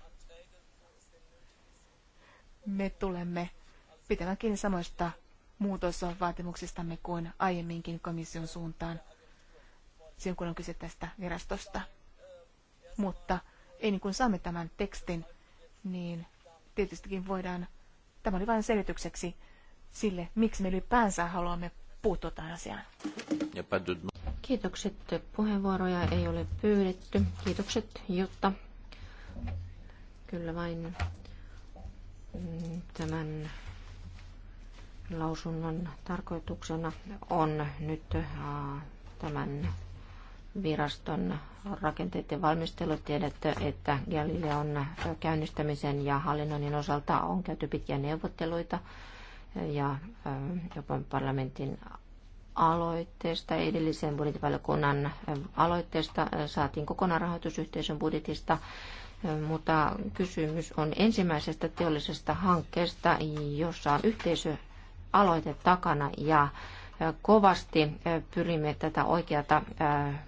me tulemme pitämään kiinni samoista muutosvaatimuksistamme kuin aiemminkin komission suuntaan, silloin kun on kyse tästä virastosta. Mutta ei niin kuin saamme tämän tekstin, niin tietystikin voidaan, tämä oli vain selitykseksi sille, miksi me ylipäänsä haluamme puuttua tähän asiaan. Kiitokset. Puheenvuoroja ei ole pyydetty. Kiitokset Jutta. Kyllä vain mm, tämän lausunnon tarkoituksena on nyt tämän viraston rakenteiden valmistelu. Tiedätte, että Galileon käynnistämisen ja hallinnoinnin osalta on käyty pitkiä neuvotteluita ja ähm, jopa parlamentin aloitteesta, edellisen budjettivaliokunnan ähm, aloitteesta äh, saatiin kokonaan rahoitusyhteisön budjetista, ähm, mutta kysymys on ensimmäisestä teollisesta hankkeesta, jossa on yhteisöaloite takana ja äh, kovasti äh, pyrimme tätä oikeata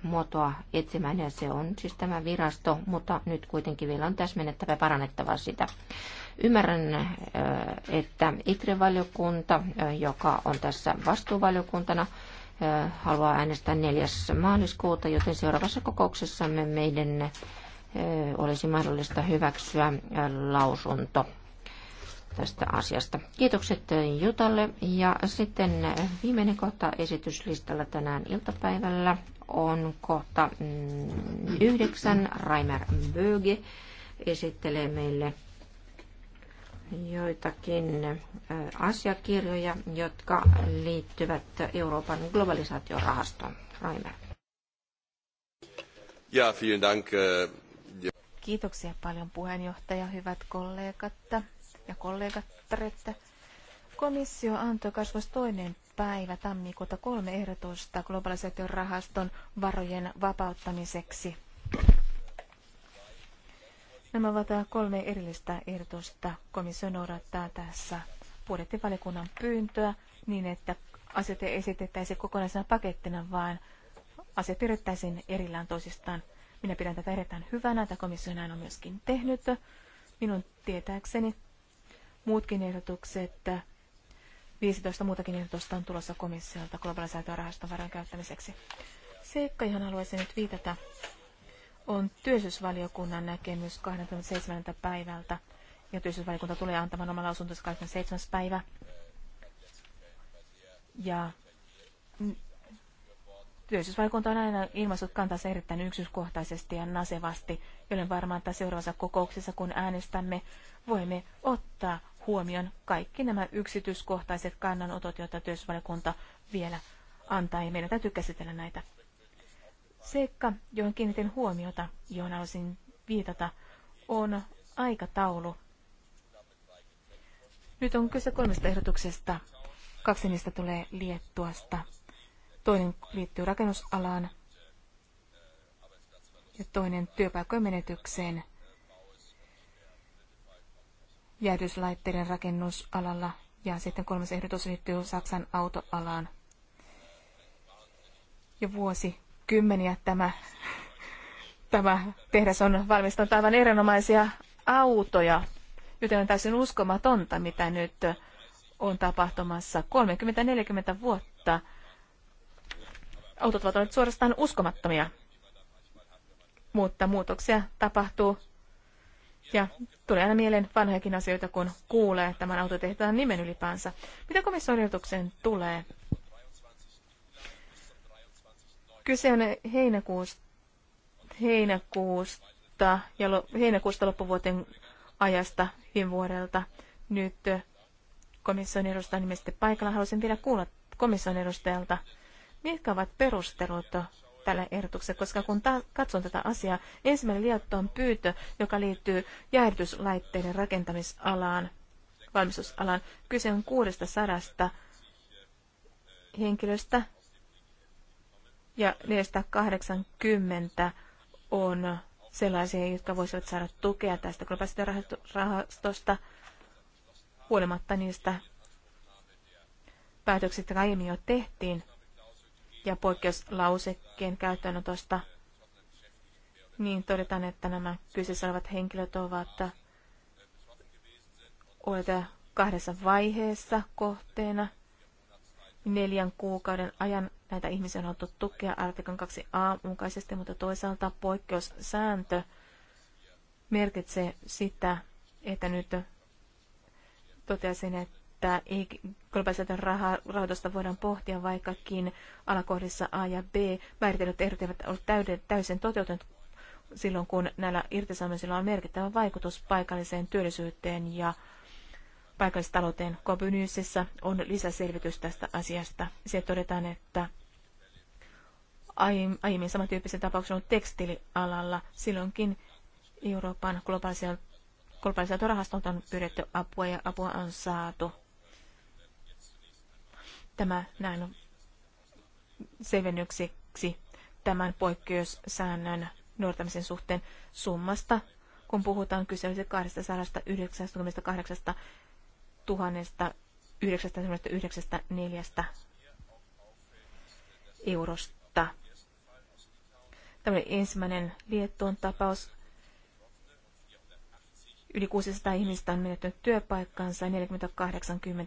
muotoa etsimään ja se on siis tämä virasto, mutta nyt kuitenkin vielä on täsmennettävä ja parannettava sitä. Ymmärrän, että ITRE-valiokunta, joka on tässä vastuuvaliokuntana, haluaa äänestää 4. maaliskuuta, joten seuraavassa kokouksessamme meidän olisi mahdollista hyväksyä lausunto tästä asiasta. Kiitokset Jutalle. Ja sitten viimeinen kohta esityslistalla tänään iltapäivällä on kohta mm, yhdeksän. Raimer Böge esittelee meille joitakin asiakirjoja, jotka liittyvät Euroopan globalisaatiorahastoon. Raimer. Ja, vielen dank. Kiitoksia paljon puheenjohtaja, hyvät kollegat ja kollegat. Komissio antoi 22. päivä tammikuuta kolme ehdotusta globalisaation rahaston varojen vapauttamiseksi. Nämä ovat kolme erillistä ehdotusta. Komissio noudattaa tässä budjettivaliokunnan pyyntöä niin, että asiat ei esitettäisi kokonaisena pakettina, vaan asiat pidettäisiin erillään toisistaan. Minä pidän tätä erittäin hyvänä, että komissio näin on myöskin tehnyt. Minun tietääkseni muutkin ehdotukset, 15 muutakin ehdotusta on tulossa komissiolta globalisaatiorahaston varojen käyttämiseksi. Seikka, johon haluaisin nyt viitata, on työllisyysvaliokunnan näkemys 27. päivältä. Ja työllisyysvaliokunta tulee antamaan oman lausuntonsa 27. päivä. Ja työllisyysvaliokunta on aina ilmaissut kantansa erittäin yksityiskohtaisesti ja nasevasti, joten varmaan, että seuraavassa kokouksessa, kun äänestämme, voimme ottaa huomioon kaikki nämä yksityiskohtaiset kannanotot, joita työllisyysvaliokunta vielä antaa. Ja meidän täytyy käsitellä näitä Seikka, johon kiinnitin huomiota, johon haluaisin viitata, on aikataulu. Nyt on kyse kolmesta ehdotuksesta. Kaksi niistä tulee Liettuasta. Toinen liittyy rakennusalaan ja toinen työpaikkojen menetykseen. Jäädyslaitteiden rakennusalalla ja sitten kolmas ehdotus liittyy Saksan autoalaan. Ja vuosi vuosikymmeniä tämä, tämä tehdas on valmistanut aivan erinomaisia autoja, joten on täysin uskomatonta, mitä nyt on tapahtumassa. 30-40 vuotta autot ovat olleet suorastaan uskomattomia, mutta muutoksia tapahtuu ja tulee aina mieleen vanhojakin asioita, kun kuulee tämän autotehtaan nimen ylipäänsä. Mitä komission tulee? Kyse on heinäkuusta, heinäkuusta, ja heinäkuusta loppuvuoteen ajasta viime vuodelta. Nyt äh, komission edustaja nimestä paikalla. Haluaisin vielä kuulla komission edustajalta, mitkä ovat perustelut tälle ehdotukselle, koska kun ta- katson tätä asiaa, ensimmäinen on pyytö, joka liittyy jäähdytyslaitteiden rakentamisalaan, valmistusalaan, kyse on 600 henkilöstä, ja 480 on sellaisia, jotka voisivat saada tukea tästä rahastosta huolimatta niistä päätöksistä, jotka aiemmin jo tehtiin, ja poikkeuslausekkeen käyttöönotosta, niin todetaan, että nämä kyseessä olevat henkilöt ovat olleet kahdessa vaiheessa kohteena neljän kuukauden ajan Näitä ihmisiä on haluttu tukea artiklan 2a mukaisesti, mutta toisaalta poikkeussääntö merkitsee sitä, että nyt toteaisin, että ei globalisaation rahoitusta voidaan pohtia, vaikkakin alakohdissa A ja B määritellyt ehdot eivät ole täyden, täysin toteutuneet silloin, kun näillä irtisanomisilla on merkittävä vaikutus paikalliseen työllisyyteen ja paikallistalouteen. Kobynyysissä on lisäselvitys tästä asiasta. Se todetaan, että aiemmin samantyyppisen tapauksen ollut tekstilialalla. Silloinkin Euroopan globaalisia rahastolta on pyydetty apua ja apua on saatu. Tämä näin selvennykseksi tämän poikkeussäännön noudattamisen suhteen summasta, kun puhutaan kyseessä 298 000 994 eurosta. Tämä oli ensimmäinen Liettuon tapaus. Yli 600 ihmistä on menettänyt työpaikkaansa ja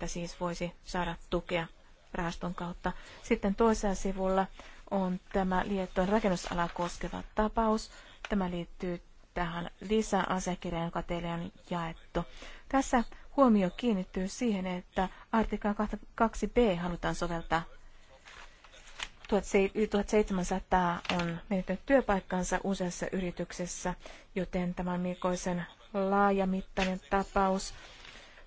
40-80 siis voisi saada tukea rahaston kautta. Sitten toisella sivulla on tämä Liettuon rakennusalaa koskeva tapaus. Tämä liittyy tähän lisäasiakirjaan, joka teille on jaettu. Tässä huomio kiinnittyy siihen, että artikla 2b halutaan soveltaa 1700 on menettänyt työpaikkansa useassa yrityksessä, joten tämä on melkoisen laajamittainen tapaus.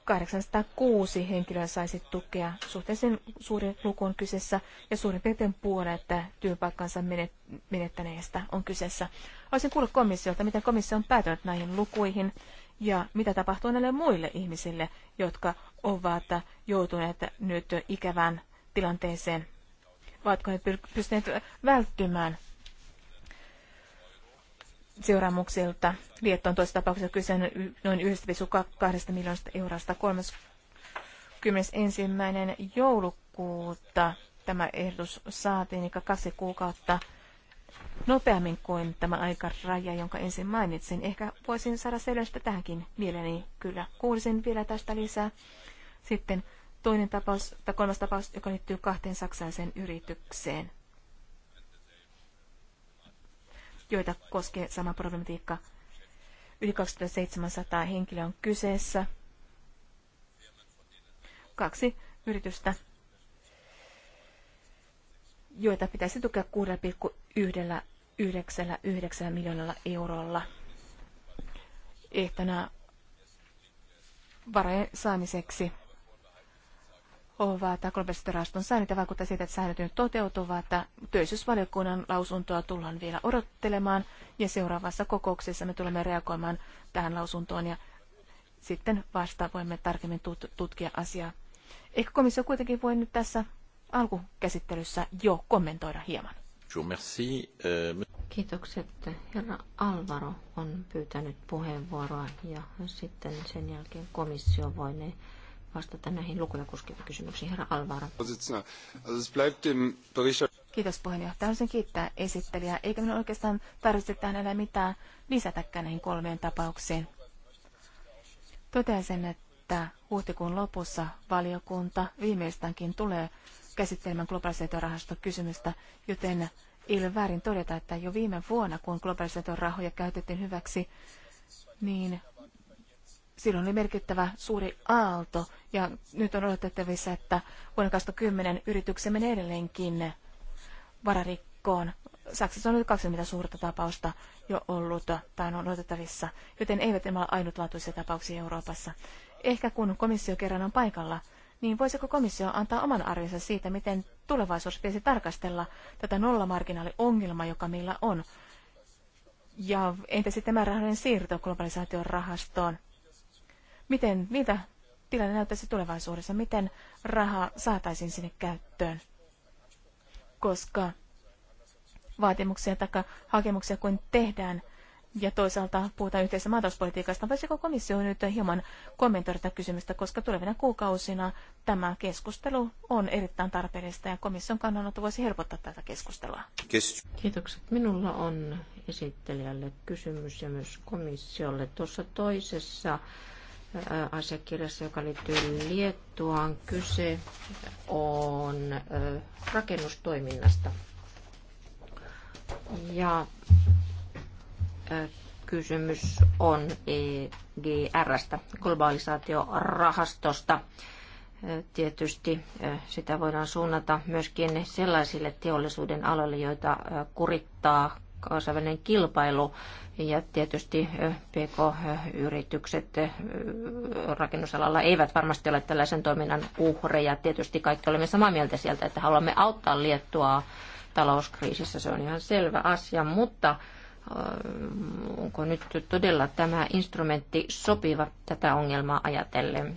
806 henkilöä saisi tukea. Suhteellisen suurin luku on kyseessä ja suurin piirtein puolet työpaikkansa menettäneistä on kyseessä. Olisin kuullut komissiolta, miten komissio on päätynyt näihin lukuihin ja mitä tapahtuu näille muille ihmisille, jotka ovat joutuneet nyt ikävään tilanteeseen Ovatko he pystyneet välttymään seuraamuksilta? on toisessa tapauksessa kyse noin 1,2 miljoonasta eurosta 31. joulukuuta tämä ehdotus saatiin, eli kaksi kuukautta nopeammin kuin tämä aikaraja, jonka ensin mainitsin. Ehkä voisin saada selvästä tähänkin mieleni. Kyllä, kuulisin vielä tästä lisää. Sitten toinen tapaus, tai kolmas tapaus, joka liittyy kahteen saksalaiseen yritykseen, joita koskee sama problematiikka. Yli 2700 henkilöä on kyseessä. Kaksi yritystä, joita pitäisi tukea 6,99 miljoonalla eurolla. Ehtona varojen saamiseksi ovat globalistirahaston säännöt ja vaikuttaa siitä, että säännöt nyt toteutuvat. Työllisyysvaliokunnan lausuntoa tullaan vielä odottelemaan ja seuraavassa kokouksessa me tulemme reagoimaan tähän lausuntoon ja sitten vasta voimme tarkemmin tut- tutkia asiaa. Ehkä komissio kuitenkin voi nyt tässä alkukäsittelyssä jo kommentoida hieman. Eh, Kiitokset. Herra Alvaro on pyytänyt puheenvuoroa ja sitten sen jälkeen komissio voi ne vastata näihin lukuja koskeviin kysymyksiin. Herra Alvaro. Kiitos puheenjohtaja. Haluaisin kiittää esittelijää. Eikä minun oikeastaan tarvitse tähän enää mitään lisätäkään näihin kolmeen tapaukseen. Toteaisin, että huhtikuun lopussa valiokunta viimeistäänkin tulee käsittelemään globalisaatiorahastokysymystä, joten ei ole väärin todeta, että jo viime vuonna, kun globalisaation käytettiin hyväksi, niin Silloin oli merkittävä suuri aalto ja nyt on odotettavissa, että vuonna 2010 yrityksen menee edelleenkin vararikkoon. Saksassa on nyt 20 suurta tapausta jo ollut tai on odotettavissa, joten eivät nämä ole ainutlaatuisia tapauksia Euroopassa. Ehkä kun komissio kerran on paikalla, niin voisiko komissio antaa oman arvionsa siitä, miten tulevaisuus pitäisi tarkastella tätä nollamarginaaliongelmaa, joka meillä on? Ja entä sitten rahojen siirto globalisaation rahastoon? miten, miltä tilanne näyttäisi tulevaisuudessa, miten rahaa saataisiin sinne käyttöön, koska vaatimuksia tai hakemuksia kuin tehdään, ja toisaalta puhutaan yhteisestä maatalouspolitiikasta. Voisiko komissio nyt hieman kommentoida tätä kysymystä, koska tulevina kuukausina tämä keskustelu on erittäin tarpeellista ja komission kannanotto voisi helpottaa tätä keskustelua. Kiitokset. Minulla on esittelijälle kysymys ja myös komissiolle. Tuossa toisessa asiakirjassa, joka liittyy Liettuaan. Kyse on rakennustoiminnasta. Ja kysymys on EGRstä, globalisaatiorahastosta. Tietysti sitä voidaan suunnata myöskin sellaisille teollisuuden aloille, joita kurittaa kansainvälinen kilpailu ja tietysti PK-yritykset rakennusalalla eivät varmasti ole tällaisen toiminnan uhreja. Tietysti kaikki olemme samaa mieltä sieltä, että haluamme auttaa Liettua talouskriisissä, se on ihan selvä asia, mutta onko nyt todella tämä instrumentti sopiva tätä ongelmaa ajatellen?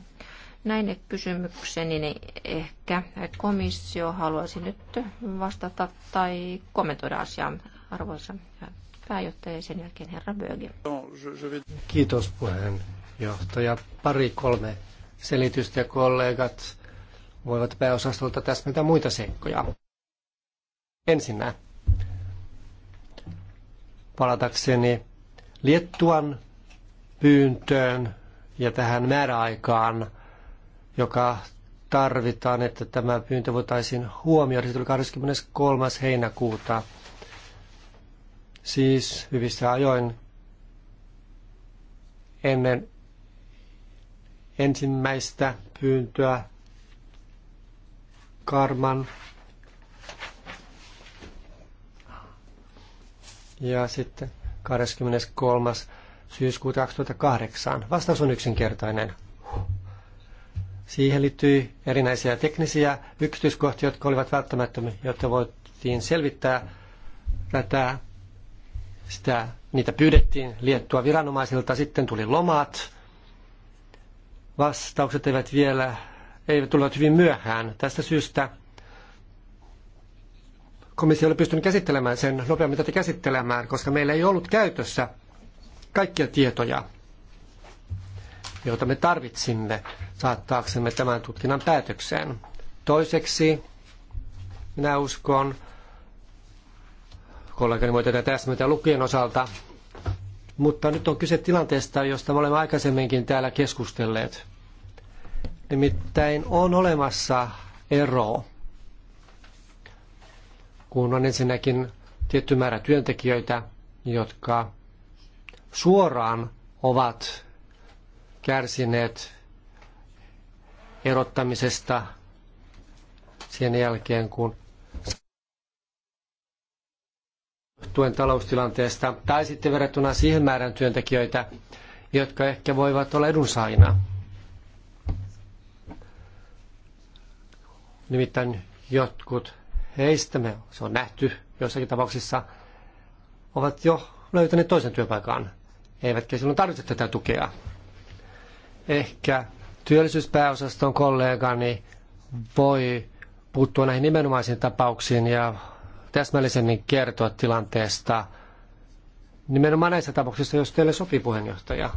Näin kysymykseni, niin ehkä komissio haluaisi nyt vastata tai kommentoida asiaa. Arvoisa pääjohtaja ja sen jälkeen herra Böge. Kiitos puheenjohtaja. Pari kolme selitystä ja kollegat voivat pääosastolta täsmentää muita seikkoja. Ensinnä palatakseni Liettuan pyyntöön ja tähän määräaikaan, joka tarvitaan, että tämä pyyntö voitaisiin huomioida. Se tuli 23. heinäkuuta Siis hyvissä ajoin ennen ensimmäistä pyyntöä karman ja sitten 23. syyskuuta 2008. Vastaus on yksinkertainen. Siihen liittyy erinäisiä teknisiä yksityiskohtia, jotka olivat välttämättömiä, jotta voitiin selvittää tätä sitä, niitä pyydettiin liettua viranomaisilta, sitten tuli lomat. Vastaukset eivät vielä, eivät tulleet hyvin myöhään. Tästä syystä komissio oli pystynyt käsittelemään sen nopeammin tätä käsittelemään, koska meillä ei ollut käytössä kaikkia tietoja, joita me tarvitsimme saattaaksemme tämän tutkinnan päätökseen. Toiseksi minä uskon, kollegani voi tätä täsmätä lukien osalta. Mutta nyt on kyse tilanteesta, josta me olemme aikaisemminkin täällä keskustelleet. Nimittäin on olemassa ero, kun on ensinnäkin tietty määrä työntekijöitä, jotka suoraan ovat kärsineet erottamisesta sen jälkeen, kun johtuen taloustilanteesta, tai sitten verrattuna siihen määrän työntekijöitä, jotka ehkä voivat olla edunsaajina. Nimittäin jotkut heistä, me, se on nähty joissakin tapauksissa, ovat jo löytäneet toisen työpaikan, eivätkä silloin tarvitse tätä tukea. Ehkä työllisyyspääosaston kollegani voi puuttua näihin nimenomaisiin tapauksiin ja täsmällisemmin kertoa tilanteesta nimenomaan näissä tapauksissa, jos teille sopii puheenjohtaja?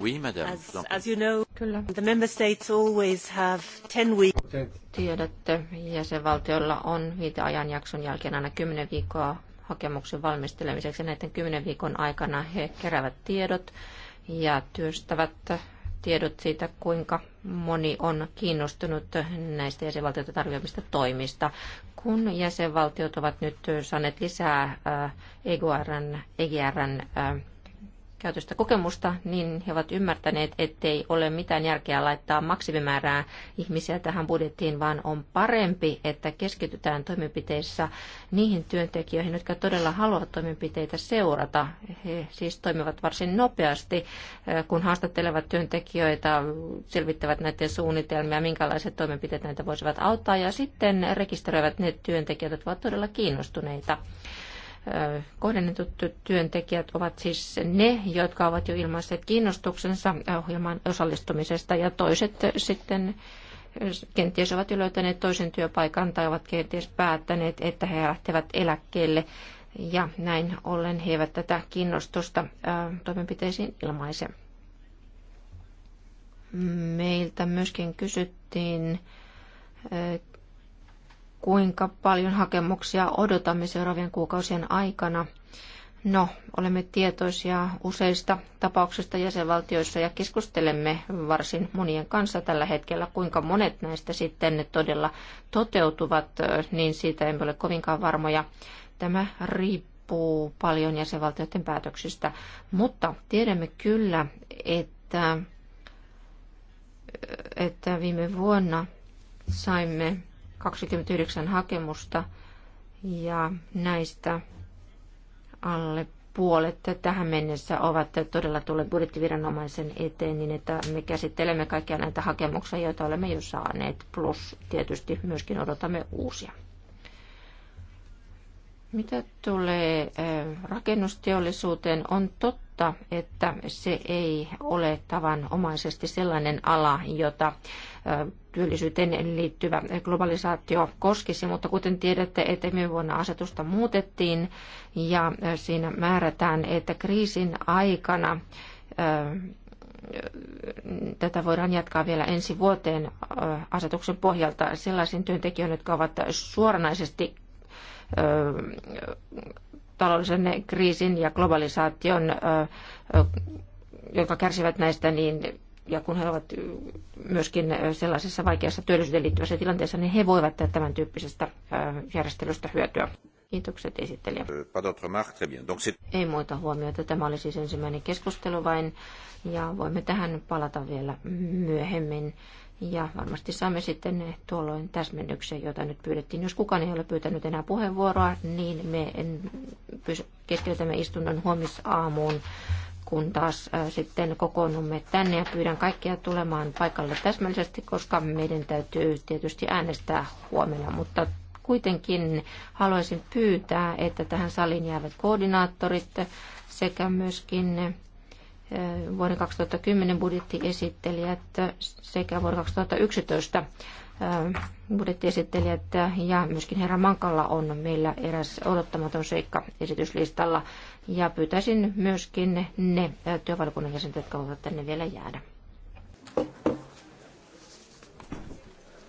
Oui, madame. As, as you know, Kyllä. the member states always have 10 weeks. Tiedätte, jäsenvaltioilla on ajanjakson jälkeen aina 10 viikkoa hakemuksen valmistelemiseksi. Näiden 10 viikon aikana he keräävät tiedot ja työstävät tiedot siitä, kuinka moni on kiinnostunut näistä jäsenvaltioita tarjoamista toimista. Kun jäsenvaltiot ovat nyt saaneet lisää äh, EGRn, EGRn äh, käytöstä kokemusta, niin he ovat ymmärtäneet, ettei ole mitään järkeä laittaa maksimimäärää ihmisiä tähän budjettiin, vaan on parempi, että keskitytään toimenpiteissä niihin työntekijöihin, jotka todella haluavat toimenpiteitä seurata. He siis toimivat varsin nopeasti, eh, kun haastattelevat työntekijöitä, selvittävät näiden suunnitelmia, minkälaiset toimenpiteet näitä voisivat auttaa, ja sitten rekisteröivät ne työntekijät, jotka ovat todella kiinnostuneita kohdennetut työntekijät ovat siis ne, jotka ovat jo ilmaisseet kiinnostuksensa ohjelman osallistumisesta ja toiset sitten kenties ovat jo löytäneet toisen työpaikan tai ovat kenties päättäneet, että he lähtevät eläkkeelle ja näin ollen he eivät tätä kiinnostusta toimenpiteisiin ilmaise. Meiltä myöskin kysyttiin kuinka paljon hakemuksia odotamme seuraavien kuukausien aikana. No, olemme tietoisia useista tapauksista jäsenvaltioissa ja keskustelemme varsin monien kanssa tällä hetkellä. Kuinka monet näistä sitten todella toteutuvat, niin siitä emme ole kovinkaan varmoja. Tämä riippuu paljon jäsenvaltioiden päätöksistä, mutta tiedämme kyllä, että, että viime vuonna saimme 29 hakemusta ja näistä alle puolet tähän mennessä ovat todella tulleet budjettiviranomaisen eteen niin, että me käsittelemme kaikkia näitä hakemuksia, joita olemme jo saaneet, plus tietysti myöskin odotamme uusia. Mitä tulee eh, rakennusteollisuuteen, on totta, että se ei ole tavanomaisesti sellainen ala, jota eh, työllisyyteen liittyvä globalisaatio koskisi, mutta kuten tiedätte, että viime vuonna asetusta muutettiin ja siinä määrätään, että kriisin aikana tätä voidaan jatkaa vielä ensi vuoteen asetuksen pohjalta sellaisiin työntekijöihin, jotka ovat suoranaisesti taloudellisen kriisin ja globalisaation, jotka kärsivät näistä, niin ja kun he ovat myöskin sellaisessa vaikeassa työllisyyteen liittyvässä tilanteessa, niin he voivat tämän tyyppisestä järjestelystä hyötyä. Kiitokset esittelijä. Ei muita huomioita. Tämä oli siis ensimmäinen keskustelu vain ja voimme tähän palata vielä myöhemmin. Ja varmasti saamme sitten tuolloin täsmennyksiä, joita nyt pyydettiin. Jos kukaan ei ole pyytänyt enää puheenvuoroa, niin me keskeytämme istunnon huomisaamuun kun taas sitten kokoonnumme tänne ja pyydän kaikkia tulemaan paikalle täsmällisesti, koska meidän täytyy tietysti äänestää huomenna, mutta kuitenkin haluaisin pyytää, että tähän saliin jäävät koordinaattorit sekä myöskin vuoden 2010 budjettiesittelijät sekä vuoden 2011 budjettiesittelijät ja myöskin herra Mankalla on meillä eräs odottamaton seikka esityslistalla. Ja pyytäisin myöskin ne työvaliokunnan jäsenet, jotka voivat tänne vielä jäädä.